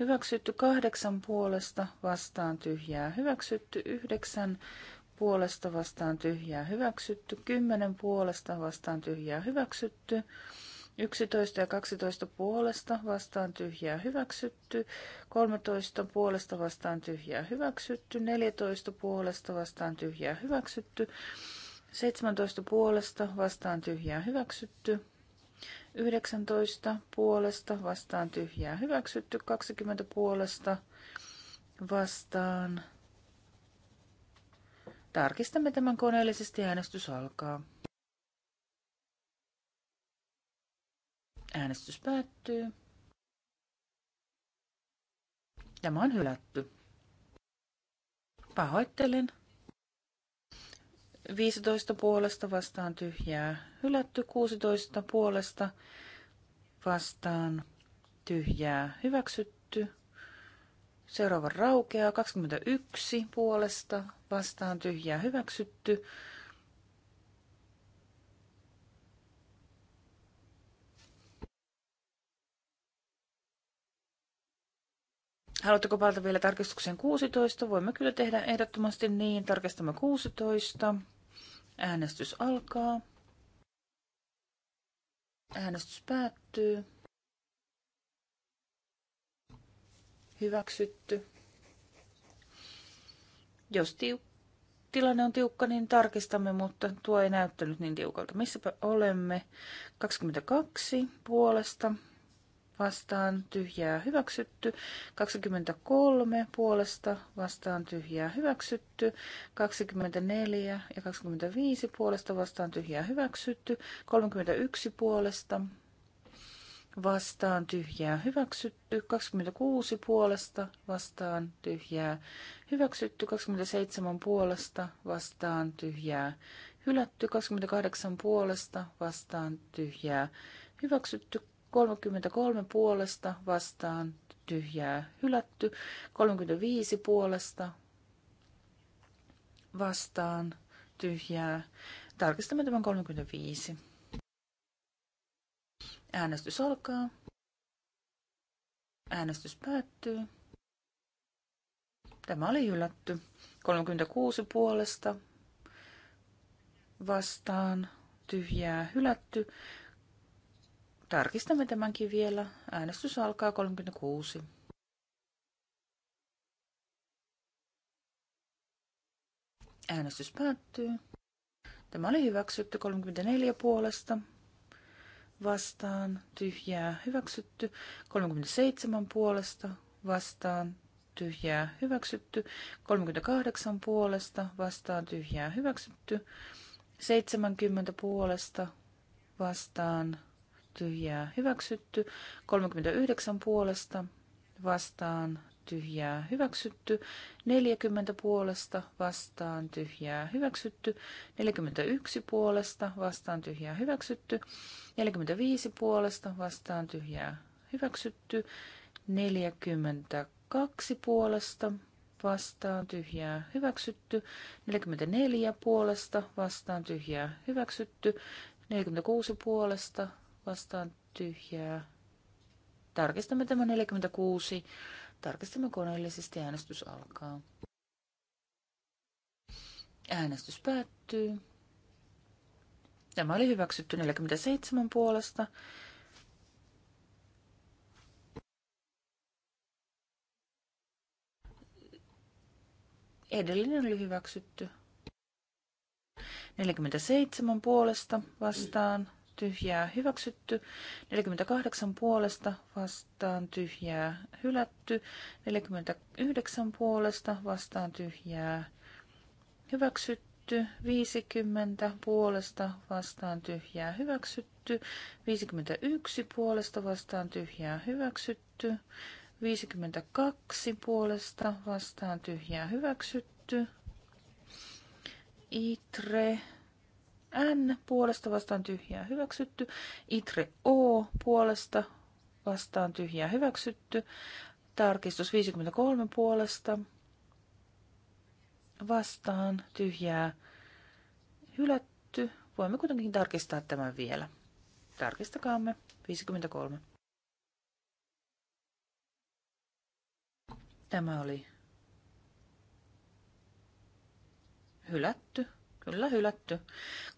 Hyväksytty kahdeksan puolesta vastaan tyhjää. Hyväksytty yhdeksän puolesta vastaan tyhjää hyväksytty, 10 puolesta vastaan tyhjää hyväksytty, 11 ja 12 puolesta vastaan tyhjää hyväksytty, 13 puolesta vastaan tyhjää hyväksytty, 14 puolesta vastaan tyhjää hyväksytty, 17 puolesta vastaan tyhjää hyväksytty, 19 puolesta vastaan tyhjää hyväksytty, 20 puolesta vastaan Tarkistamme tämän koneellisesti. Äänestys alkaa. Äänestys päättyy. Tämä on hylätty. Pahoittelen. 15 puolesta vastaan tyhjää. Hylätty 16 puolesta vastaan tyhjää. Hyväksytty. Seuraava raukeaa 21 puolesta vastaan tyhjää hyväksytty. Haluatteko palata vielä tarkistukseen 16? Voimme kyllä tehdä ehdottomasti niin. Tarkistamme 16. Äänestys alkaa. Äänestys päättyy. hyväksytty. Jos tiu- tilanne on tiukka, niin tarkistamme, mutta tuo ei näyttänyt niin tiukalta. Missäpä olemme? 22 puolesta vastaan tyhjää hyväksytty, 23 puolesta vastaan tyhjää hyväksytty, 24 ja 25 puolesta vastaan tyhjää hyväksytty, 31 puolesta vastaan tyhjää hyväksytty, 26 puolesta vastaan tyhjää hyväksytty, 27 puolesta vastaan tyhjää hylätty, 28 puolesta vastaan tyhjää hyväksytty, 33 puolesta vastaan tyhjää hylätty, 35 puolesta vastaan tyhjää. Tarkistamme tämän 35. Äänestys alkaa. Äänestys päättyy. Tämä oli hylätty. 36 puolesta vastaan tyhjää hylätty. Tarkistamme tämänkin vielä. Äänestys alkaa 36. Äänestys päättyy. Tämä oli hyväksytty 34 puolesta vastaan tyhjää hyväksytty. 37 puolesta vastaan tyhjää hyväksytty. 38 puolesta vastaan tyhjää hyväksytty. 70 puolesta vastaan tyhjää hyväksytty. 39 puolesta vastaan tyhjää hyväksytty, 40 puolesta vastaan tyhjää hyväksytty, 41 puolesta vastaan tyhjää hyväksytty, 45 puolesta vastaan tyhjää hyväksytty, 42 puolesta vastaan tyhjää hyväksytty, 44 puolesta vastaan tyhjää hyväksytty, 46 puolesta vastaan tyhjää. Tarkistamme tämä 46. Tarkistamme koneellisesti. Äänestys alkaa. Äänestys päättyy. Tämä oli hyväksytty 47 puolesta. Edellinen oli hyväksytty. 47 puolesta vastaan tyhjää hyväksytty, 48 puolesta vastaan tyhjää hylätty, 49 puolesta vastaan tyhjää hyväksytty, 50 puolesta vastaan tyhjää hyväksytty, 51 puolesta vastaan tyhjää hyväksytty, 52 puolesta vastaan tyhjää hyväksytty, ITRE N puolesta vastaan tyhjää hyväksytty. Itre O puolesta vastaan tyhjää hyväksytty. Tarkistus 53 puolesta vastaan tyhjää hylätty. Voimme kuitenkin tarkistaa tämän vielä. Tarkistakaamme 53. Tämä oli hylätty. Kyllä, hylätty.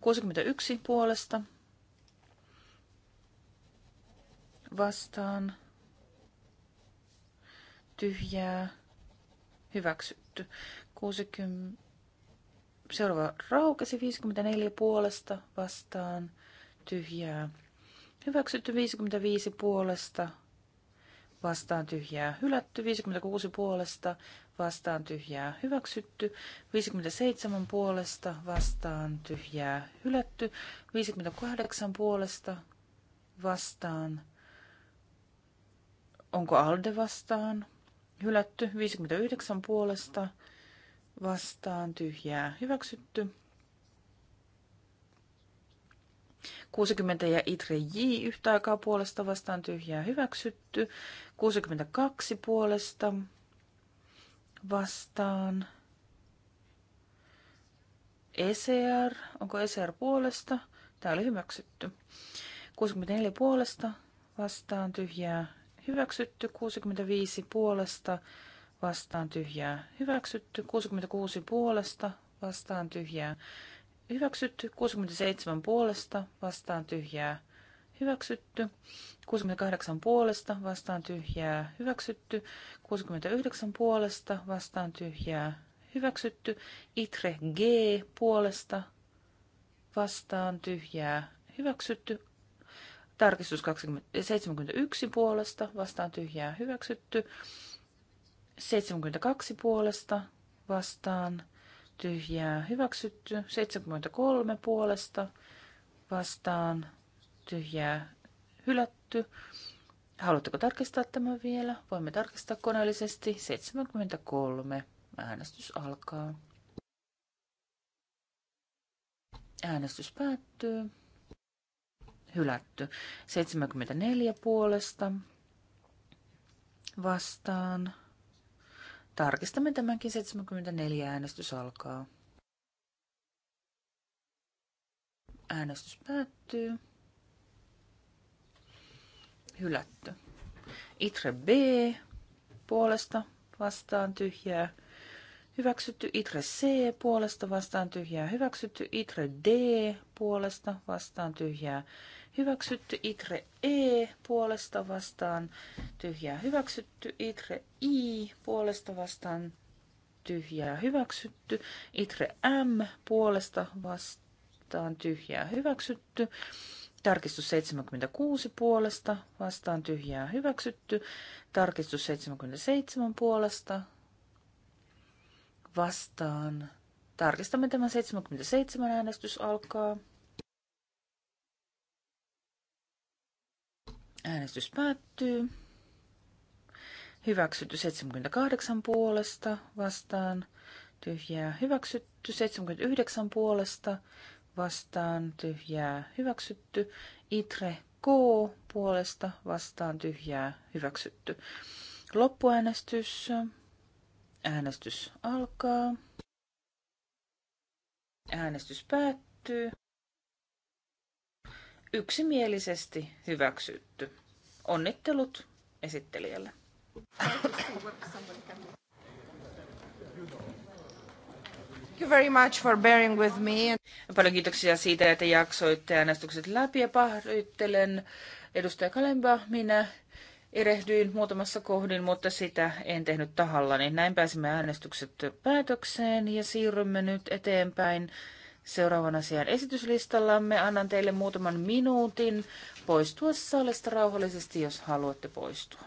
61 puolesta. Vastaan. Tyhjää. Hyväksytty. 60. Seuraava raukesi 54 puolesta vastaan. Tyhjää. Hyväksytty 55 puolesta. Vastaan tyhjää. Hylätty 56 puolesta vastaan tyhjää hyväksytty, 57 puolesta vastaan tyhjää hylätty, 58 puolesta vastaan, onko Alde vastaan, hylätty, 59 puolesta vastaan tyhjää hyväksytty, 60 ja Itre J yhtä aikaa puolesta vastaan tyhjää hyväksytty. 62 puolesta vastaan. ECR, onko ECR puolesta? Tämä oli hyväksytty. 64 puolesta vastaan tyhjää hyväksytty. 65 puolesta vastaan tyhjää hyväksytty. 66 puolesta vastaan tyhjää hyväksytty. 67 puolesta vastaan tyhjää hyväksytty. 68 puolesta vastaan tyhjää hyväksytty. 69 puolesta vastaan tyhjää hyväksytty. Itre G puolesta vastaan tyhjää hyväksytty. Tarkistus 20, 71 puolesta vastaan tyhjää hyväksytty. 72 puolesta vastaan tyhjää hyväksytty. 73 puolesta vastaan tyhjää hylätty. Haluatteko tarkistaa tämän vielä? Voimme tarkistaa koneellisesti. 73. Äänestys alkaa. Äänestys päättyy. Hylätty. 74 puolesta vastaan. Tarkistamme tämänkin 74 äänestys alkaa. Äänestys päättyy. Hylätty. Itre B puolesta vastaan tyhjää. Hyväksytty itre C puolesta vastaan tyhjää. Hyväksytty itre D puolesta vastaan tyhjää. Hyväksytty itre E puolesta vastaan tyhjää. Hyväksytty itre I puolesta vastaan tyhjää. Hyväksytty itre M puolesta vastaan tyhjää. Hyväksytty Tarkistus 76 puolesta, vastaan tyhjää hyväksytty. Tarkistus 77 puolesta, vastaan. Tarkistamme tämän 77 äänestys alkaa. Äänestys päättyy. Hyväksytty 78 puolesta vastaan. Tyhjää hyväksytty 79 puolesta vastaan tyhjää hyväksytty. Itre K puolesta vastaan tyhjää hyväksytty. Loppuäänestys. Äänestys alkaa. Äänestys päättyy. Yksimielisesti hyväksytty. Onnittelut esittelijälle. you very much for bearing with me. Paljon kiitoksia siitä, että jaksoitte äänestykset läpi ja pahoittelen. Edustaja Kalemba, minä erehdyin muutamassa kohdin, mutta sitä en tehnyt niin Näin pääsimme äänestykset päätökseen ja siirrymme nyt eteenpäin seuraavan asian esityslistallamme. Annan teille muutaman minuutin poistua salista rauhallisesti, jos haluatte poistua.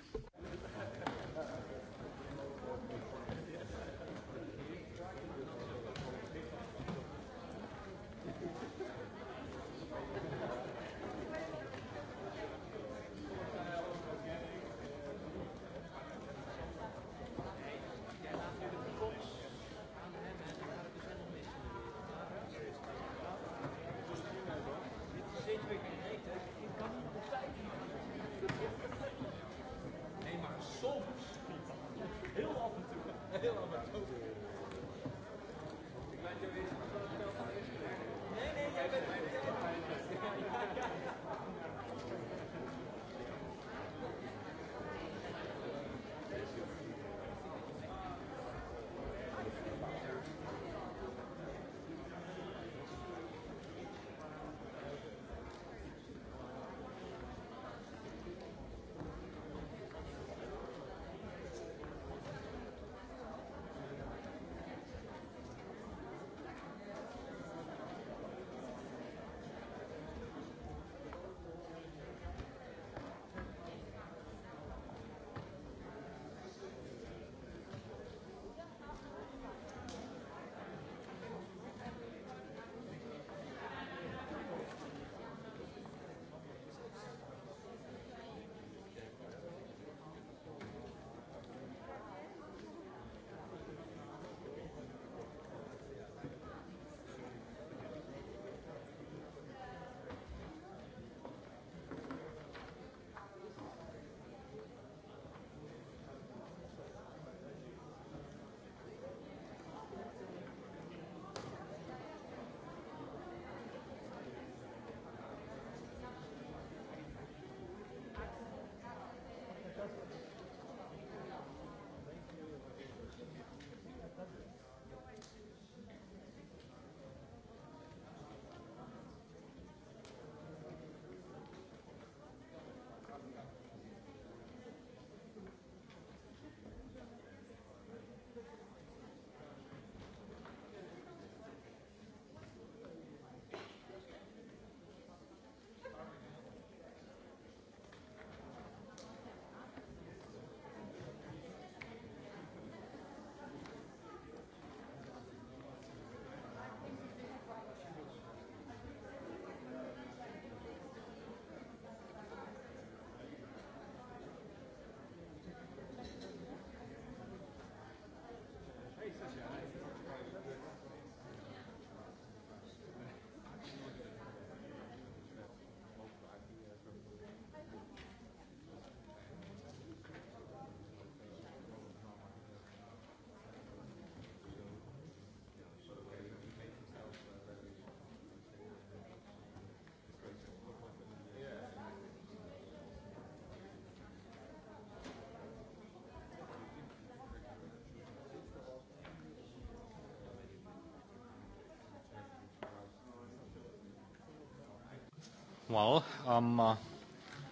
Well, um, uh,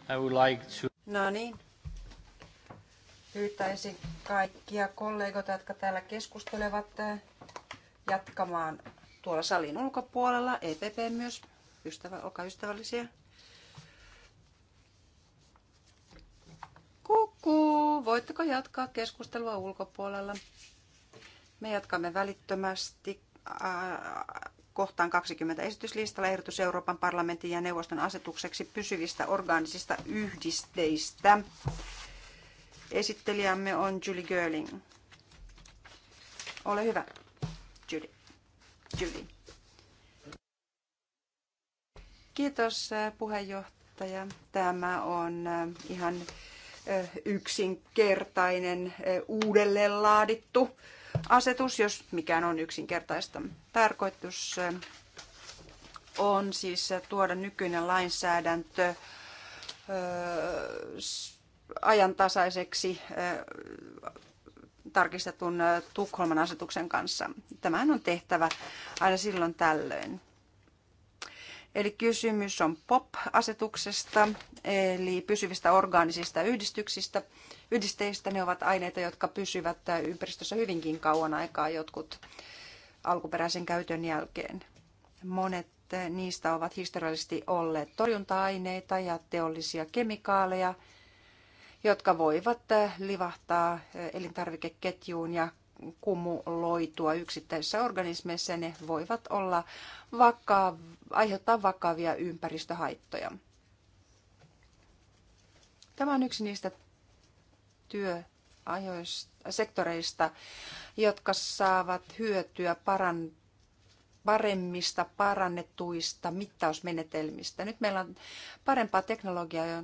I would like to... No niin. Pyytäisin kaikkia kollegoita, jotka täällä keskustelevat, äh, jatkamaan tuolla salin ulkopuolella. EPP myös. Ystävä, olkaa ystävällisiä. Kuku, voitteko jatkaa keskustelua ulkopuolella? Me jatkamme välittömästi äh, kohtaan 20 esityslistalla ehdotus Euroopan parlamentin ja neuvoston asetukseksi pysyvistä orgaanisista yhdisteistä. Esittelijämme on Julie Görling. Ole hyvä, Julie. Julie. Kiitos äh, puheenjohtaja. Tämä on äh, ihan äh, yksinkertainen, uudelleen laadittu asetus, jos mikään on yksinkertaista. Tarkoitus äh, on siis tuoda nykyinen lainsäädäntö äh, ajantasaiseksi äh, tarkistetun Tukholman asetuksen kanssa. Tämähän on tehtävä aina silloin tällöin. Eli kysymys on POP-asetuksesta, eli pysyvistä orgaanisista yhdistyksistä. Yhdisteistä ne ovat aineita, jotka pysyvät ympäristössä hyvinkin kauan aikaa jotkut alkuperäisen käytön jälkeen. Monet niistä ovat historiallisesti olleet torjunta-aineita ja teollisia kemikaaleja, jotka voivat livahtaa elintarvikeketjuun ja kumuloitua yksittäisissä organismeissa ja ne voivat olla vakaa, aiheuttaa vakavia ympäristöhaittoja. Tämä on yksi niistä työajoista, sektoreista, jotka saavat hyötyä paran, paremmista, parannetuista mittausmenetelmistä. Nyt meillä on parempaa teknologiaa,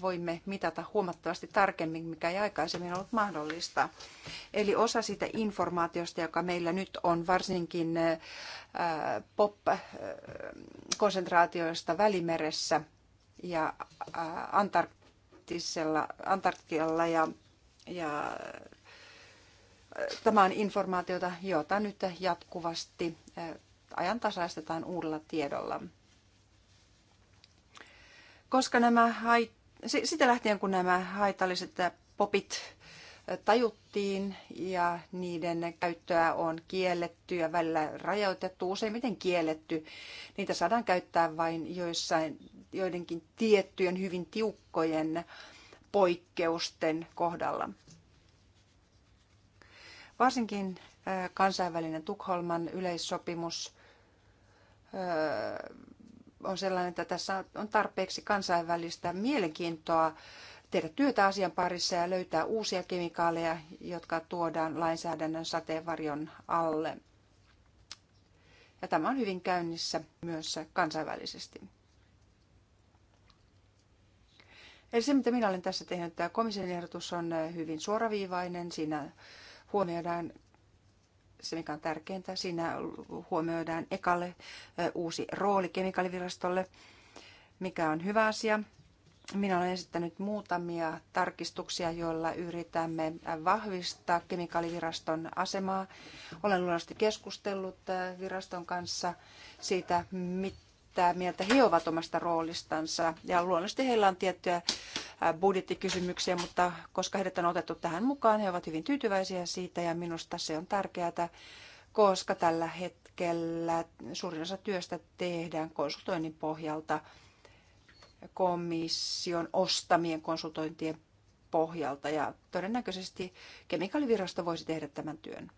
voimme mitata huomattavasti tarkemmin, mikä ei aikaisemmin ollut mahdollista. Eli osa siitä informaatiosta, joka meillä nyt on varsinkin äh, POP-konsentraatioista äh, Välimeressä ja äh, Antarktisella, Antarktialla ja, ja Tämä on informaatiota, jota nyt jatkuvasti ajantasaistetaan uudella tiedolla koska nämä sitä lähtien, kun nämä haitalliset popit tajuttiin ja niiden käyttöä on kielletty ja välillä rajoitettu, useimmiten kielletty. Niitä saadaan käyttää vain joissain, joidenkin tiettyjen hyvin tiukkojen poikkeusten kohdalla. Varsinkin kansainvälinen Tukholman yleissopimus on sellainen, että tässä on tarpeeksi kansainvälistä mielenkiintoa tehdä työtä asian parissa ja löytää uusia kemikaaleja, jotka tuodaan lainsäädännön sateenvarjon alle. Ja tämä on hyvin käynnissä myös kansainvälisesti. Eli se, mitä minä olen tässä tehnyt, tämä komission ehdotus on hyvin suoraviivainen. Siinä huomioidaan se mikä on tärkeintä, siinä huomioidaan ekalle uusi rooli kemikaalivirastolle, mikä on hyvä asia. Minä olen esittänyt muutamia tarkistuksia, joilla yritämme vahvistaa kemikaaliviraston asemaa. Olen luonnollisesti keskustellut viraston kanssa siitä, mitä mitä mieltä he ovat omasta roolistansa. Ja luonnollisesti heillä on tiettyjä budjettikysymyksiä, mutta koska heidät on otettu tähän mukaan, he ovat hyvin tyytyväisiä siitä ja minusta se on tärkeää, koska tällä hetkellä suurin osa työstä tehdään konsultoinnin pohjalta komission ostamien konsultointien pohjalta ja todennäköisesti kemikaalivirasto voisi tehdä tämän työn.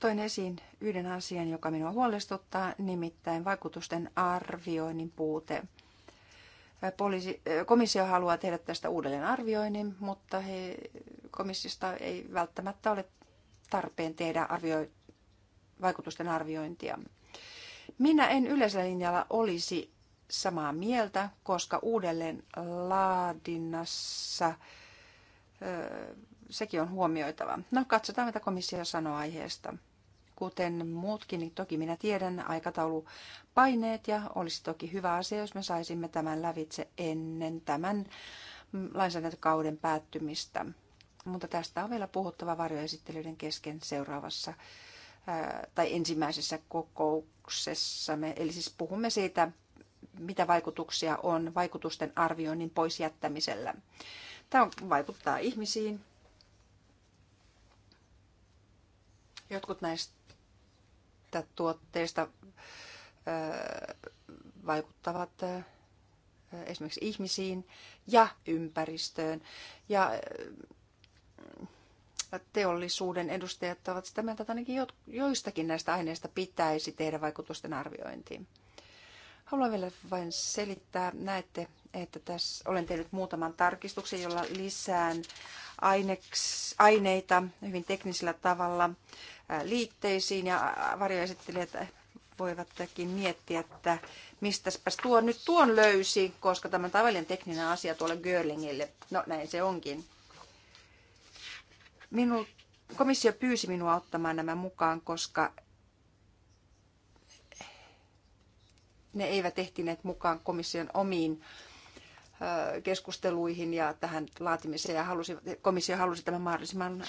toin esiin yhden asian, joka minua huolestuttaa, nimittäin vaikutusten arvioinnin puute. Poliisi, komissio haluaa tehdä tästä uudelleen arvioinnin, mutta he, komissista ei välttämättä ole tarpeen tehdä arvioi, vaikutusten arviointia. Minä en yleisellä linjalla olisi samaa mieltä, koska uudelleen laadinnassa ö, sekin on huomioitava. No, katsotaan, mitä komissio sanoo aiheesta kuten muutkin, niin toki minä tiedän aikataulupaineet ja olisi toki hyvä asia, jos me saisimme tämän lävitse ennen tämän lainsäädäntökauden päättymistä. Mutta tästä on vielä puhuttava varjoesittelyiden kesken seuraavassa tai ensimmäisessä kokouksessamme. Eli siis puhumme siitä, mitä vaikutuksia on vaikutusten arvioinnin pois jättämisellä. Tämä vaikuttaa ihmisiin. Jotkut näistä tuotteista vaikuttavat esimerkiksi ihmisiin ja ympäristöön. Ja teollisuuden edustajat ovat sitä mieltä, että ainakin joistakin näistä aineista pitäisi tehdä vaikutusten arviointiin. Haluan vielä vain selittää, näette että tässä olen tehnyt muutaman tarkistuksen, jolla lisään aineks, aineita hyvin teknisellä tavalla liitteisiin ja varjoesittelijät voivatkin miettiä, että mistäspäs tuo nyt tuon löysi, koska tämä tavallinen tekninen asia tuolle Görlingille. No näin se onkin. Minu, komissio pyysi minua ottamaan nämä mukaan, koska ne eivät ehtineet mukaan komission omiin äh, keskusteluihin ja tähän laatimiseen ja halusi, komissio halusi tämän mahdollisimman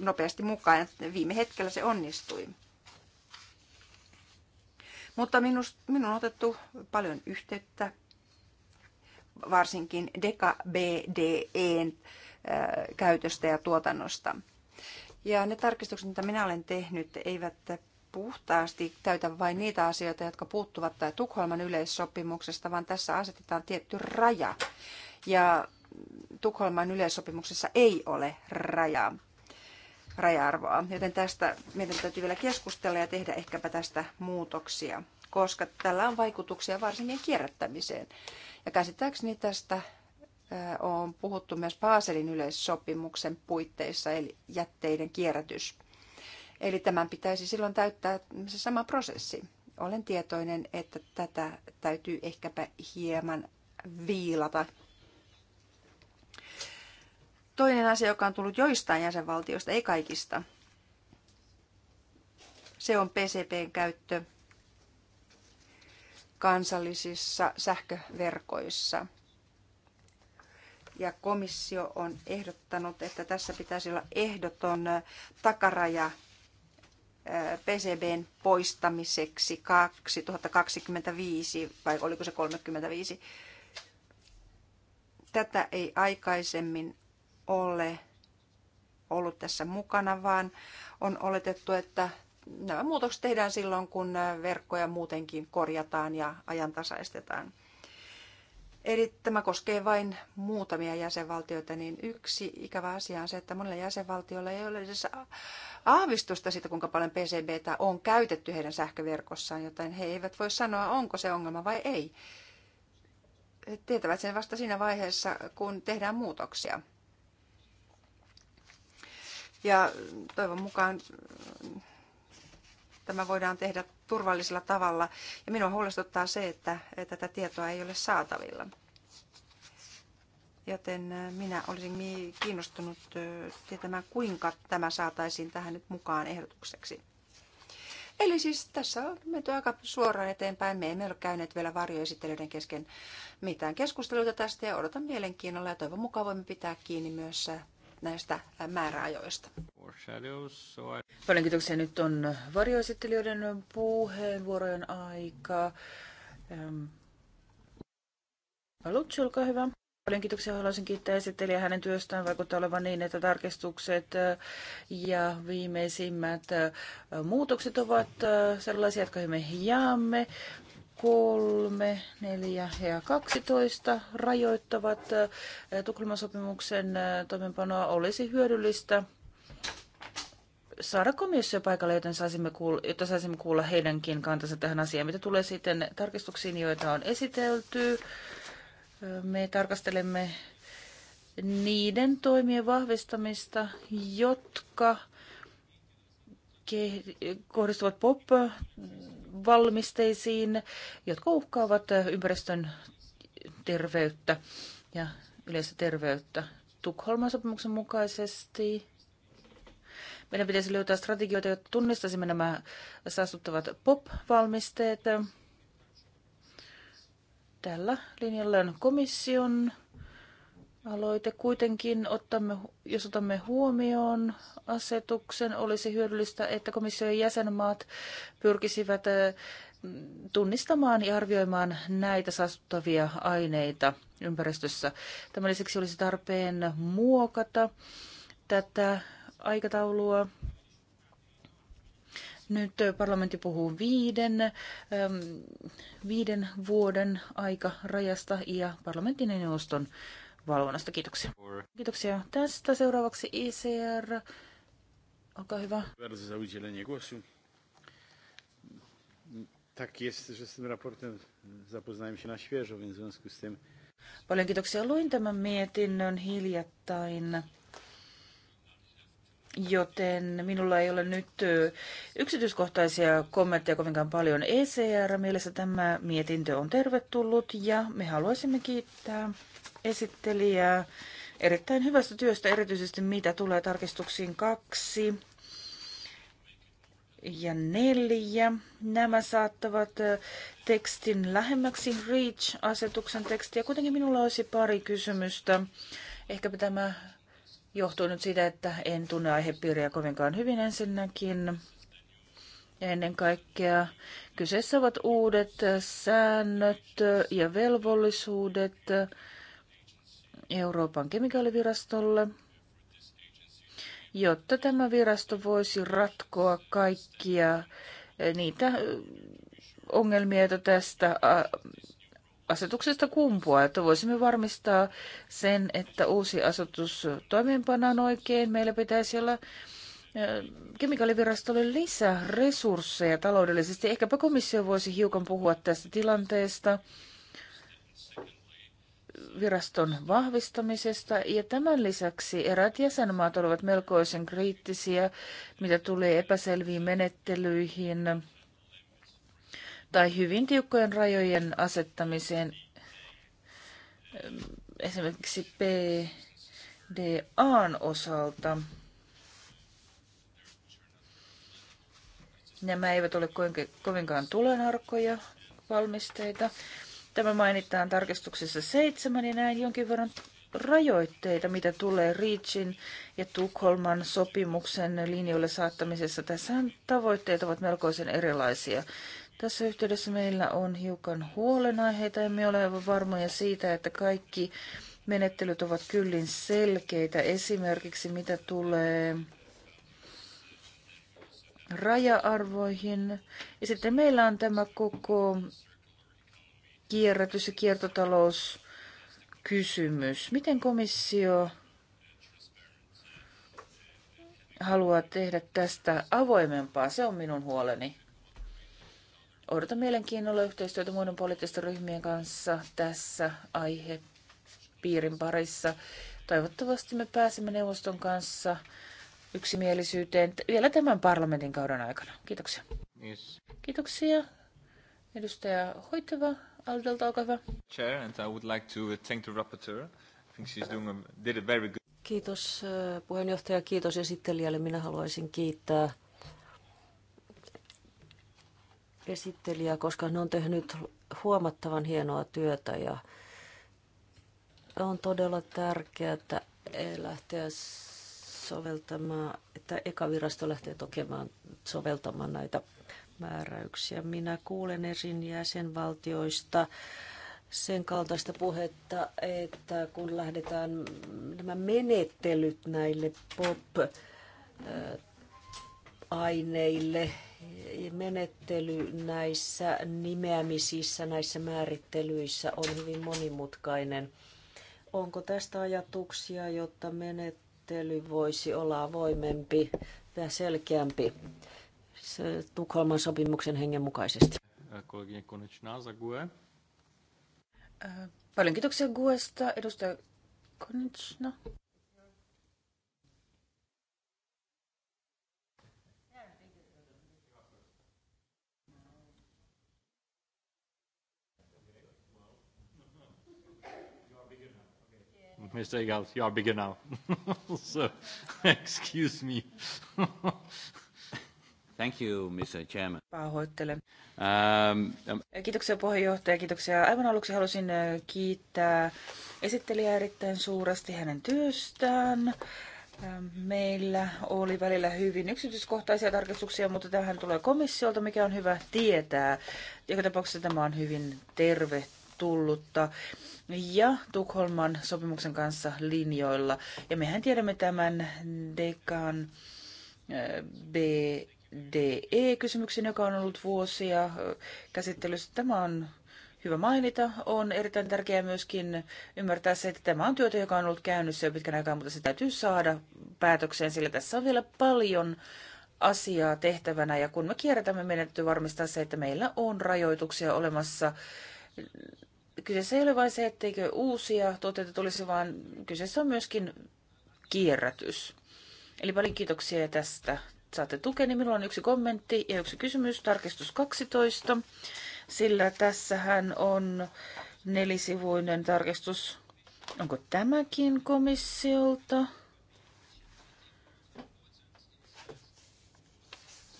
nopeasti mukaan. Viime hetkellä se onnistui. Mutta minus, minun on otettu paljon yhteyttä, varsinkin Deka BDEn käytöstä ja tuotannosta. Ja ne tarkistukset, mitä minä olen tehnyt, eivät puhtaasti täytä vain niitä asioita, jotka puuttuvat tai Tukholman yleissopimuksesta, vaan tässä asetetaan tietty raja. Ja Tukholman yleissopimuksessa ei ole rajaa raja-arvoa. Joten tästä meidän täytyy vielä keskustella ja tehdä ehkäpä tästä muutoksia, koska tällä on vaikutuksia varsinkin kierrättämiseen. Ja käsittääkseni tästä on puhuttu myös Paaselin yleissopimuksen puitteissa, eli jätteiden kierrätys. Eli tämän pitäisi silloin täyttää se sama prosessi. Olen tietoinen, että tätä täytyy ehkäpä hieman viilata. Toinen asia, joka on tullut joistain jäsenvaltioista, ei kaikista, se on PCPn käyttö kansallisissa sähköverkoissa. Ja komissio on ehdottanut, että tässä pitäisi olla ehdoton takaraja PCBn poistamiseksi 2025, vai oliko se 35? Tätä ei aikaisemmin ole ollut tässä mukana, vaan on oletettu, että nämä muutokset tehdään silloin, kun verkkoja muutenkin korjataan ja ajantasaistetaan. Eli tämä koskee vain muutamia jäsenvaltioita, niin yksi ikävä asia on se, että monilla jäsenvaltioilla ei ole edes aavistusta siitä, kuinka paljon PCBtä on käytetty heidän sähköverkossaan, joten he eivät voi sanoa, onko se ongelma vai ei. He tietävät sen vasta siinä vaiheessa, kun tehdään muutoksia. Ja toivon mukaan tämä voidaan tehdä turvallisella tavalla. Ja minua huolestuttaa se, että tätä tietoa ei ole saatavilla. Joten äh, minä olisin kiinnostunut äh, tietämään, kuinka tämä saataisiin tähän nyt mukaan ehdotukseksi. Eli siis tässä on menty aika suoraan eteenpäin. Me emme ole käyneet vielä varjoesittelyiden kesken mitään keskusteluita tästä ja odotan mielenkiinnolla ja toivon mukaan voimme pitää kiinni myös äh, näistä määräajoista. Paljon kiitoksia. Nyt on varjoesittelijöiden puheenvuorojen aika. Ehm, Lutsi, olkaa hyvä. Paljon kiitoksia. Haluaisin kiittää esittelijää hänen työstään. Vaikuttaa olevan niin, että tarkistukset eh, ja viimeisimmät eh, muutokset ovat eh, sellaisia, jotka me jaamme kolme, neljä ja 12 rajoittavat äh, Tukholman sopimuksen äh, toimenpanoa olisi hyödyllistä saada komissio paikalle, joten saisimme kuulla, jotta saisimme kuulla heidänkin kantansa tähän asiaan. Mitä tulee sitten tarkistuksiin, joita on esitelty, äh, me tarkastelemme niiden toimien vahvistamista, jotka kohdistuvat pop-valmisteisiin, jotka uhkaavat ympäristön terveyttä ja yleistä terveyttä. Tukholman sopimuksen mukaisesti meidän pitäisi löytää strategioita, jotta tunnistaisimme nämä saastuttavat pop-valmisteet. Tällä linjalla on komission aloite. Kuitenkin, ottamme, jos otamme huomioon asetuksen, olisi hyödyllistä, että komission jäsenmaat pyrkisivät tunnistamaan ja arvioimaan näitä saastuttavia aineita ympäristössä. Tämän lisäksi olisi tarpeen muokata tätä aikataulua. Nyt parlamentti puhuu viiden, viiden vuoden aikarajasta ja parlamentin ja neuvoston valvonnasta. Kiitoksia. Kiitoksia tästä. Seuraavaksi ICR. Olkaa hyvä. Tak jest, że z tym raportem zapoznałem się na świeżo, więc w związku z tym... Paljon kiitoksia. Luin tämän mietinnön hiljattain. Joten minulla ei ole nyt yksityiskohtaisia kommentteja kovinkaan paljon. ECR mielessä tämä mietintö on tervetullut ja me haluaisimme kiittää esittelijää erittäin hyvästä työstä, erityisesti mitä tulee tarkistuksiin kaksi ja neljä. Nämä saattavat tekstin lähemmäksi REACH-asetuksen tekstiä. Kuitenkin minulla olisi pari kysymystä. Ehkäpä tämä johtuu nyt siitä, että en tunne aihepiiriä kovinkaan hyvin ensinnäkin. Ja ennen kaikkea kyseessä ovat uudet säännöt ja velvollisuudet Euroopan kemikaalivirastolle, jotta tämä virasto voisi ratkoa kaikkia niitä ongelmia, joita tästä asetuksesta kumpua, että voisimme varmistaa sen, että uusi asetus toimeenpanaan oikein. Meillä pitäisi olla kemikaalivirastolle lisää resursseja taloudellisesti. Ehkäpä komissio voisi hiukan puhua tästä tilanteesta, viraston vahvistamisesta. Ja tämän lisäksi eräät jäsenmaat olivat melkoisen kriittisiä, mitä tulee epäselviin menettelyihin tai hyvin tiukkojen rajojen asettamiseen esimerkiksi PDAn osalta. Nämä eivät ole kovinkaan tulenarkoja valmisteita. Tämä mainitaan tarkistuksessa seitsemän ja näin jonkin verran rajoitteita, mitä tulee Reachin ja Tukholman sopimuksen linjoille saattamisessa. Tässä tavoitteet ovat melkoisen erilaisia. Tässä yhteydessä meillä on hiukan huolenaiheita. Emme ole aivan varmoja siitä, että kaikki menettelyt ovat kyllin selkeitä. Esimerkiksi mitä tulee raja-arvoihin. Ja sitten meillä on tämä koko kierrätys- ja kiertotalouskysymys. Miten komissio haluaa tehdä tästä avoimempaa? Se on minun huoleni odotan mielenkiinnolla yhteistyötä muiden poliittisten ryhmien kanssa tässä aihepiirin parissa. Toivottavasti me pääsemme neuvoston kanssa yksimielisyyteen vielä tämän parlamentin kauden aikana. Kiitoksia. Yes. Kiitoksia. Edustaja Hoitava, Aldelta, olkaa hyvä. Chair, and I would like to thank the rapporteur. I think she's doing a, did a very good... Kiitos äh, puheenjohtaja, kiitos esittelijälle. Minä haluaisin kiittää esittelijä, koska ne on tehnyt huomattavan hienoa työtä ja on todella tärkeää, että e lähteä soveltamaan, että eka virasto lähtee tokemaan, soveltamaan näitä määräyksiä. Minä kuulen esin jäsenvaltioista sen kaltaista puhetta, että kun lähdetään nämä menettelyt näille pop-aineille menettely näissä nimeämisissä, näissä määrittelyissä on hyvin monimutkainen. Onko tästä ajatuksia, jotta menettely voisi olla avoimempi ja selkeämpi Se Tukholman sopimuksen hengen mukaisesti? Paljon kiitoksia Guesta, edustaja Konitsna. Mr. Eagles, you are bigger now. so, excuse me. Thank you, Mr. Chairman. Pahoittelen. Um, um, kiitoksia puheenjohtaja, kiitoksia. Aivan aluksi halusin äh, kiittää esittelijää erittäin suuresti hänen työstään. Ähm, meillä oli välillä hyvin yksityiskohtaisia tarkistuksia, mutta tähän tulee komissiolta, mikä on hyvä tietää. Joka tapauksessa tämä on hyvin tervetullut tervetullutta ja Tukholman sopimuksen kanssa linjoilla. Ja mehän tiedämme tämän Dekan eh, BDE-kysymyksen, joka on ollut vuosia eh, käsittelyssä. Tämä on hyvä mainita. On erittäin tärkeää myöskin ymmärtää se, että tämä on työtä, joka on ollut käynnissä jo pitkän aikaa, mutta se täytyy saada päätökseen, sillä tässä on vielä paljon asiaa tehtävänä. Ja kun me kierrätämme, meidän täytyy varmistaa se, että meillä on rajoituksia olemassa kyseessä ei ole vain se, etteikö uusia tuotteita tulisi, vaan kyseessä on myöskin kierrätys. Eli paljon kiitoksia tästä. Saatte tukeni. Minulla on yksi kommentti ja yksi kysymys, tarkistus 12, sillä tässähän on nelisivuinen tarkistus. Onko tämäkin komissiolta?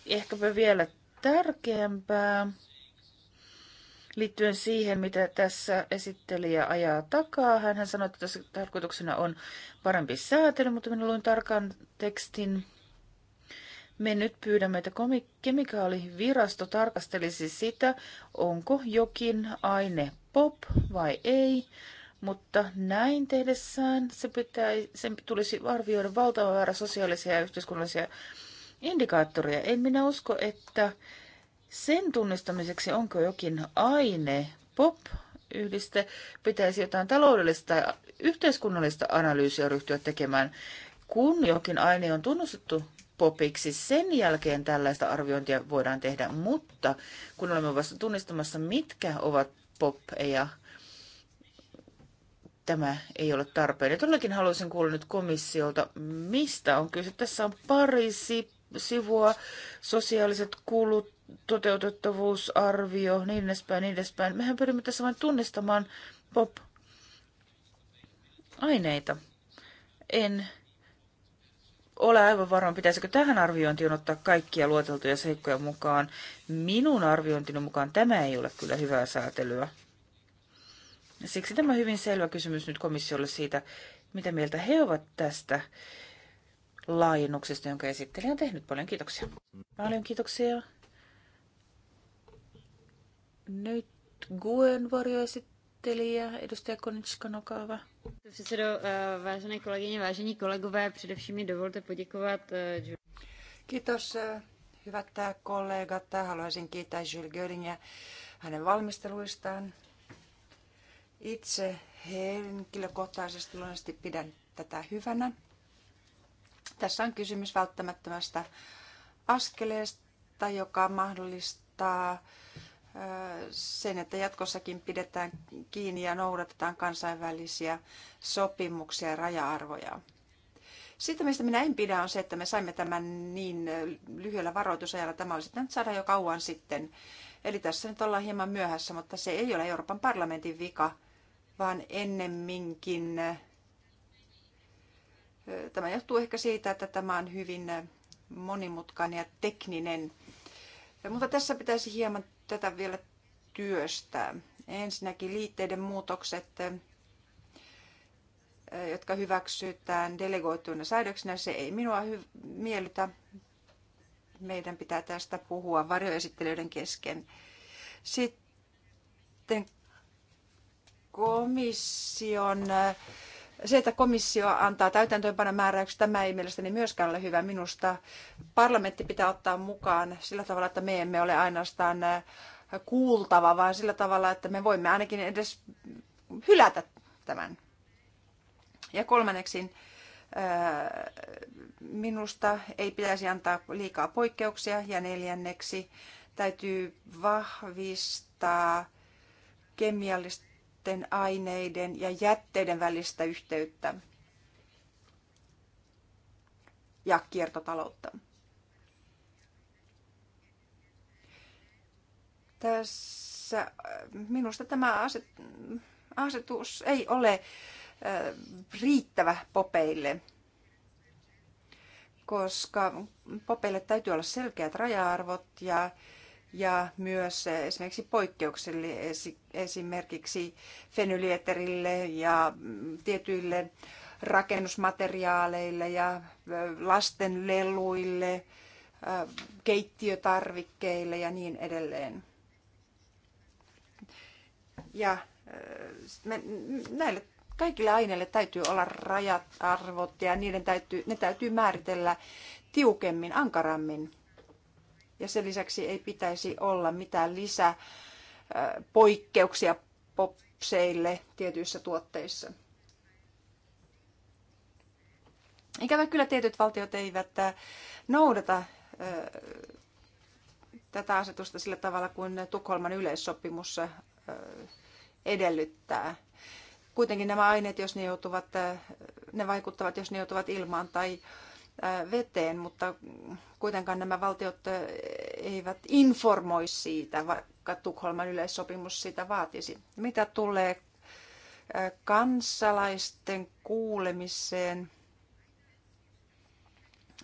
Ehkäpä vielä tärkeämpää liittyen siihen, mitä tässä esittelijä ajaa takaa. Hän sanoi, että tässä tarkoituksena on parempi säätely, mutta minä luin tarkan tekstin. Me nyt pyydämme, että kemikaalivirasto tarkastelisi sitä, onko jokin aine pop vai ei, mutta näin tehdessään se, pitää, sen tulisi arvioida valtava määrä sosiaalisia ja yhteiskunnallisia indikaattoreja. En minä usko, että sen tunnistamiseksi, onko jokin aine, pop, yhdiste, pitäisi jotain taloudellista tai yhteiskunnallista analyysiä ryhtyä tekemään. Kun jokin aine on tunnustettu popiksi, sen jälkeen tällaista arviointia voidaan tehdä, mutta kun olemme vasta tunnistamassa, mitkä ovat poppeja, tämä ei ole tarpeen. Ja todellakin haluaisin kuulla nyt komissiolta, mistä on kyse. Tässä on Pariisi, sivua, sosiaaliset kulut, toteutettavuusarvio, niin edespäin, niin edespäin. Mehän pyrimme tässä vain tunnistamaan pop-aineita. En ole aivan varma, pitäisikö tähän arviointiin ottaa kaikkia luoteltuja seikkoja mukaan. Minun arviointini mukaan tämä ei ole kyllä hyvää säätelyä. Siksi tämä hyvin selvä kysymys nyt komissiolle siitä, mitä mieltä he ovat tästä laajennuksesta, jonka esittelijä on tehnyt. Paljon kiitoksia. Paljon kiitoksia. Nyt Guen varjoesittelijä, edustaja Konička Nokava. Eh, vážené kolegyně, vážení kolegové, především mi dovolte poděkovat. Eh, Kiitos, eh, hyvät kollegat. Haluaisin kiittää Jules Göringiä hänen valmisteluistaan. Itse henkilökohtaisesti luonnollisesti pidän tätä hyvänä. Tässä on kysymys välttämättömästä askeleesta, joka mahdollistaa sen, että jatkossakin pidetään kiinni ja noudatetaan kansainvälisiä sopimuksia ja raja-arvoja. Siitä, mistä minä en pidä, on se, että me saimme tämän niin lyhyellä varoitusajalla. Tämä olisi nyt saada jo kauan sitten. Eli tässä nyt ollaan hieman myöhässä, mutta se ei ole Euroopan parlamentin vika, vaan ennemminkin Tämä johtuu ehkä siitä, että tämä on hyvin monimutkainen ja tekninen. Mutta tässä pitäisi hieman tätä vielä työstää. Ensinnäkin liitteiden muutokset, jotka hyväksytään delegoituina säädöksinä, se ei minua miellytä. Meidän pitää tästä puhua varjoesittelyiden kesken. Sitten komission äh, se, että komissio antaa täytäntöönpanomääräykset, tämä ei mielestäni myöskään ole hyvä. Minusta parlamentti pitää ottaa mukaan sillä tavalla, että me emme ole ainoastaan äh, kuultava, vaan sillä tavalla, että me voimme ainakin edes hylätä tämän. Ja kolmanneksi, äh, minusta ei pitäisi antaa liikaa poikkeuksia. Ja neljänneksi, täytyy vahvistaa kemiallista muiden aineiden ja jätteiden välistä yhteyttä ja kiertotaloutta. Tässä äh, minusta tämä aset, asetus ei ole äh, riittävä popeille, koska popeille täytyy olla selkeät raja-arvot ja ja myös esimerkiksi poikkeuksille esimerkiksi fenylieterille ja tietyille rakennusmateriaaleille ja lasten leluille, keittiötarvikkeille ja niin edelleen. Ja me, näille kaikille aineille täytyy olla rajat, arvot ja niiden täytyy, ne täytyy määritellä tiukemmin, ankarammin ja sen lisäksi ei pitäisi olla mitään lisää poikkeuksia popseille tietyissä tuotteissa. Ikävä kyllä tietyt valtiot eivät noudata tätä asetusta sillä tavalla kuin Tukholman yleissopimus edellyttää. Kuitenkin nämä aineet, jos ne, joutuvat, ne vaikuttavat, jos ne joutuvat ilmaan tai veteen, mutta kuitenkaan nämä valtiot eivät informoi siitä, vaikka Tukholman yleissopimus sitä vaatisi. Mitä tulee kansalaisten kuulemiseen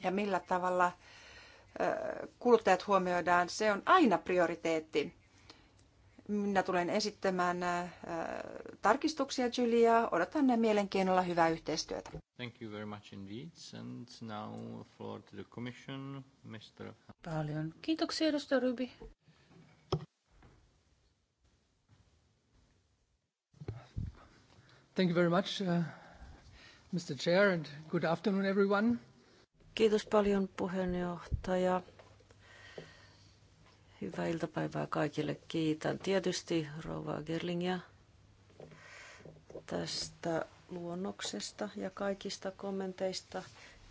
ja millä tavalla kuluttajat huomioidaan, se on aina prioriteetti. Minä tulen esittämään tarkistuksia Julia. Odotan mielenkiinnolla hyvää yhteistyötä. Thank you very much indeed. And now floor to the commission, Mr. Paljon kiitoksia, edustaja Ryby. Thank you very much, uh, Mr. Chair, and good afternoon, everyone. Kiitos paljon puheenjohtaja. Hyvää iltapäivää kaikille. Kiitän tietysti Rova Gerlingia tästä luonnoksesta ja kaikista kommenteista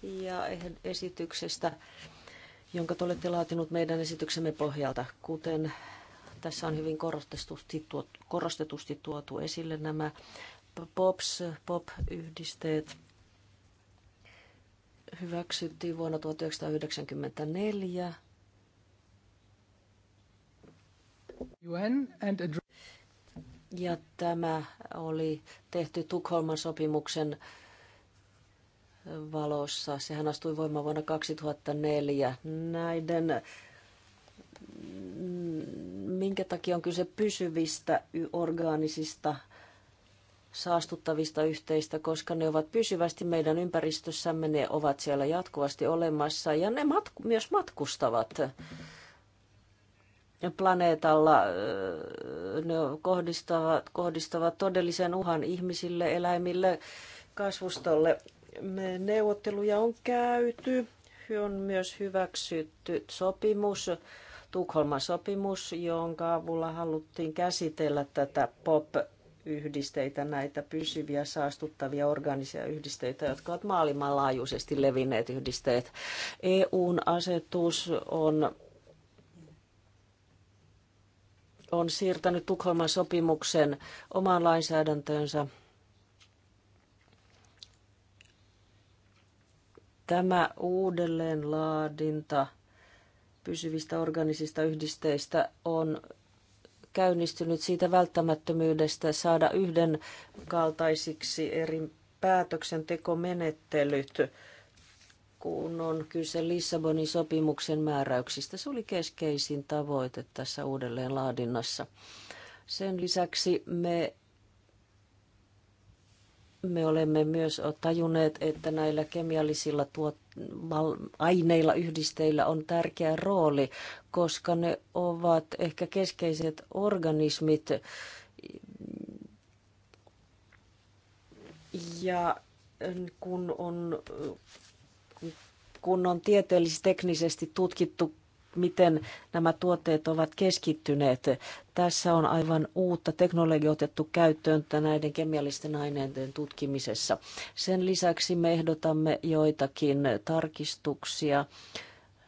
ja esityksestä, jonka te olette laatinut meidän esityksemme pohjalta. Kuten tässä on hyvin korostetusti tuotu, korostetusti tuotu esille nämä POPs, POP-yhdisteet, hyväksyttiin vuonna 1994. UN and ja tämä oli tehty Tukholman sopimuksen valossa. Sehän astui voimaan vuonna 2004. Näiden, minkä takia on kyse pysyvistä orgaanisista saastuttavista yhteistä, koska ne ovat pysyvästi meidän ympäristössämme, ne ovat siellä jatkuvasti olemassa ja ne matku- myös matkustavat planeetalla ne kohdistavat, kohdistavat todellisen uhan ihmisille, eläimille, kasvustolle. Me neuvotteluja on käyty. On myös hyväksytty sopimus, Tukholman sopimus, jonka avulla haluttiin käsitellä tätä POP-yhdisteitä, näitä pysyviä saastuttavia organisia yhdisteitä, jotka ovat maailmanlaajuisesti levinneet yhdisteet. EUn asetus on on siirtänyt Tukholman sopimuksen omaan lainsäädäntöönsä. Tämä uudelleenlaadinta pysyvistä organisista yhdisteistä on käynnistynyt siitä välttämättömyydestä saada yhdenkaltaisiksi eri päätöksentekomenettelyt kun on kyse Lissabonin sopimuksen määräyksistä. Se oli keskeisin tavoite tässä uudelleen laadinnassa. Sen lisäksi me, me olemme myös tajuneet, että näillä kemiallisilla tuot, aineilla, yhdisteillä on tärkeä rooli, koska ne ovat ehkä keskeiset organismit. Ja kun on kun on tieteellisesti teknisesti tutkittu, miten nämä tuotteet ovat keskittyneet. Tässä on aivan uutta teknologiaa otettu käyttöön näiden kemiallisten aineiden tutkimisessa. Sen lisäksi me ehdotamme joitakin tarkistuksia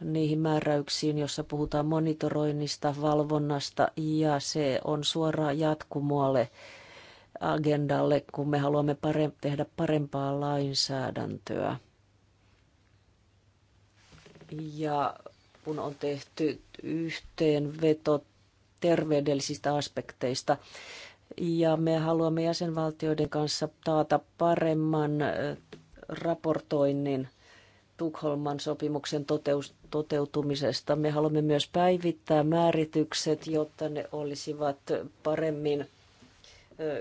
niihin määräyksiin, jossa puhutaan monitoroinnista, valvonnasta ja se on suoraan jatkumoalle agendalle, kun me haluamme pare- tehdä parempaa lainsäädäntöä ja kun on tehty yhteenveto terveydellisistä aspekteista, ja me haluamme jäsenvaltioiden kanssa taata paremman raportoinnin Tukholman sopimuksen toteutumisesta. Me haluamme myös päivittää määritykset, jotta ne olisivat paremmin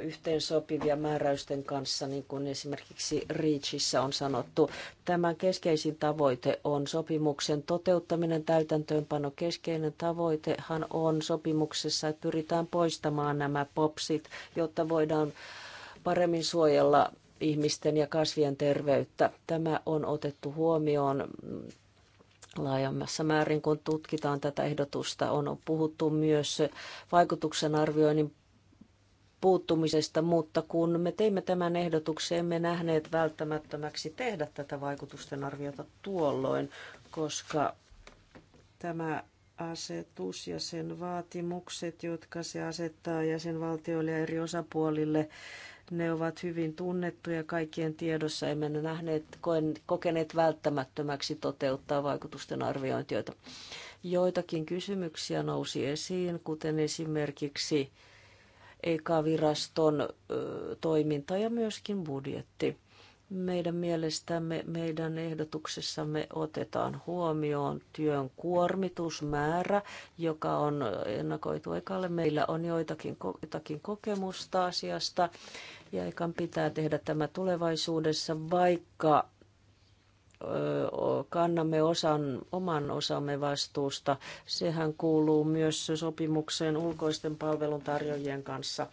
yhteensopivia määräysten kanssa, niin kuin esimerkiksi REACHissa on sanottu. Tämän keskeisin tavoite on sopimuksen toteuttaminen, täytäntöönpano. Keskeinen tavoitehan on sopimuksessa, että pyritään poistamaan nämä popsit, jotta voidaan paremmin suojella ihmisten ja kasvien terveyttä. Tämä on otettu huomioon laajemmassa määrin, kun tutkitaan tätä ehdotusta. On puhuttu myös vaikutuksen arvioinnin puuttumisesta, mutta kun me teimme tämän ehdotuksen, emme nähneet välttämättömäksi tehdä tätä vaikutusten arviota tuolloin, koska tämä asetus ja sen vaatimukset, jotka se asettaa jäsenvaltioille ja eri osapuolille, ne ovat hyvin tunnettuja kaikkien tiedossa. Emme nähneet, kokeneet välttämättömäksi toteuttaa vaikutusten arviointia. Joitakin kysymyksiä nousi esiin, kuten esimerkiksi EK-viraston toiminta ja myöskin budjetti. Meidän mielestämme, meidän ehdotuksessamme otetaan huomioon työn kuormitusmäärä, joka on ennakoitu ekalle. Meillä on joitakin, jotakin kokemusta asiasta ja ekan pitää tehdä tämä tulevaisuudessa, vaikka kannamme osan, oman osamme vastuusta. Sehän kuuluu myös sopimukseen ulkoisten palveluntarjoajien kanssa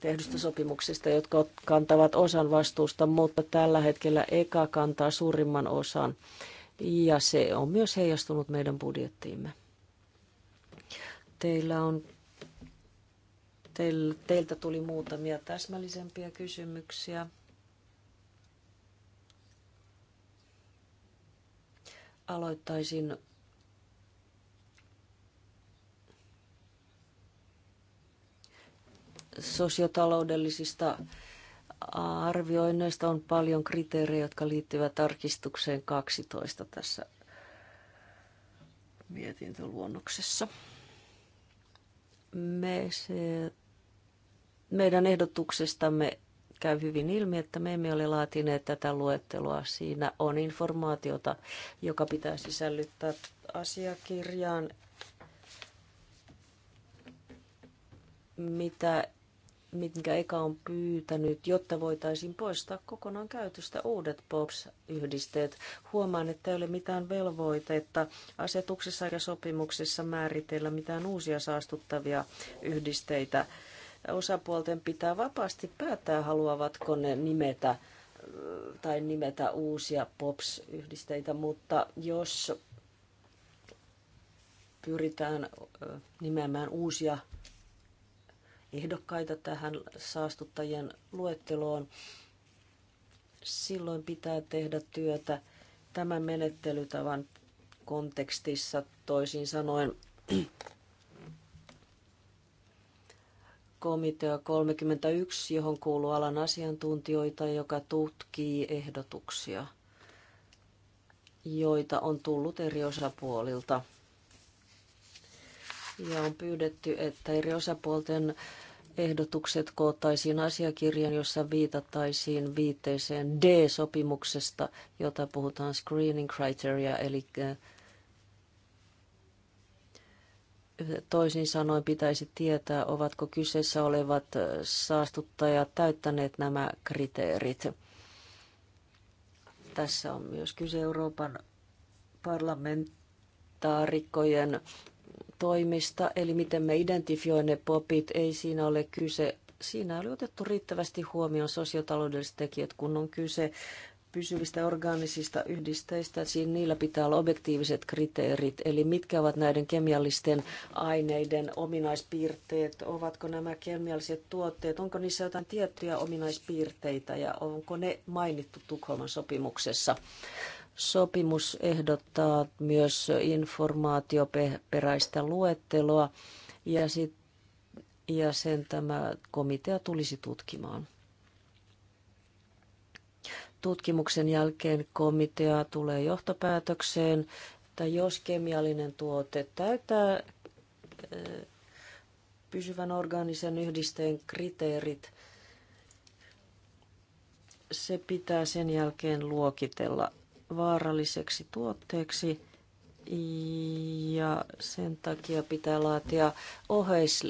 tehdystä sopimuksista, jotka kantavat osan vastuusta, mutta tällä hetkellä EKA kantaa suurimman osan ja se on myös heijastunut meidän budjettiimme. Teillä on, teil, teiltä tuli muutamia täsmällisempiä kysymyksiä. Aloittaisin sosiotaloudellisista arvioinneista on paljon kriteerejä, jotka liittyvät tarkistukseen 12 tässä mietintöluonnoksessa. Me se, meidän ehdotuksestamme käy hyvin ilmi, että me emme ole laatineet tätä luettelua. Siinä on informaatiota, joka pitää sisällyttää asiakirjaan, mitä mitkä Eka on pyytänyt, jotta voitaisiin poistaa kokonaan käytöstä uudet POPS-yhdisteet. Huomaan, että ei ole mitään velvoitetta asetuksissa ja sopimuksissa määritellä mitään uusia saastuttavia yhdisteitä osapuolten pitää vapaasti päättää, haluavatko ne nimetä tai nimetä uusia POPS-yhdisteitä, mutta jos pyritään nimeämään uusia ehdokkaita tähän saastuttajien luetteloon, silloin pitää tehdä työtä tämän menettelytavan kontekstissa, toisin sanoen komitea 31, johon kuuluu alan asiantuntijoita, joka tutkii ehdotuksia, joita on tullut eri osapuolilta. Ja on pyydetty, että eri osapuolten ehdotukset koottaisiin asiakirjan, jossa viitattaisiin viitteeseen D-sopimuksesta, jota puhutaan screening criteria, eli Toisin sanoen pitäisi tietää, ovatko kyseessä olevat saastuttajat täyttäneet nämä kriteerit. Tässä on myös kyse Euroopan parlamentaarikkojen toimista, eli miten me identifioimme popit, ei siinä ole kyse. Siinä oli otettu riittävästi huomioon sosiotaloudelliset tekijät, kun on kyse pysyvistä orgaanisista yhdisteistä, siinä niillä pitää olla objektiiviset kriteerit, eli mitkä ovat näiden kemiallisten aineiden ominaispiirteet, ovatko nämä kemialliset tuotteet, onko niissä jotain tiettyjä ominaispiirteitä ja onko ne mainittu Tukholman sopimuksessa. Sopimus ehdottaa myös informaatioperäistä luetteloa ja, sit, ja sen tämä komitea tulisi tutkimaan tutkimuksen jälkeen komitea tulee johtopäätökseen, että jos kemiallinen tuote täyttää eh, pysyvän orgaanisen yhdisteen kriteerit, se pitää sen jälkeen luokitella vaaralliseksi tuotteeksi ja sen takia pitää laatia oheis,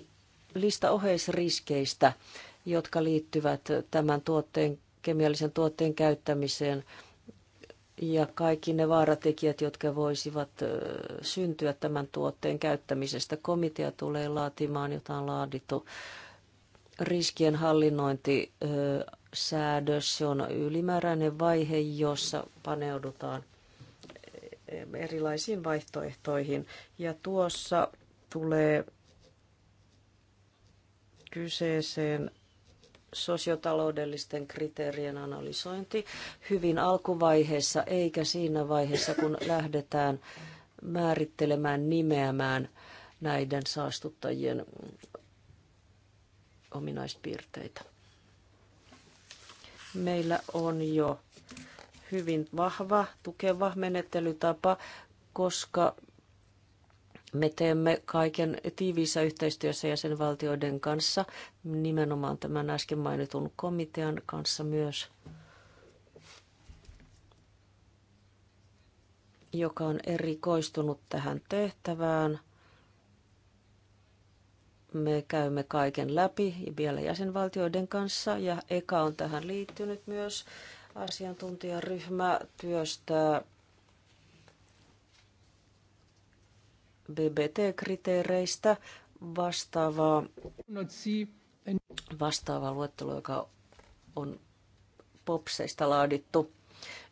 lista oheisriskeistä, jotka liittyvät tämän tuotteen kemiallisen tuotteen käyttämiseen ja kaikki ne vaaratekijät, jotka voisivat syntyä tämän tuotteen käyttämisestä. Komitea tulee laatimaan, jota on laadittu, riskien hallinnointisäädös. Se on ylimääräinen vaihe, jossa paneudutaan erilaisiin vaihtoehtoihin. Ja tuossa tulee kyseeseen sosiotaloudellisten kriteerien analysointi hyvin alkuvaiheessa, eikä siinä vaiheessa, kun lähdetään määrittelemään, nimeämään näiden saastuttajien ominaispiirteitä. Meillä on jo hyvin vahva, tukeva menettelytapa, koska me teemme kaiken tiiviissä yhteistyössä jäsenvaltioiden kanssa, nimenomaan tämän äsken mainitun komitean kanssa myös, joka on erikoistunut tähän tehtävään. Me käymme kaiken läpi vielä jäsenvaltioiden kanssa ja EKA on tähän liittynyt myös. Asiantuntijaryhmä työstää BBT-kriteereistä vastaava, vastaava luettelo, joka on popseista laadittu.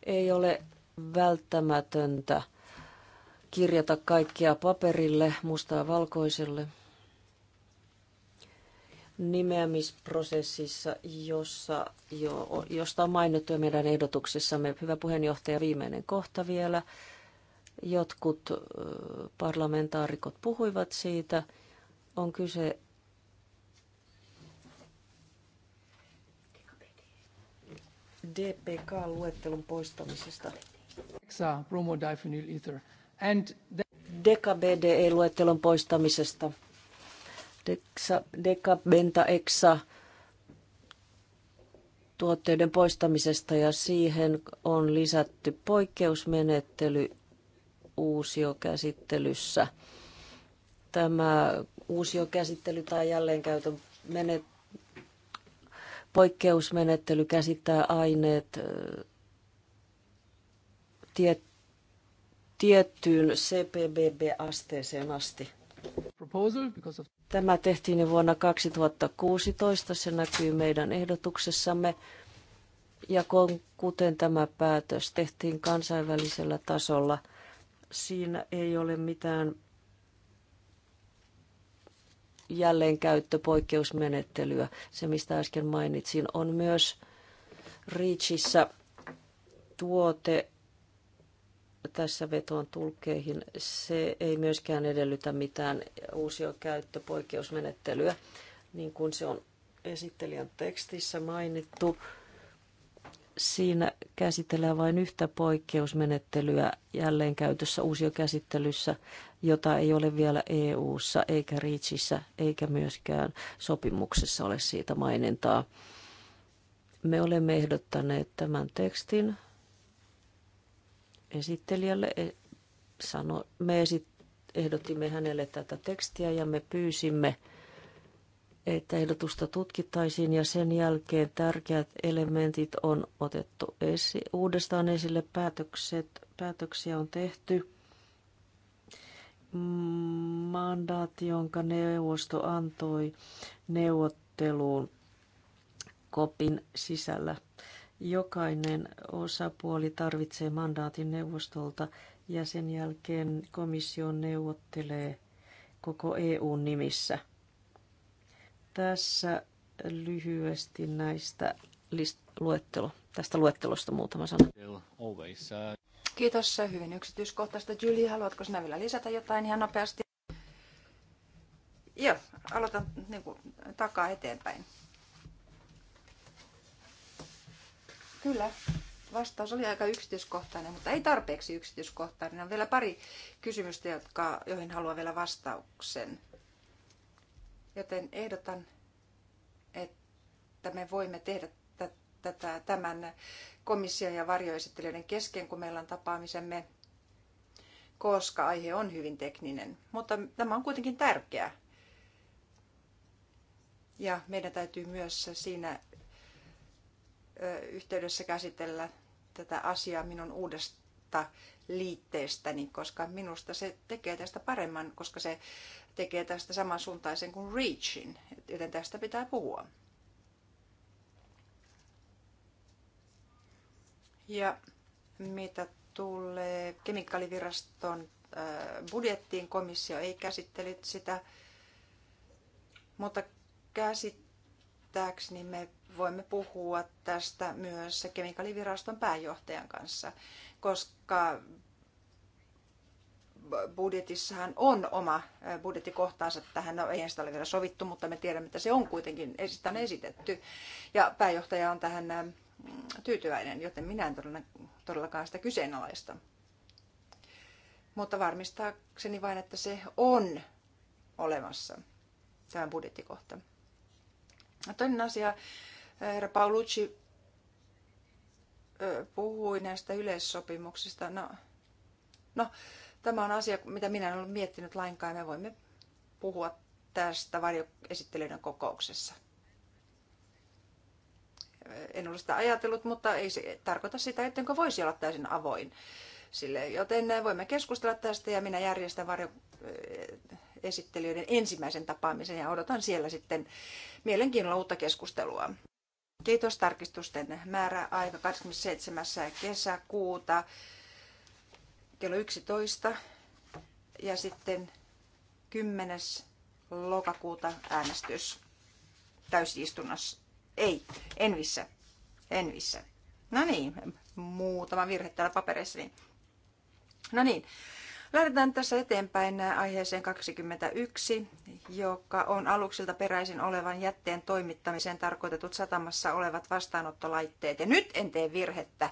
Ei ole välttämätöntä kirjata kaikkia paperille, mustaa valkoiselle nimeämisprosessissa, jossa, jo, josta on mainittu meidän ehdotuksessamme. Hyvä puheenjohtaja, viimeinen kohta vielä. Jotkut parlamentaarikot puhuivat siitä. On kyse DPK-luettelun poistamisesta. DKBDE-luettelon poistamisesta. Dexa, dekabenta, exa tuotteiden poistamisesta ja siihen on lisätty poikkeusmenettely uusiokäsittelyssä. Tämä uusiokäsittely tai jälleenkäytön menet, poikkeusmenettely käsittää aineet tie, tiettyyn CPBB-asteeseen asti. Tämä tehtiin jo vuonna 2016, se näkyy meidän ehdotuksessamme. Ja kuten tämä päätös tehtiin kansainvälisellä tasolla – Siinä ei ole mitään jälleenkäyttöpoikkeusmenettelyä. Se, mistä äsken mainitsin, on myös Reachissä tuote, tässä vetoon tulkkeihin, se ei myöskään edellytä mitään uusia käyttöpoikkeusmenettelyä, niin kuin se on esittelijän tekstissä mainittu. Siinä käsitellään vain yhtä poikkeusmenettelyä jälleen käytössä uusiokäsittelyssä, jota ei ole vielä EU-ssa eikä Riitsissä eikä myöskään sopimuksessa ole siitä mainintaa. Me olemme ehdottaneet tämän tekstin esittelijälle. E, me ehdotimme hänelle tätä tekstiä ja me pyysimme – että ehdotusta tutkittaisiin ja sen jälkeen tärkeät elementit on otettu esi- uudestaan esille. Päätökset, päätöksiä on tehty. Mandaatti, jonka neuvosto antoi neuvotteluun kopin sisällä. Jokainen osapuoli tarvitsee mandaatin neuvostolta ja sen jälkeen komissio neuvottelee koko eu nimissä – tässä lyhyesti näistä list- luettelo, tästä luettelosta muutama sana. Kiitos hyvin yksityiskohtaista. Julie, haluatko sinä vielä lisätä jotain ihan nopeasti? Joo, aloitan niin kuin, takaa eteenpäin. Kyllä, vastaus oli aika yksityiskohtainen, mutta ei tarpeeksi yksityiskohtainen. On vielä pari kysymystä, jotka, joihin haluan vielä vastauksen. Joten ehdotan, että me voimme tehdä tätä, tämän komission ja varjoesittelijöiden kesken, kun meillä on tapaamisemme, koska aihe on hyvin tekninen. Mutta tämä on kuitenkin tärkeä. Ja meidän täytyy myös siinä yhteydessä käsitellä tätä asiaa minun uudesta liitteestäni, koska minusta se tekee tästä paremman, koska se tekee tästä samansuuntaisen kuin REACHin, joten tästä pitää puhua. Ja mitä tulee kemikaaliviraston äh, budjettiin, komissio ei käsittellyt sitä, mutta käsittääkseni me voimme puhua tästä myös kemikaaliviraston pääjohtajan kanssa, koska budjetissahan on oma budjettikohtaansa tähän, no eihän sitä ole vielä sovittu, mutta me tiedämme, että se on kuitenkin, sitä on esitetty. Ja pääjohtaja on tähän tyytyväinen, joten minä en todellakaan sitä kyseenalaista. Mutta varmistaakseni vain, että se on olemassa, tämä budjettikohta. Toinen asia, herra Paulucci puhui näistä yleissopimuksista. No, no Tämä on asia, mitä minä en ole miettinyt lainkaan. Me voimme puhua tästä varjoesittelyiden kokouksessa. En ole sitä ajatellut, mutta ei se tarkoita sitä, ettenkö voisi olla täysin avoin sille. Joten voimme keskustella tästä ja minä järjestän varjoesittelijöiden ensimmäisen tapaamisen ja odotan siellä sitten mielenkiinnolla uutta keskustelua. Kiitos tarkistusten määrä aika 27. kesäkuuta kello 11 ja sitten 10. lokakuuta äänestys täysistunnossa. Ei, Envissä. Envissä. No niin, muutama virhe täällä paperissa. Niin- no niin, lähdetään tässä eteenpäin aiheeseen 21, joka on aluksilta peräisin olevan jätteen toimittamiseen tarkoitetut satamassa olevat vastaanottolaitteet. Ja nyt en tee virhettä.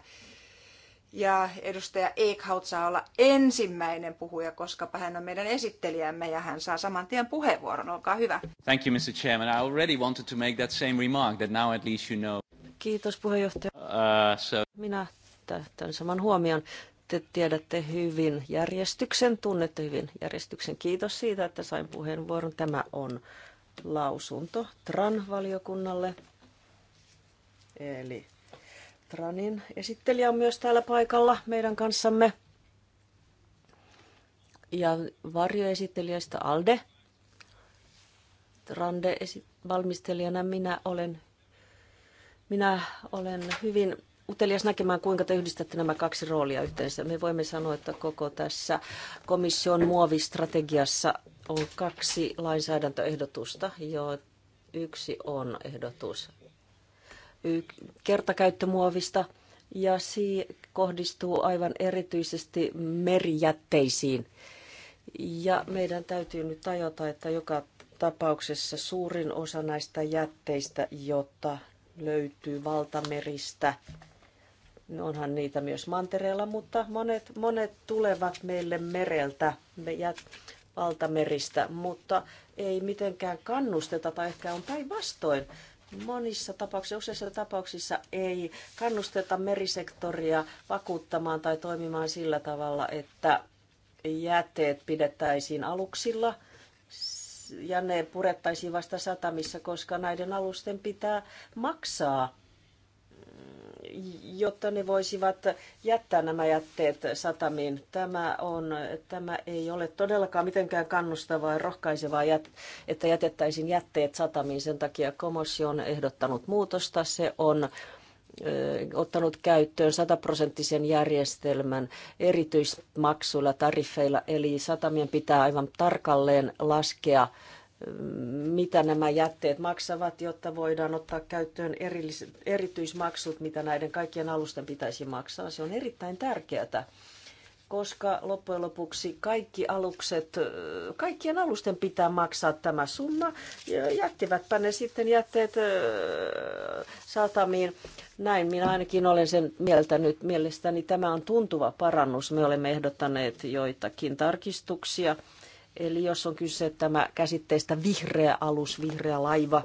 Ja edustaja Eekhaut saa olla ensimmäinen puhuja, koska hän on meidän esittelijämme ja hän saa saman tien puheenvuoron. Olkaa hyvä. Thank you, Mr. Chairman. I already wanted to make that same remark that now at least you know. Kiitos puheenjohtaja. Uh, so... Minä tämän saman huomion te tiedätte hyvin järjestyksen, tunnette hyvin järjestyksen. Kiitos siitä, että sain puheenvuoron. Tämä on lausunto TRAN-valiokunnalle. Eli Tranin esittelijä on myös täällä paikalla meidän kanssamme. Ja varjoesittelijästä Alde. Rande valmistelijana minä olen, minä olen hyvin utelias näkemään, kuinka te yhdistätte nämä kaksi roolia yhteensä. Me voimme sanoa, että koko tässä komission muovistrategiassa on kaksi lainsäädäntöehdotusta, jo yksi on ehdotus kertakäyttömuovista ja se kohdistuu aivan erityisesti merijätteisiin. Ja meidän täytyy nyt tajota, että joka tapauksessa suurin osa näistä jätteistä, jota löytyy valtameristä, no onhan niitä myös mantereella, mutta monet, monet tulevat meille mereltä, me jät, valtameristä, mutta ei mitenkään kannusteta tai ehkä on päinvastoin Monissa tapauksissa, useissa tapauksissa ei kannusteta merisektoria vakuuttamaan tai toimimaan sillä tavalla, että jätteet pidettäisiin aluksilla ja ne purettaisiin vasta satamissa, koska näiden alusten pitää maksaa jotta ne voisivat jättää nämä jätteet satamiin. Tämä, on, tämä ei ole todellakaan mitenkään kannustavaa ja rohkaisevaa, että jätettäisiin jätteet satamiin. Sen takia komissio on ehdottanut muutosta. Se on ottanut käyttöön sataprosenttisen järjestelmän erityismaksuilla, tariffeilla, eli satamien pitää aivan tarkalleen laskea – mitä nämä jätteet maksavat, jotta voidaan ottaa käyttöön erillis, erityismaksut, mitä näiden kaikkien alusten pitäisi maksaa. Se on erittäin tärkeää, koska loppujen lopuksi kaikki alukset, kaikkien alusten pitää maksaa tämä summa. Jättivätpä ne sitten jätteet satamiin. Näin minä ainakin olen sen mieltä nyt. Mielestäni tämä on tuntuva parannus. Me olemme ehdottaneet joitakin tarkistuksia – Eli jos on kyse tämä käsitteistä vihreä alus, vihreä laiva,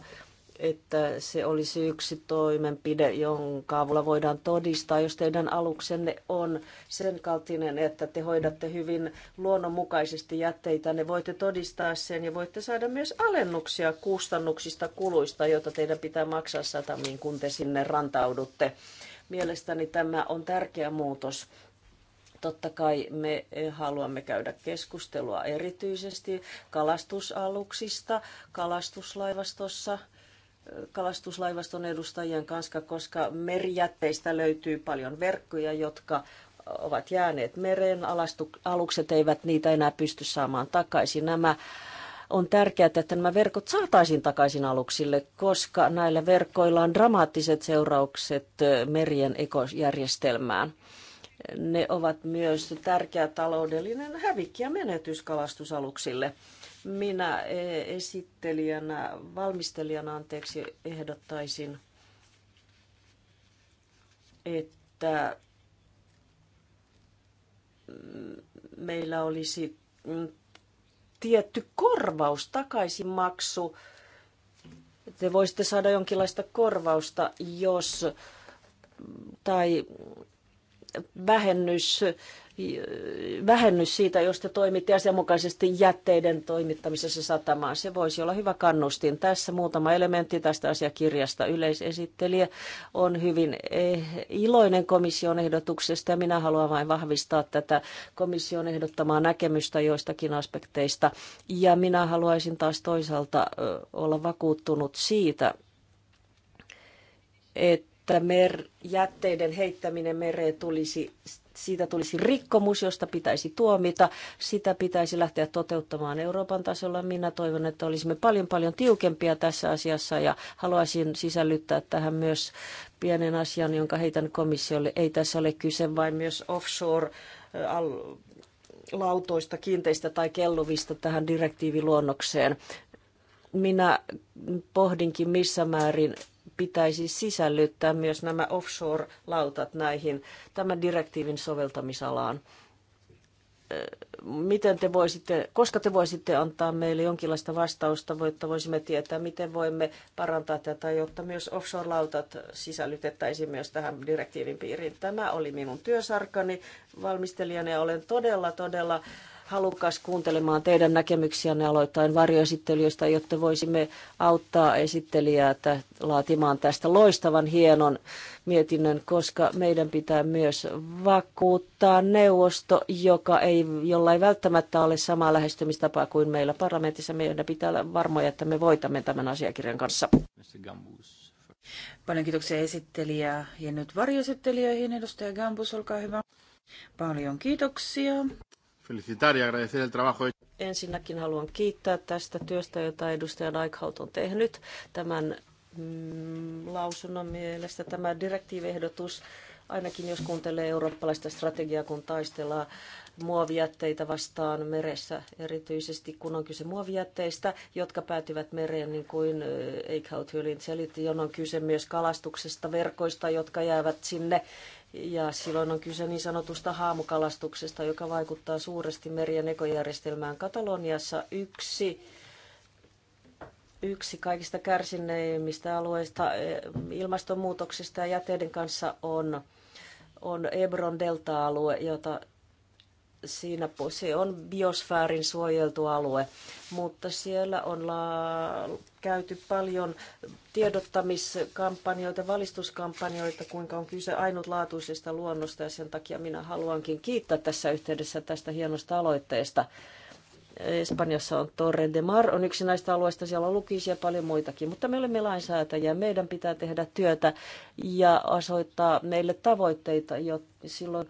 että se olisi yksi toimenpide, jonka avulla voidaan todistaa, jos teidän aluksenne on sen kaltainen, että te hoidatte hyvin luonnonmukaisesti jätteitä, ne voitte todistaa sen ja voitte saada myös alennuksia kustannuksista kuluista, joita teidän pitää maksaa satamiin, kun te sinne rantaudutte. Mielestäni tämä on tärkeä muutos Totta kai me eh, haluamme käydä keskustelua erityisesti kalastusaluksista, kalastuslaivastossa, eh, kalastuslaivaston edustajien kanssa, koska merijätteistä löytyy paljon verkkoja, jotka ovat jääneet mereen. Alukset eivät niitä enää pysty saamaan takaisin. Nämä on tärkeää, että nämä verkot saataisiin takaisin aluksille, koska näillä verkoilla on dramaattiset seuraukset eh, merien ekojärjestelmään ne ovat myös tärkeä taloudellinen hävikki ja menetys kalastusaluksille. Minä e, esittelijänä, valmistelijana anteeksi, ehdottaisin, että meillä olisi tietty korvaus, takaisinmaksu. Te voisitte saada jonkinlaista korvausta, jos tai vähennys, vähennys siitä, jos te toimitte asianmukaisesti jätteiden toimittamisessa satamaan. Se voisi olla hyvä kannustin. Tässä muutama elementti tästä asiakirjasta. Yleisesittelijä on hyvin eh, iloinen komission ehdotuksesta ja minä haluan vain vahvistaa tätä komission ehdottamaa näkemystä joistakin aspekteista. Ja minä haluaisin taas toisaalta olla vakuuttunut siitä, että että mer- jätteiden heittäminen mereen tulisi, siitä tulisi rikkomus, josta pitäisi tuomita. Sitä pitäisi lähteä toteuttamaan Euroopan tasolla. Minä toivon, että olisimme paljon paljon tiukempia tässä asiassa ja haluaisin sisällyttää tähän myös pienen asian, jonka heitän komissiolle. Ei tässä ole kyse vain myös offshore äh, lautoista, kiinteistä tai kelluvista tähän direktiiviluonnokseen minä pohdinkin missä määrin pitäisi sisällyttää myös nämä offshore-lautat näihin tämän direktiivin soveltamisalaan. Miten te voisitte, koska te voisitte antaa meille jonkinlaista vastausta, että voisimme tietää, miten voimme parantaa tätä, jotta myös offshore-lautat sisällytettäisiin myös tähän direktiivin piiriin. Tämä oli minun työsarkani valmistelijana ja olen todella, todella halukas kuuntelemaan teidän näkemyksiänne aloittain varjoesittelijöistä, jotta voisimme auttaa esittelijää laatimaan tästä loistavan hienon mietinnön, koska meidän pitää myös vakuuttaa neuvosto, joka ei, jolla ei välttämättä ole sama lähestymistapa kuin meillä parlamentissa. Meidän pitää olla varmoja, että me voitamme tämän asiakirjan kanssa. Paljon kiitoksia esittelijää ja nyt varjoesittelijöihin. Edustaja Gambus, olkaa hyvä. Paljon kiitoksia felicitar y agradecer el trabajo hecho. Ensinnäkin haluan kiittää tästä työstä, jota edustaja Dijkhout on tehnyt. Tämän mm, lausunnon mielestä tämä direktiivehdotus, ainakin jos kuuntelee eurooppalaista strategiaa, kun taistellaan muovijätteitä vastaan meressä, erityisesti kun on kyse muovijätteistä, jotka päätyvät mereen, niin kuin äh, Eichhout hyvin selitti, on kyse myös kalastuksesta, verkoista, jotka jäävät sinne ja silloin on kyse niin sanotusta haamukalastuksesta, joka vaikuttaa suuresti meri- ja ekojärjestelmään Kataloniassa. Yksi, yksi kaikista kärsineimmistä alueista eh, ilmastonmuutoksesta ja jäteiden kanssa on, on Ebron delta-alue, jota siinä se on biosfäärin suojeltu alue, mutta siellä on la- käyty paljon tiedottamiskampanjoita, valistuskampanjoita, kuinka on kyse ainutlaatuisesta luonnosta ja sen takia minä haluankin kiittää tässä yhteydessä tästä hienosta aloitteesta. Espanjassa on Torre de Mar, on yksi näistä alueista, siellä on lukisia paljon muitakin, mutta me olemme lainsäätäjiä, meidän pitää tehdä työtä ja asoittaa meille tavoitteita, jotta, silloin,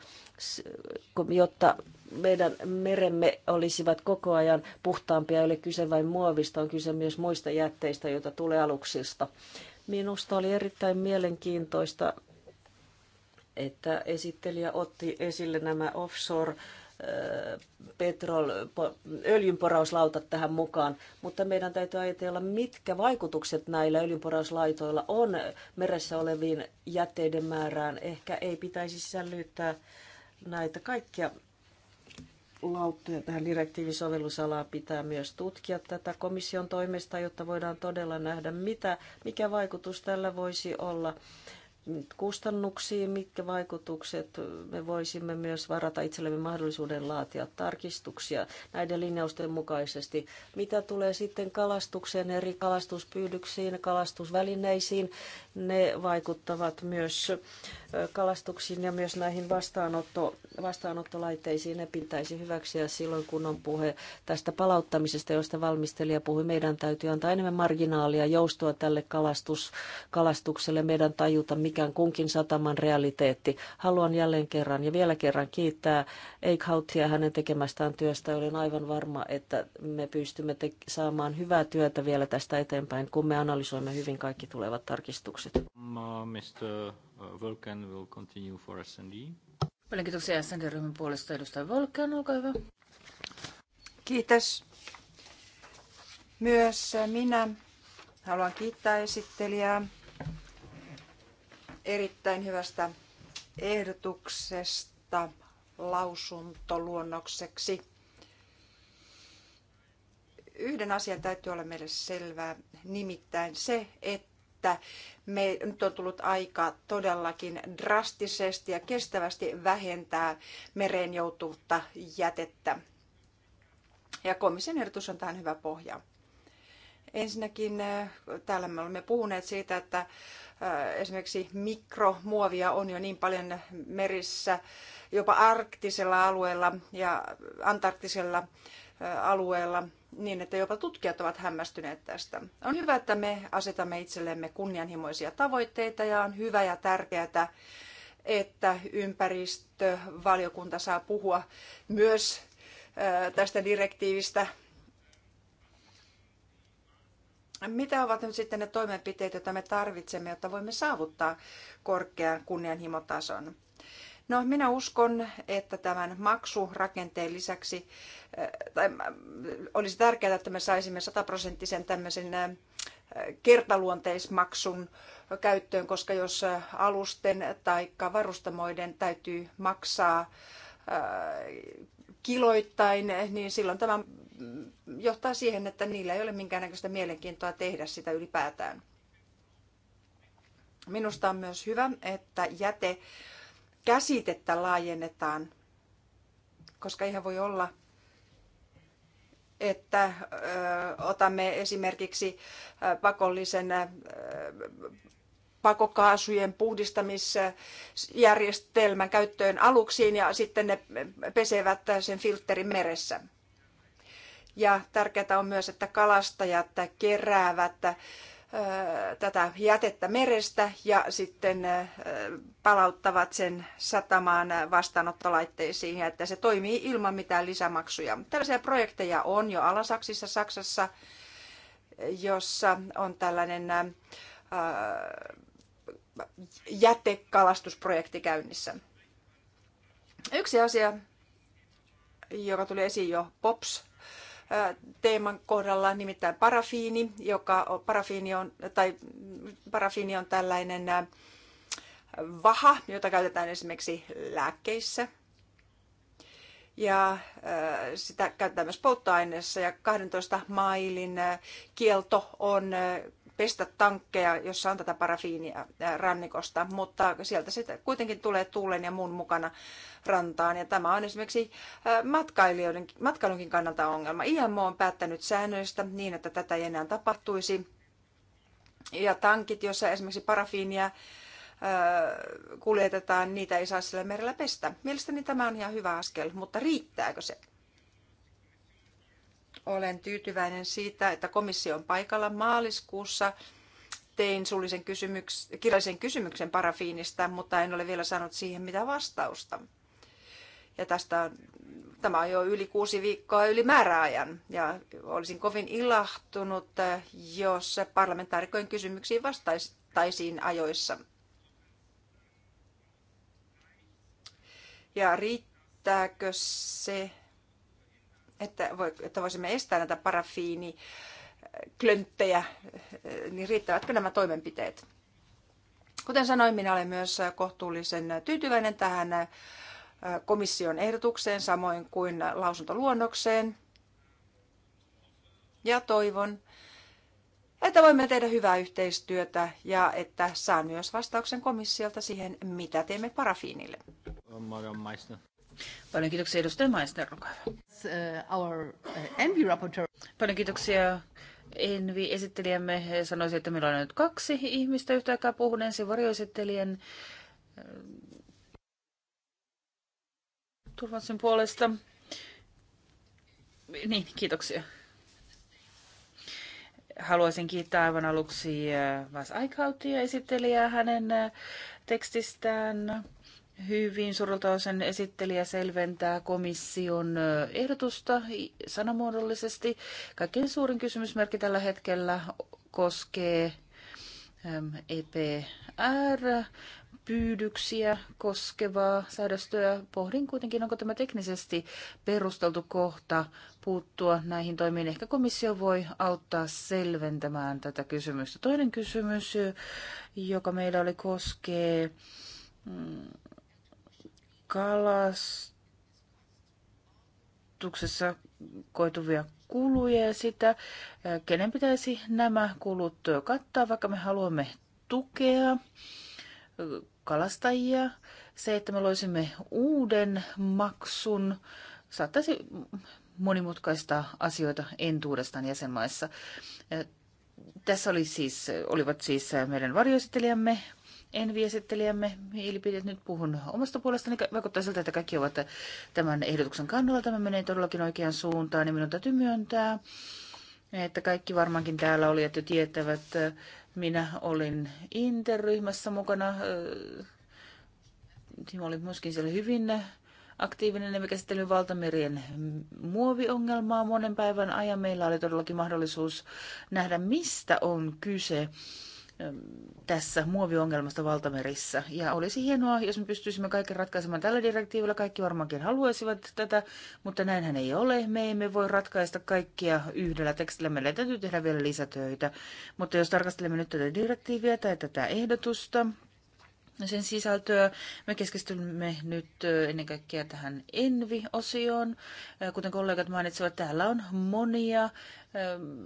jotta meidän meremme olisivat koko ajan puhtaampia, ei ole kyse vain muovista, on kyse myös muista jätteistä, joita tulee aluksista. Minusta oli erittäin mielenkiintoista, että esittelijä otti esille nämä offshore äh, petrol, öljynporauslautat tähän mukaan, mutta meidän täytyy ajatella, mitkä vaikutukset näillä öljynporauslaitoilla on meressä oleviin jätteiden määrään. Ehkä ei pitäisi sisällyttää näitä kaikkia lauttoja tähän direktiivisovellusalaa pitää myös tutkia tätä komission toimesta, jotta voidaan todella nähdä, mitä, mikä vaikutus tällä voisi olla kustannuksiin, mitkä vaikutukset me voisimme myös varata itsellemme mahdollisuuden laatia tarkistuksia näiden linjausten mukaisesti. Mitä tulee sitten kalastukseen, eri kalastuspyydyksiin, kalastusvälineisiin, ne vaikuttavat myös kalastuksiin ja myös näihin vastaanotto, vastaanottolaitteisiin. Ne pitäisi hyväksyä silloin, kun on puhe tästä palauttamisesta, josta valmistelija puhui. Meidän täytyy antaa enemmän marginaalia joustua tälle kalastus, kalastukselle. Meidän tajuta mikään kunkin sataman realiteetti. Haluan jälleen kerran ja vielä kerran kiittää Eichhauttia hänen tekemästään työstä. Olen aivan varma, että me pystymme saamaan hyvää työtä vielä tästä eteenpäin, kun me analysoimme hyvin kaikki tulevat tarkistukset. Kiitokset. Mr. Uh, Volkan will continue for S&D. Paljon kiitoksia SND-ryhmän puolesta edustaja Volkan, olkaa hyvä. Kiitos. Myös minä haluan kiittää esittelijää erittäin hyvästä ehdotuksesta lausuntoluonnokseksi. Yhden asian täytyy olla meille selvää, nimittäin se, että että me, nyt on tullut aika todellakin drastisesti ja kestävästi vähentää mereen joutuvutta jätettä. Ja komission ehdotus on tähän hyvä pohja. Ensinnäkin äh, täällä me olemme puhuneet siitä, että äh, esimerkiksi mikromuovia on jo niin paljon merissä, jopa arktisella alueella ja antarktisella äh, alueella, niin, että jopa tutkijat ovat hämmästyneet tästä. On hyvä, että me asetamme itsellemme kunnianhimoisia tavoitteita ja on hyvä ja tärkeää, että ympäristövaliokunta saa puhua myös äh, tästä direktiivistä. Mitä ovat nyt sitten ne toimenpiteet, joita me tarvitsemme, jotta voimme saavuttaa korkean kunnianhimotason? No, minä uskon, että tämän maksurakenteen lisäksi eh, tai eh, olisi tärkeää, että me saisimme sataprosenttisen tämmöisen eh, kertaluonteismaksun käyttöön, koska jos alusten tai varustamoiden täytyy maksaa kiloittain, niin silloin tämä johtaa siihen, että niillä ei ole minkäännäköistä mielenkiintoa tehdä sitä ylipäätään. Minusta on myös hyvä, että jäte käsitettä laajennetaan, koska ihan voi olla, että otamme esimerkiksi pakollisen pakokaasujen puhdistamisjärjestelmän käyttöön aluksiin ja sitten ne pesevät sen filterin meressä. Ja tärkeää on myös, että kalastajat keräävät tätä jätettä merestä ja sitten palauttavat sen satamaan vastaanottolaitteisiin ja että se toimii ilman mitään lisämaksuja. Tällaisia projekteja on jo Alasaksissa, Saksassa, jossa on tällainen jätekalastusprojekti käynnissä. Yksi asia, joka tuli esiin jo POPS teeman kohdalla, nimittäin parafiini, joka parafiini on, tai parafiini on tällainen vaha, jota käytetään esimerkiksi lääkkeissä. Ja sitä käytetään myös polttoaineessa ja 12 mailin kielto on pestä tankkeja, jossa on tätä parafiinia äh, rannikosta, mutta sieltä se kuitenkin tulee tuulen ja muun mukana rantaan. Ja tämä on esimerkiksi äh, matkailijoiden, matkailunkin kannalta ongelma. IMO on päättänyt säännöistä niin, että tätä ei enää tapahtuisi. Ja tankit, joissa esimerkiksi parafiinia äh, kuljetetaan, niitä ei saa sillä merellä pestä. Mielestäni tämä on ihan hyvä askel, mutta riittääkö se? Olen tyytyväinen siitä, että komissio on paikalla maaliskuussa. Tein suullisen kysymyks- kirjallisen kysymyksen parafiinista, mutta en ole vielä saanut siihen mitään vastausta. Ja tästä on, tämä on jo yli kuusi viikkoa yli määräajan. Ja olisin kovin ilahtunut, jos parlamentaarikojen kysymyksiin vastaisiin ajoissa. Ja riittääkö se, että, voi, että voisimme estää näitä parafiiniklönttejä, klönttejä, niin riittävätkö nämä toimenpiteet? Kuten sanoin, minä olen myös kohtuullisen tyytyväinen tähän äh, komission ehdotukseen, samoin kuin lausuntoluonnokseen. Ja toivon, että voimme tehdä hyvää yhteistyötä ja että saan myös vastauksen komissiolta siihen, mitä teemme parafiinille. Paljon kiitoksia edustaja Maister, uh, Our uh, envy Paljon kiitoksia Envi-esittelijämme. Sanoisi, että meillä on nyt kaksi ihmistä yhtä aikaa puhunut. Ensin varjoesittelijän uh, Turvatsin puolesta. Niin, kiitoksia. Haluaisin kiittää aivan aluksi Vas Aikautia esittelijää hänen tekstistään hyvin suurelta osin esittelijä selventää komission ehdotusta sanamuodollisesti. Kaikkein suurin kysymysmerkki tällä hetkellä koskee EPR-pyydyksiä koskevaa säädöstöä. Pohdin kuitenkin, onko tämä teknisesti perusteltu kohta puuttua näihin toimiin. Ehkä komissio voi auttaa selventämään tätä kysymystä. Toinen kysymys, joka meillä oli, koskee mm, kalastuksessa koituvia kuluja ja sitä, kenen pitäisi nämä kulut kattaa, vaikka me haluamme tukea kalastajia. Se, että me loisimme uuden maksun, saattaisi monimutkaista asioita entuudestaan jäsenmaissa. Tässä oli siis, olivat siis meidän varjoesittelijämme en viesittelijämme mielipidet nyt puhun omasta puolestani. Vaikuttaa siltä, että kaikki ovat tämän ehdotuksen kannalla. Tämä menee todellakin oikeaan suuntaan ja minun täytyy myöntää, että kaikki varmaankin täällä olijat jo tietävät. Minä olin interryhmässä mukana. Timo oli myöskin siellä hyvin aktiivinen ja käsittelimme valtamerien muoviongelmaa monen päivän ajan. Meillä oli todellakin mahdollisuus nähdä, mistä on kyse tässä muoviongelmasta valtamerissä. Ja olisi hienoa, jos me pystyisimme kaiken ratkaisemaan tällä direktiivillä. Kaikki varmaankin haluaisivat tätä, mutta näinhän ei ole. Me emme voi ratkaista kaikkia yhdellä tekstillä. Meillä täytyy tehdä vielä lisätöitä. Mutta jos tarkastelemme nyt tätä direktiiviä tai tätä ehdotusta, sen sisältöä. Me keskistymme nyt ennen kaikkea tähän Envi-osioon. Kuten kollegat mainitsivat, täällä on monia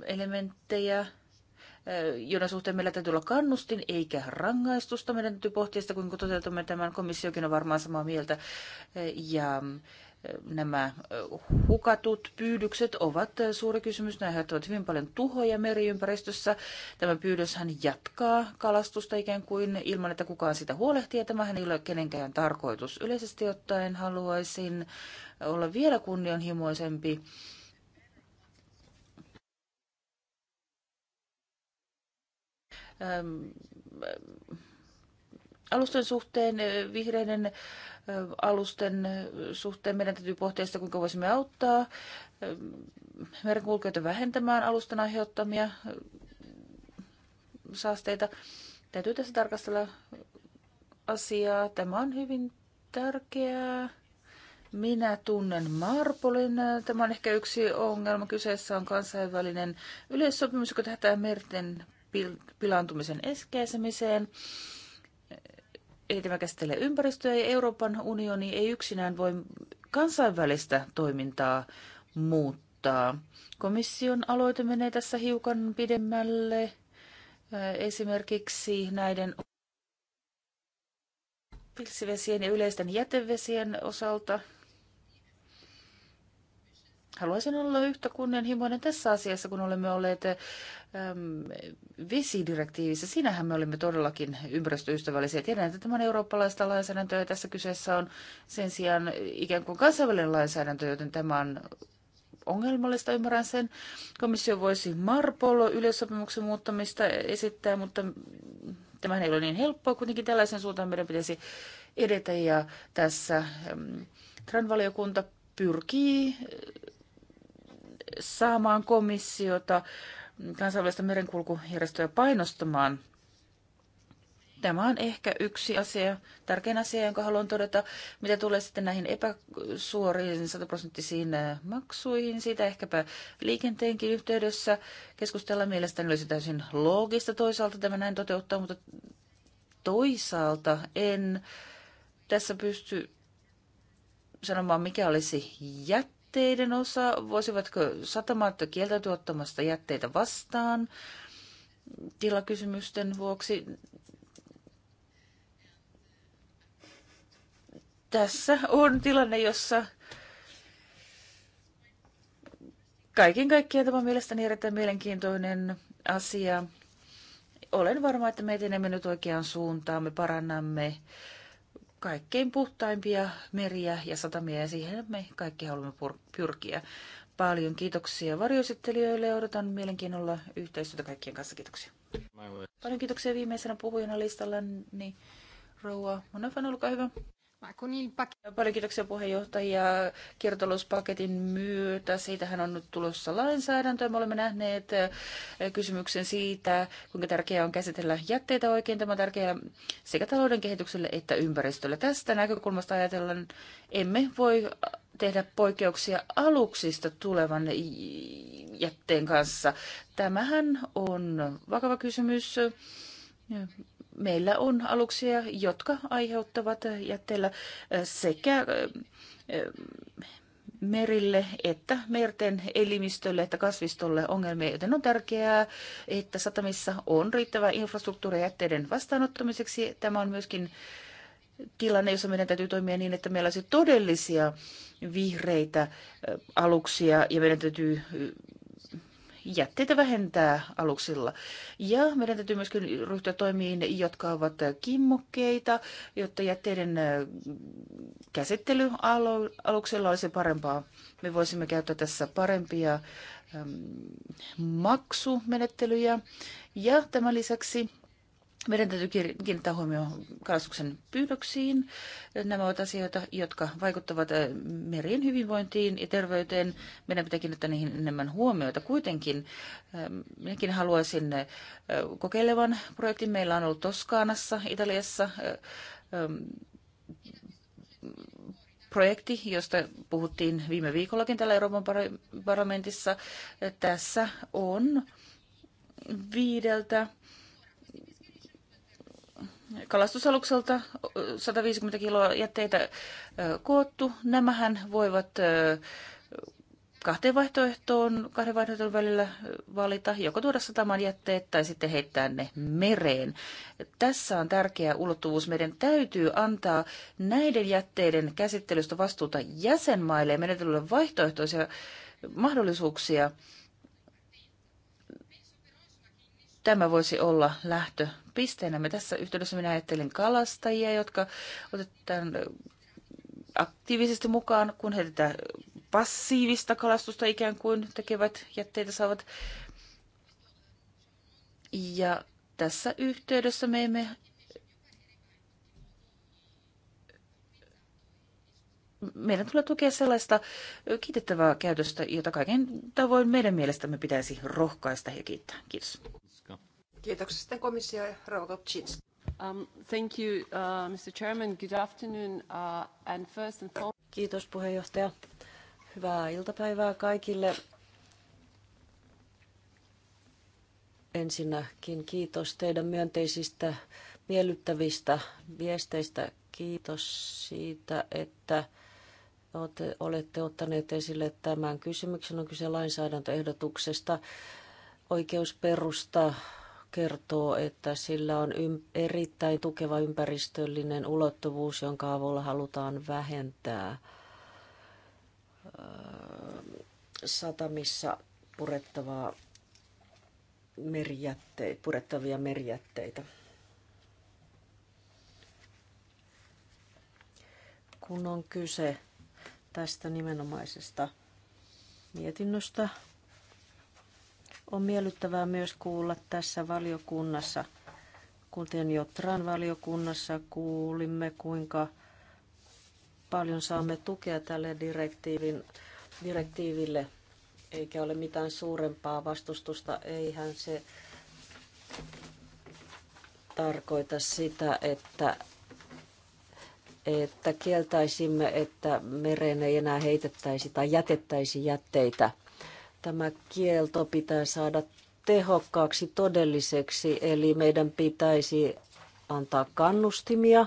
elementtejä, Jona suhteen meillä täytyy olla kannustin eikä rangaistusta. Meidän täytyy pohtia sitä, kuinka toteutamme tämän. Komissiokin on varmaan samaa mieltä. Ja nämä hukatut pyydykset ovat suuri kysymys. Ne aiheuttavat hyvin paljon tuhoja meriympäristössä. Tämä pyydöshän jatkaa kalastusta ikään kuin ilman, että kukaan sitä huolehtii. Tämähän ei ole kenenkään tarkoitus. Yleisesti ottaen haluaisin olla vielä kunnianhimoisempi Ähm, alusten suhteen, äh, vihreiden äh, alusten äh, suhteen meidän täytyy pohtia sitä, kuinka voisimme auttaa ähm, merenkulkijoita vähentämään alusten aiheuttamia saasteita. Täytyy tässä tarkastella asiaa. Tämä on hyvin tärkeää. Minä tunnen Marpolin. Tämä on ehkä yksi ongelma. Kyseessä on kansainvälinen yleissopimus, joka tähtää merten pilaantumisen eskeisemiseen. Eli tämä käsittelee ympäristöä ja Euroopan unioni ei yksinään voi kansainvälistä toimintaa muuttaa. Komission aloite menee tässä hiukan pidemmälle. Esimerkiksi näiden pilsivesien ja yleisten jätevesien osalta Haluaisin olla yhtä kunnianhimoinen tässä asiassa, kun olemme olleet äm, vesidirektiivissä. Siinähän me olimme todellakin ympäristöystävällisiä. Tiedän, että tämä on eurooppalaista lainsäädäntöä ja tässä kyseessä on sen sijaan ikään kuin kansainvälinen lainsäädäntö, joten tämä on ongelmallista, ymmärrän sen. Komissio voisi Marpolo-yleissopimuksen muuttamista esittää, mutta tämä ei ole niin helppoa. Kuitenkin tällaisen suuntaan meidän pitäisi edetä ja tässä äm, Tran-valiokunta pyrkii saamaan komissiota mm, kansainvälistä merenkulkujärjestöä painostamaan. Tämä on ehkä yksi asia, tärkein asia, jonka haluan todeta, mitä tulee sitten näihin epäsuoriin sataprosenttisiin äh, maksuihin. Siitä ehkäpä liikenteenkin yhteydessä keskustellaan. Mielestäni olisi täysin loogista toisaalta tämä näin toteuttaa, mutta toisaalta en tässä pysty sanomaan, mikä olisi jättä jätteiden osa? Voisivatko satamat kieltäytyä ottamasta jätteitä vastaan tilakysymysten vuoksi? Tässä on tilanne, jossa kaiken kaikkiaan tämä on mielestäni erittäin mielenkiintoinen asia. Olen varma, että me etenemme nyt oikeaan suuntaan, me parannamme kaikkein puhtaimpia meriä ja satamia ja siihen me kaikki haluamme pyrkiä. Paljon kiitoksia varjoesittelijöille ja odotan mielenkiinnolla yhteistyötä kaikkien kanssa. Kiitoksia. Paljon kiitoksia viimeisenä puhujana listalla, niin rouva on olkaa hyvä. Paljon kiitoksia puheenjohtajia Kiertolouspaketin myötä. Siitähän on nyt tulossa lainsäädäntöä. Me olemme nähneet eh, kysymyksen siitä, kuinka tärkeää on käsitellä jätteitä oikein. Tämä on tärkeää sekä talouden kehitykselle että ympäristölle. Tästä näkökulmasta ajatellaan, emme voi tehdä poikkeuksia aluksista tulevan jätteen kanssa. Tämähän on vakava kysymys meillä on aluksia, jotka aiheuttavat jätteellä sekä merille että merten elimistölle että kasvistolle ongelmia, joten on tärkeää, että satamissa on riittävä infrastruktuuri jätteiden vastaanottamiseksi. Tämä on myöskin tilanne, jossa meidän täytyy toimia niin, että meillä olisi todellisia vihreitä aluksia ja meidän täytyy jätteitä vähentää aluksilla. Ja meidän täytyy myöskin ryhtyä toimiin, jotka ovat kimmokkeita, jotta jätteiden käsittely aluksella olisi parempaa. Me voisimme käyttää tässä parempia maksumenettelyjä. Ja tämän lisäksi meidän täytyy kiinnittää huomioon kalastuksen pyydöksiin. Nämä ovat asioita, jotka vaikuttavat äh, merien hyvinvointiin ja terveyteen. Meidän pitää kiinnittää niihin enemmän huomiota. Kuitenkin äh, minäkin haluaisin äh, kokeilevan projektin. Meillä on ollut Toskaanassa, Italiassa ähm, projekti, josta puhuttiin viime viikollakin täällä Euroopan parlamentissa. Tässä on viideltä kalastusalukselta 150 kiloa jätteitä koottu. Nämähän voivat kahteen vaihtoehtoon, kahden vaihtoehtoon välillä valita, joko tuoda sataman jätteet tai sitten heittää ne mereen. Tässä on tärkeä ulottuvuus. Meidän täytyy antaa näiden jätteiden käsittelystä vastuuta jäsenmaille ja menetelylle vaihtoehtoisia mahdollisuuksia tämä voisi olla lähtöpisteenä. Me tässä yhteydessä minä ajattelin kalastajia, jotka otetaan aktiivisesti mukaan, kun he tätä passiivista kalastusta ikään kuin tekevät, jätteitä saavat. Ja tässä yhteydessä me emme meidän tulee tukea sellaista kiitettävää käytöstä, jota kaiken tavoin meidän mielestämme pitäisi rohkaista ja kiittää. Kiitos. Kiitoksia sitten komissio Rouva um, thank you, uh, Mr. Chairman. Good afternoon. Uh, and first and foremost... Kiitos puheenjohtaja. Hyvää iltapäivää kaikille. Ensinnäkin kiitos teidän myönteisistä, miellyttävistä viesteistä. Kiitos siitä, että olette ottaneet esille tämän kysymyksen. On kyse lainsäädäntöehdotuksesta oikeusperusta kertoo, että sillä on erittäin tukeva ympäristöllinen ulottuvuus, jonka avulla halutaan vähentää satamissa purettavaa merijätte- purettavia merijätteitä. Kun on kyse tästä nimenomaisesta mietinnöstä, on miellyttävää myös kuulla tässä valiokunnassa, kuten jo Tran valiokunnassa kuulimme, kuinka paljon saamme tukea tälle direktiivin, direktiiville, eikä ole mitään suurempaa vastustusta. Eihän se tarkoita sitä, että, että kieltäisimme, että mereen ei enää heitettäisi tai jätettäisi jätteitä – Tämä kielto pitää saada tehokkaaksi todelliseksi, eli meidän pitäisi antaa kannustimia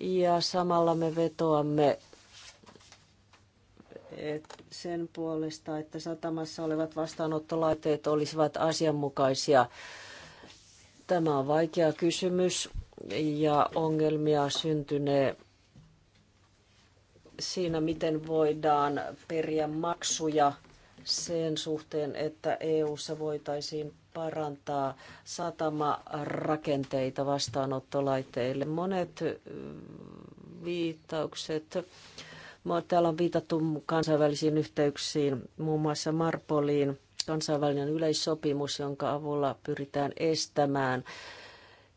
ja samalla me vetoamme sen puolesta, että satamassa olevat vastaanottolaitteet olisivat asianmukaisia. Tämä on vaikea kysymys ja ongelmia syntynee siinä, miten voidaan periä maksuja – sen suhteen, että EU:ssa voitaisiin parantaa satamarakenteita vastaanottolaitteille. Monet viittaukset Täällä on viitattu kansainvälisiin yhteyksiin, muun muassa Marpoliin, kansainvälinen yleissopimus, jonka avulla pyritään estämään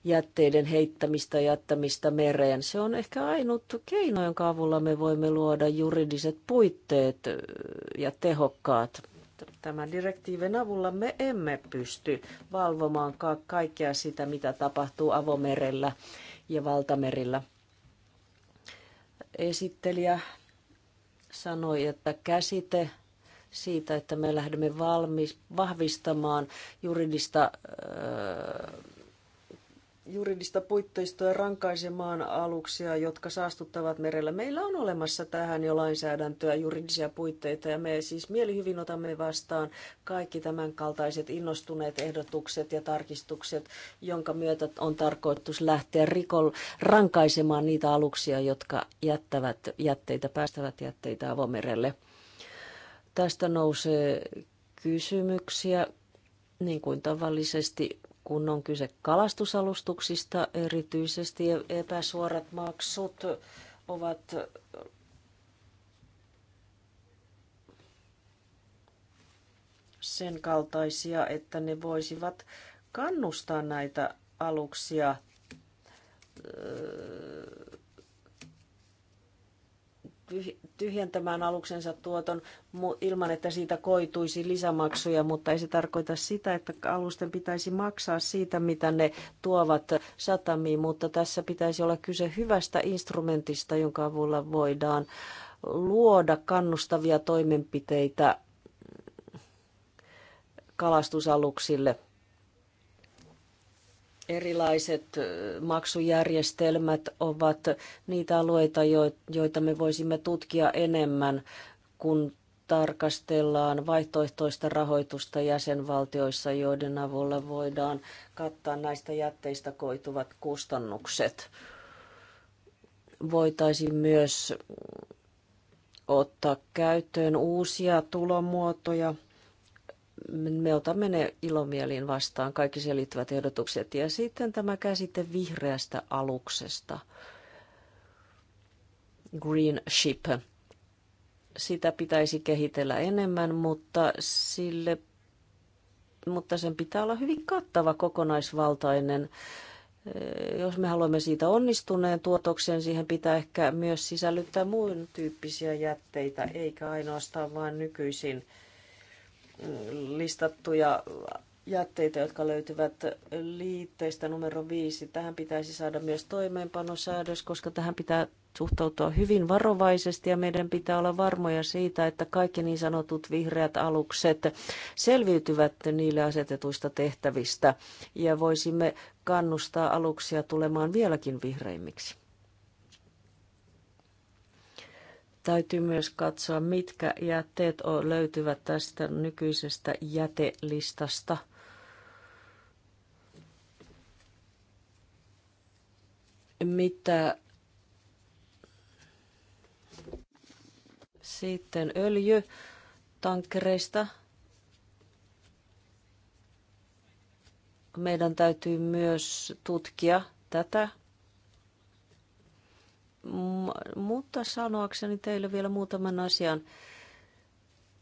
jätteiden heittämistä ja jättämistä mereen. Se on ehkä ainut keino, jonka avulla me voimme luoda juridiset puitteet ja tehokkaat. Tämän direktiivin avulla me emme pysty valvomaan kaikkea sitä, mitä tapahtuu avomerellä ja valtamerillä. Esittelijä sanoi, että käsite siitä, että me lähdemme valmis, vahvistamaan juridista öö, juridista puitteistoa rankaisemaan aluksia, jotka saastuttavat merellä. Meillä on olemassa tähän jo lainsäädäntöä, juridisia puitteita ja me siis mielihyvin otamme vastaan kaikki tämän kaltaiset innostuneet ehdotukset ja tarkistukset, jonka myötä on tarkoitus lähteä rikol rankaisemaan niitä aluksia, jotka jättävät jätteitä, päästävät jätteitä avomerelle. Tästä nousee kysymyksiä, niin kuin tavallisesti kun on kyse kalastusalustuksista erityisesti. Epäsuorat maksut ovat sen kaltaisia, että ne voisivat kannustaa näitä aluksia tyhjentämään aluksensa tuoton ilman, että siitä koituisi lisämaksuja, mutta ei se tarkoita sitä, että alusten pitäisi maksaa siitä, mitä ne tuovat satamiin, mutta tässä pitäisi olla kyse hyvästä instrumentista, jonka avulla voidaan luoda kannustavia toimenpiteitä kalastusaluksille – erilaiset maksujärjestelmät ovat niitä alueita, joita me voisimme tutkia enemmän, kun tarkastellaan vaihtoehtoista rahoitusta jäsenvaltioissa, joiden avulla voidaan kattaa näistä jätteistä koituvat kustannukset. Voitaisiin myös ottaa käyttöön uusia tulomuotoja, me otamme ne ilomielin vastaan, kaikki siihen liittyvät ehdotukset. Ja sitten tämä käsite vihreästä aluksesta, green ship. Sitä pitäisi kehitellä enemmän, mutta, sille, mutta sen pitää olla hyvin kattava kokonaisvaltainen eh, jos me haluamme siitä onnistuneen tuotoksen, siihen pitää ehkä myös sisällyttää muun tyyppisiä jätteitä, eikä ainoastaan vain nykyisin listattuja jätteitä, jotka löytyvät liitteistä numero viisi. Tähän pitäisi saada myös toimeenpanosäädös, koska tähän pitää suhtautua hyvin varovaisesti ja meidän pitää olla varmoja siitä, että kaikki niin sanotut vihreät alukset selviytyvät niille asetetuista tehtävistä ja voisimme kannustaa aluksia tulemaan vieläkin vihreimmiksi. Täytyy myös katsoa, mitkä jätteet löytyvät tästä nykyisestä jätelistasta. Mitä sitten öljy tankkereista. Meidän täytyy myös tutkia tätä mutta sanoakseni teille vielä muutaman asian,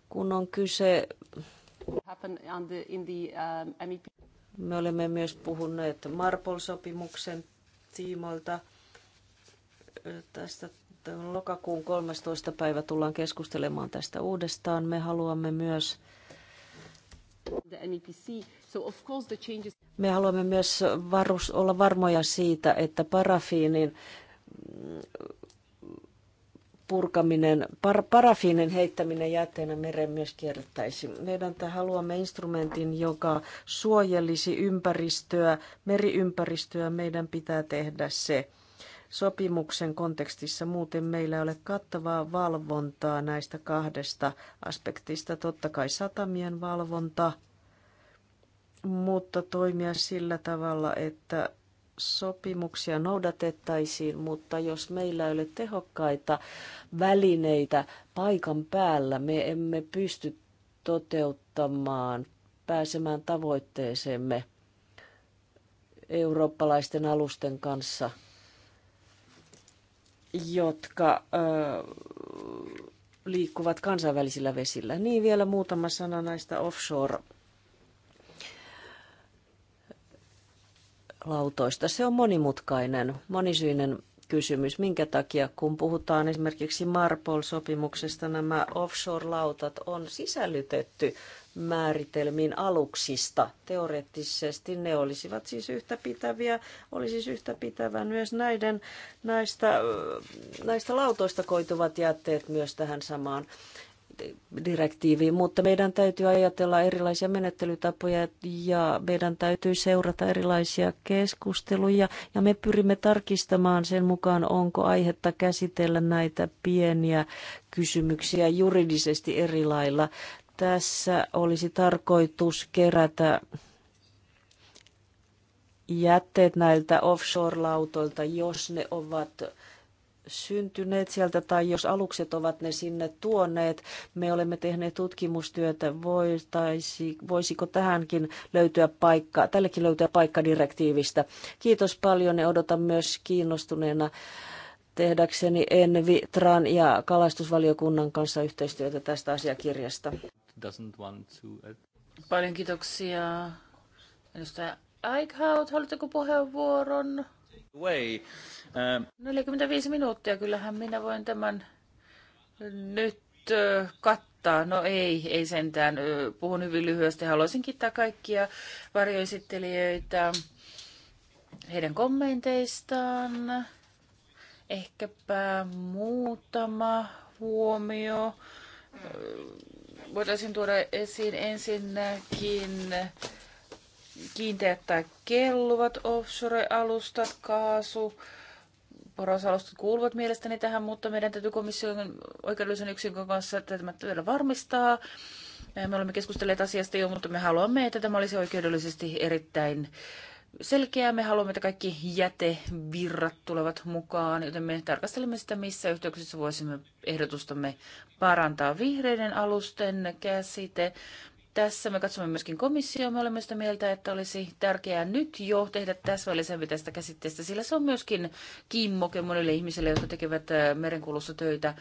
kun on kyse... Uh, e me olemme myös puhuneet Marpol-sopimuksen tiimoilta. Tästä lokakuun 13. päivä tullaan keskustelemaan tästä uudestaan. Me haluamme myös e me haluamme myös varus, olla varmoja siitä, että parafiinin purkaminen, par, parafiinin heittäminen jätteenä mereen myös kierrättäisi. Meidän haluamme instrumentin, joka suojelisi ympäristöä, meriympäristöä. Meidän pitää tehdä se sopimuksen kontekstissa. Muuten meillä ei ole kattavaa valvontaa näistä kahdesta aspektista. Totta kai satamien valvonta, mutta toimia sillä tavalla, että sopimuksia noudatettaisiin, mutta jos meillä ei ole tehokkaita välineitä paikan päällä, me emme pysty toteuttamaan, pääsemään tavoitteeseemme eurooppalaisten alusten kanssa, jotka ö, liikkuvat kansainvälisillä vesillä. Niin vielä muutama sana näistä offshore lautoista. Se on monimutkainen, monisyinen kysymys, minkä takia kun puhutaan esimerkiksi Marpol-sopimuksesta, nämä offshore-lautat on sisällytetty määritelmiin aluksista. Teoreettisesti ne olisivat siis yhtä pitäviä, olisi siis yhtä pitävä myös näiden, näistä, näistä lautoista koituvat jätteet myös tähän samaan direktiiviin, mutta meidän täytyy ajatella erilaisia menettelytapoja ja meidän täytyy seurata erilaisia keskusteluja ja me pyrimme tarkistamaan sen mukaan, onko aihetta käsitellä näitä pieniä kysymyksiä juridisesti eri lailla. Tässä olisi tarkoitus kerätä jätteet näiltä offshore-lautoilta, jos ne ovat syntyneet sieltä tai jos alukset ovat ne sinne tuoneet. Me olemme tehneet tutkimustyötä, voitaisi, voisiko tähänkin löytyä paikka, tällekin löytyä paikka direktiivistä. Kiitos paljon ja odotan myös kiinnostuneena tehdäkseni Envi, Tran ja kalastusvaliokunnan kanssa yhteistyötä tästä asiakirjasta. Paljon kiitoksia. Edustaja Eichhout, haluatteko puheenvuoron? 45 um, minuuttia, kyllähän minä voin tämän nyt kattaa. No ei, ei sentään. Puhun hyvin lyhyesti. Haluaisin kiittää kaikkia varjoesittelijöitä heidän kommenteistaan. Ehkäpä muutama huomio. Voitaisiin tuoda esiin ensinnäkin kiinteät tai kelluvat offshore-alustat, kaasu, porosalustat kuuluvat mielestäni tähän, mutta meidän täytyy komission oikeudellisen yksikön kanssa tämä vielä varmistaa. Me olemme keskustelleet asiasta jo, mutta me haluamme, että tämä olisi oikeudellisesti erittäin selkeää. Me haluamme, että kaikki jätevirrat tulevat mukaan, joten me tarkastelemme sitä, missä yhteyksissä voisimme ehdotustamme parantaa vihreiden alusten käsite tässä. Me katsomme myöskin komissio. Me olemme sitä mieltä, että olisi tärkeää nyt jo tehdä täsmällisempi tästä käsitteestä, sillä se on myöskin kimmoke monille ihmisille, jotka tekevät äh, merenkulussa töitä,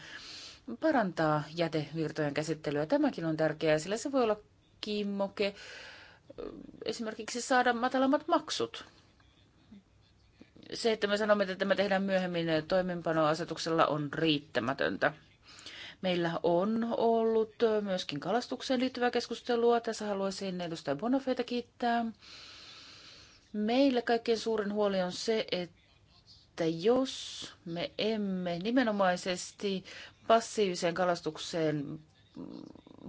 parantaa jätevirtojen käsittelyä. Tämäkin on tärkeää, sillä se voi olla kimmoke äh, esimerkiksi saada matalammat maksut. Se, että me sanomme, että tämä tehdään myöhemmin äh, toimenpanoasetuksella, on riittämätöntä. Meillä on ollut myöskin kalastukseen liittyvää keskustelua. Tässä haluaisin edustaja Bonafeita kiittää. Meillä kaikkein suurin huoli on se, että jos me emme nimenomaisesti passiiviseen kalastukseen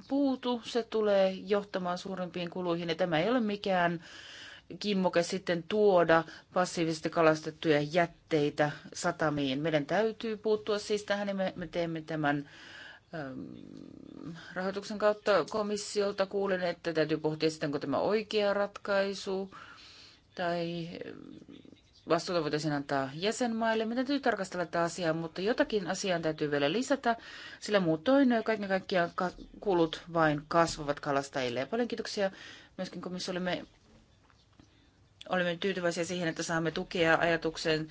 puutu, se tulee johtamaan suurempiin kuluihin. Ja tämä ei ole mikään kimmoke sitten tuoda passiivisesti kalastettuja jätteitä satamiin. Meidän täytyy puuttua siis tähän, niin me, me teemme tämän rahoituksen kautta komissiolta kuulen, että täytyy pohtia sitten, onko tämä oikea ratkaisu tai vastuuta voitaisiin antaa jäsenmaille. Meidän täytyy tarkastella tätä asiaa, mutta jotakin asiaan täytyy vielä lisätä, sillä muutoin kaiken kaikkiaan kulut vain kasvavat kalastajille. Ja paljon kiitoksia myöskin komissiolle. Me Olemme tyytyväisiä siihen, että saamme tukea ajatuksen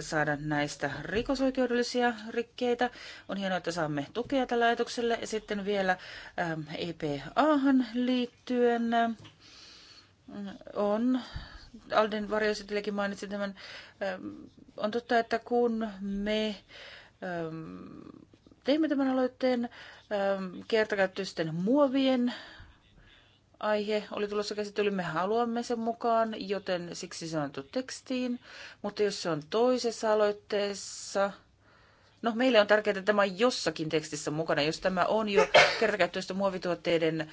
saada näistä rikosoikeudellisia rikkeitä. On hienoa, että saamme tukea tällä ajatukselle. Ja sitten vielä EPA-han liittyen on, Alden varjoesittelijäkin mainitsi tämän, on totta, että kun me teimme tämän aloitteen kertakäyttöisten muovien aihe oli tulossa käsittelyyn. Me haluamme sen mukaan, joten siksi se on otettu tekstiin. Mutta jos se on toisessa aloitteessa, no meille on tärkeää, että tämä on jossakin tekstissä mukana. Jos tämä on jo kertakäyttöistä muovituotteiden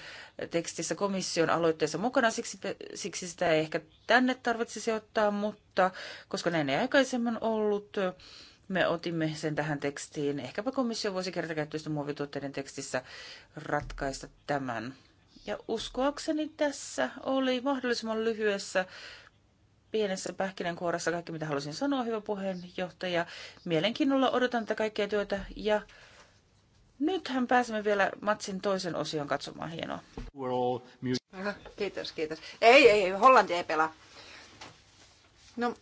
tekstissä komission aloitteessa mukana, siksi, siksi sitä ei ehkä tänne tarvitsisi ottaa, mutta koska näin ei aikaisemmin ollut, me otimme sen tähän tekstiin. Ehkäpä komissio voisi kertakäyttöisten muovituotteiden tekstissä ratkaista tämän. Ja uskoakseni tässä oli mahdollisimman lyhyessä pienessä pähkinänkuoressa kaikki, mitä halusin sanoa, hyvä puheenjohtaja. Mielenkiinnolla odotan tätä kaikkea työtä ja nythän pääsemme vielä matsin toisen osion katsomaan hienoa. Kiitos, kiitos. Ei, ei, Hollanti ei pelaa. No,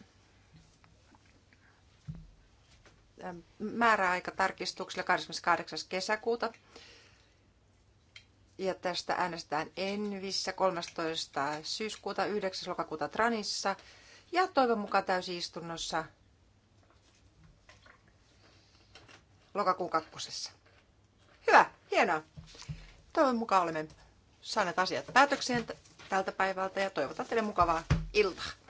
määräaika tarkistukselle 28. kesäkuuta ja tästä äänestetään Envissä 13. syyskuuta, 9. lokakuuta Tranissa ja toivon mukaan täysistunnossa lokakuun kakkosessa. Hyvä, hienoa. Toivon mukaan olemme saaneet asiat päätökseen tältä päivältä ja toivotan teille mukavaa iltaa.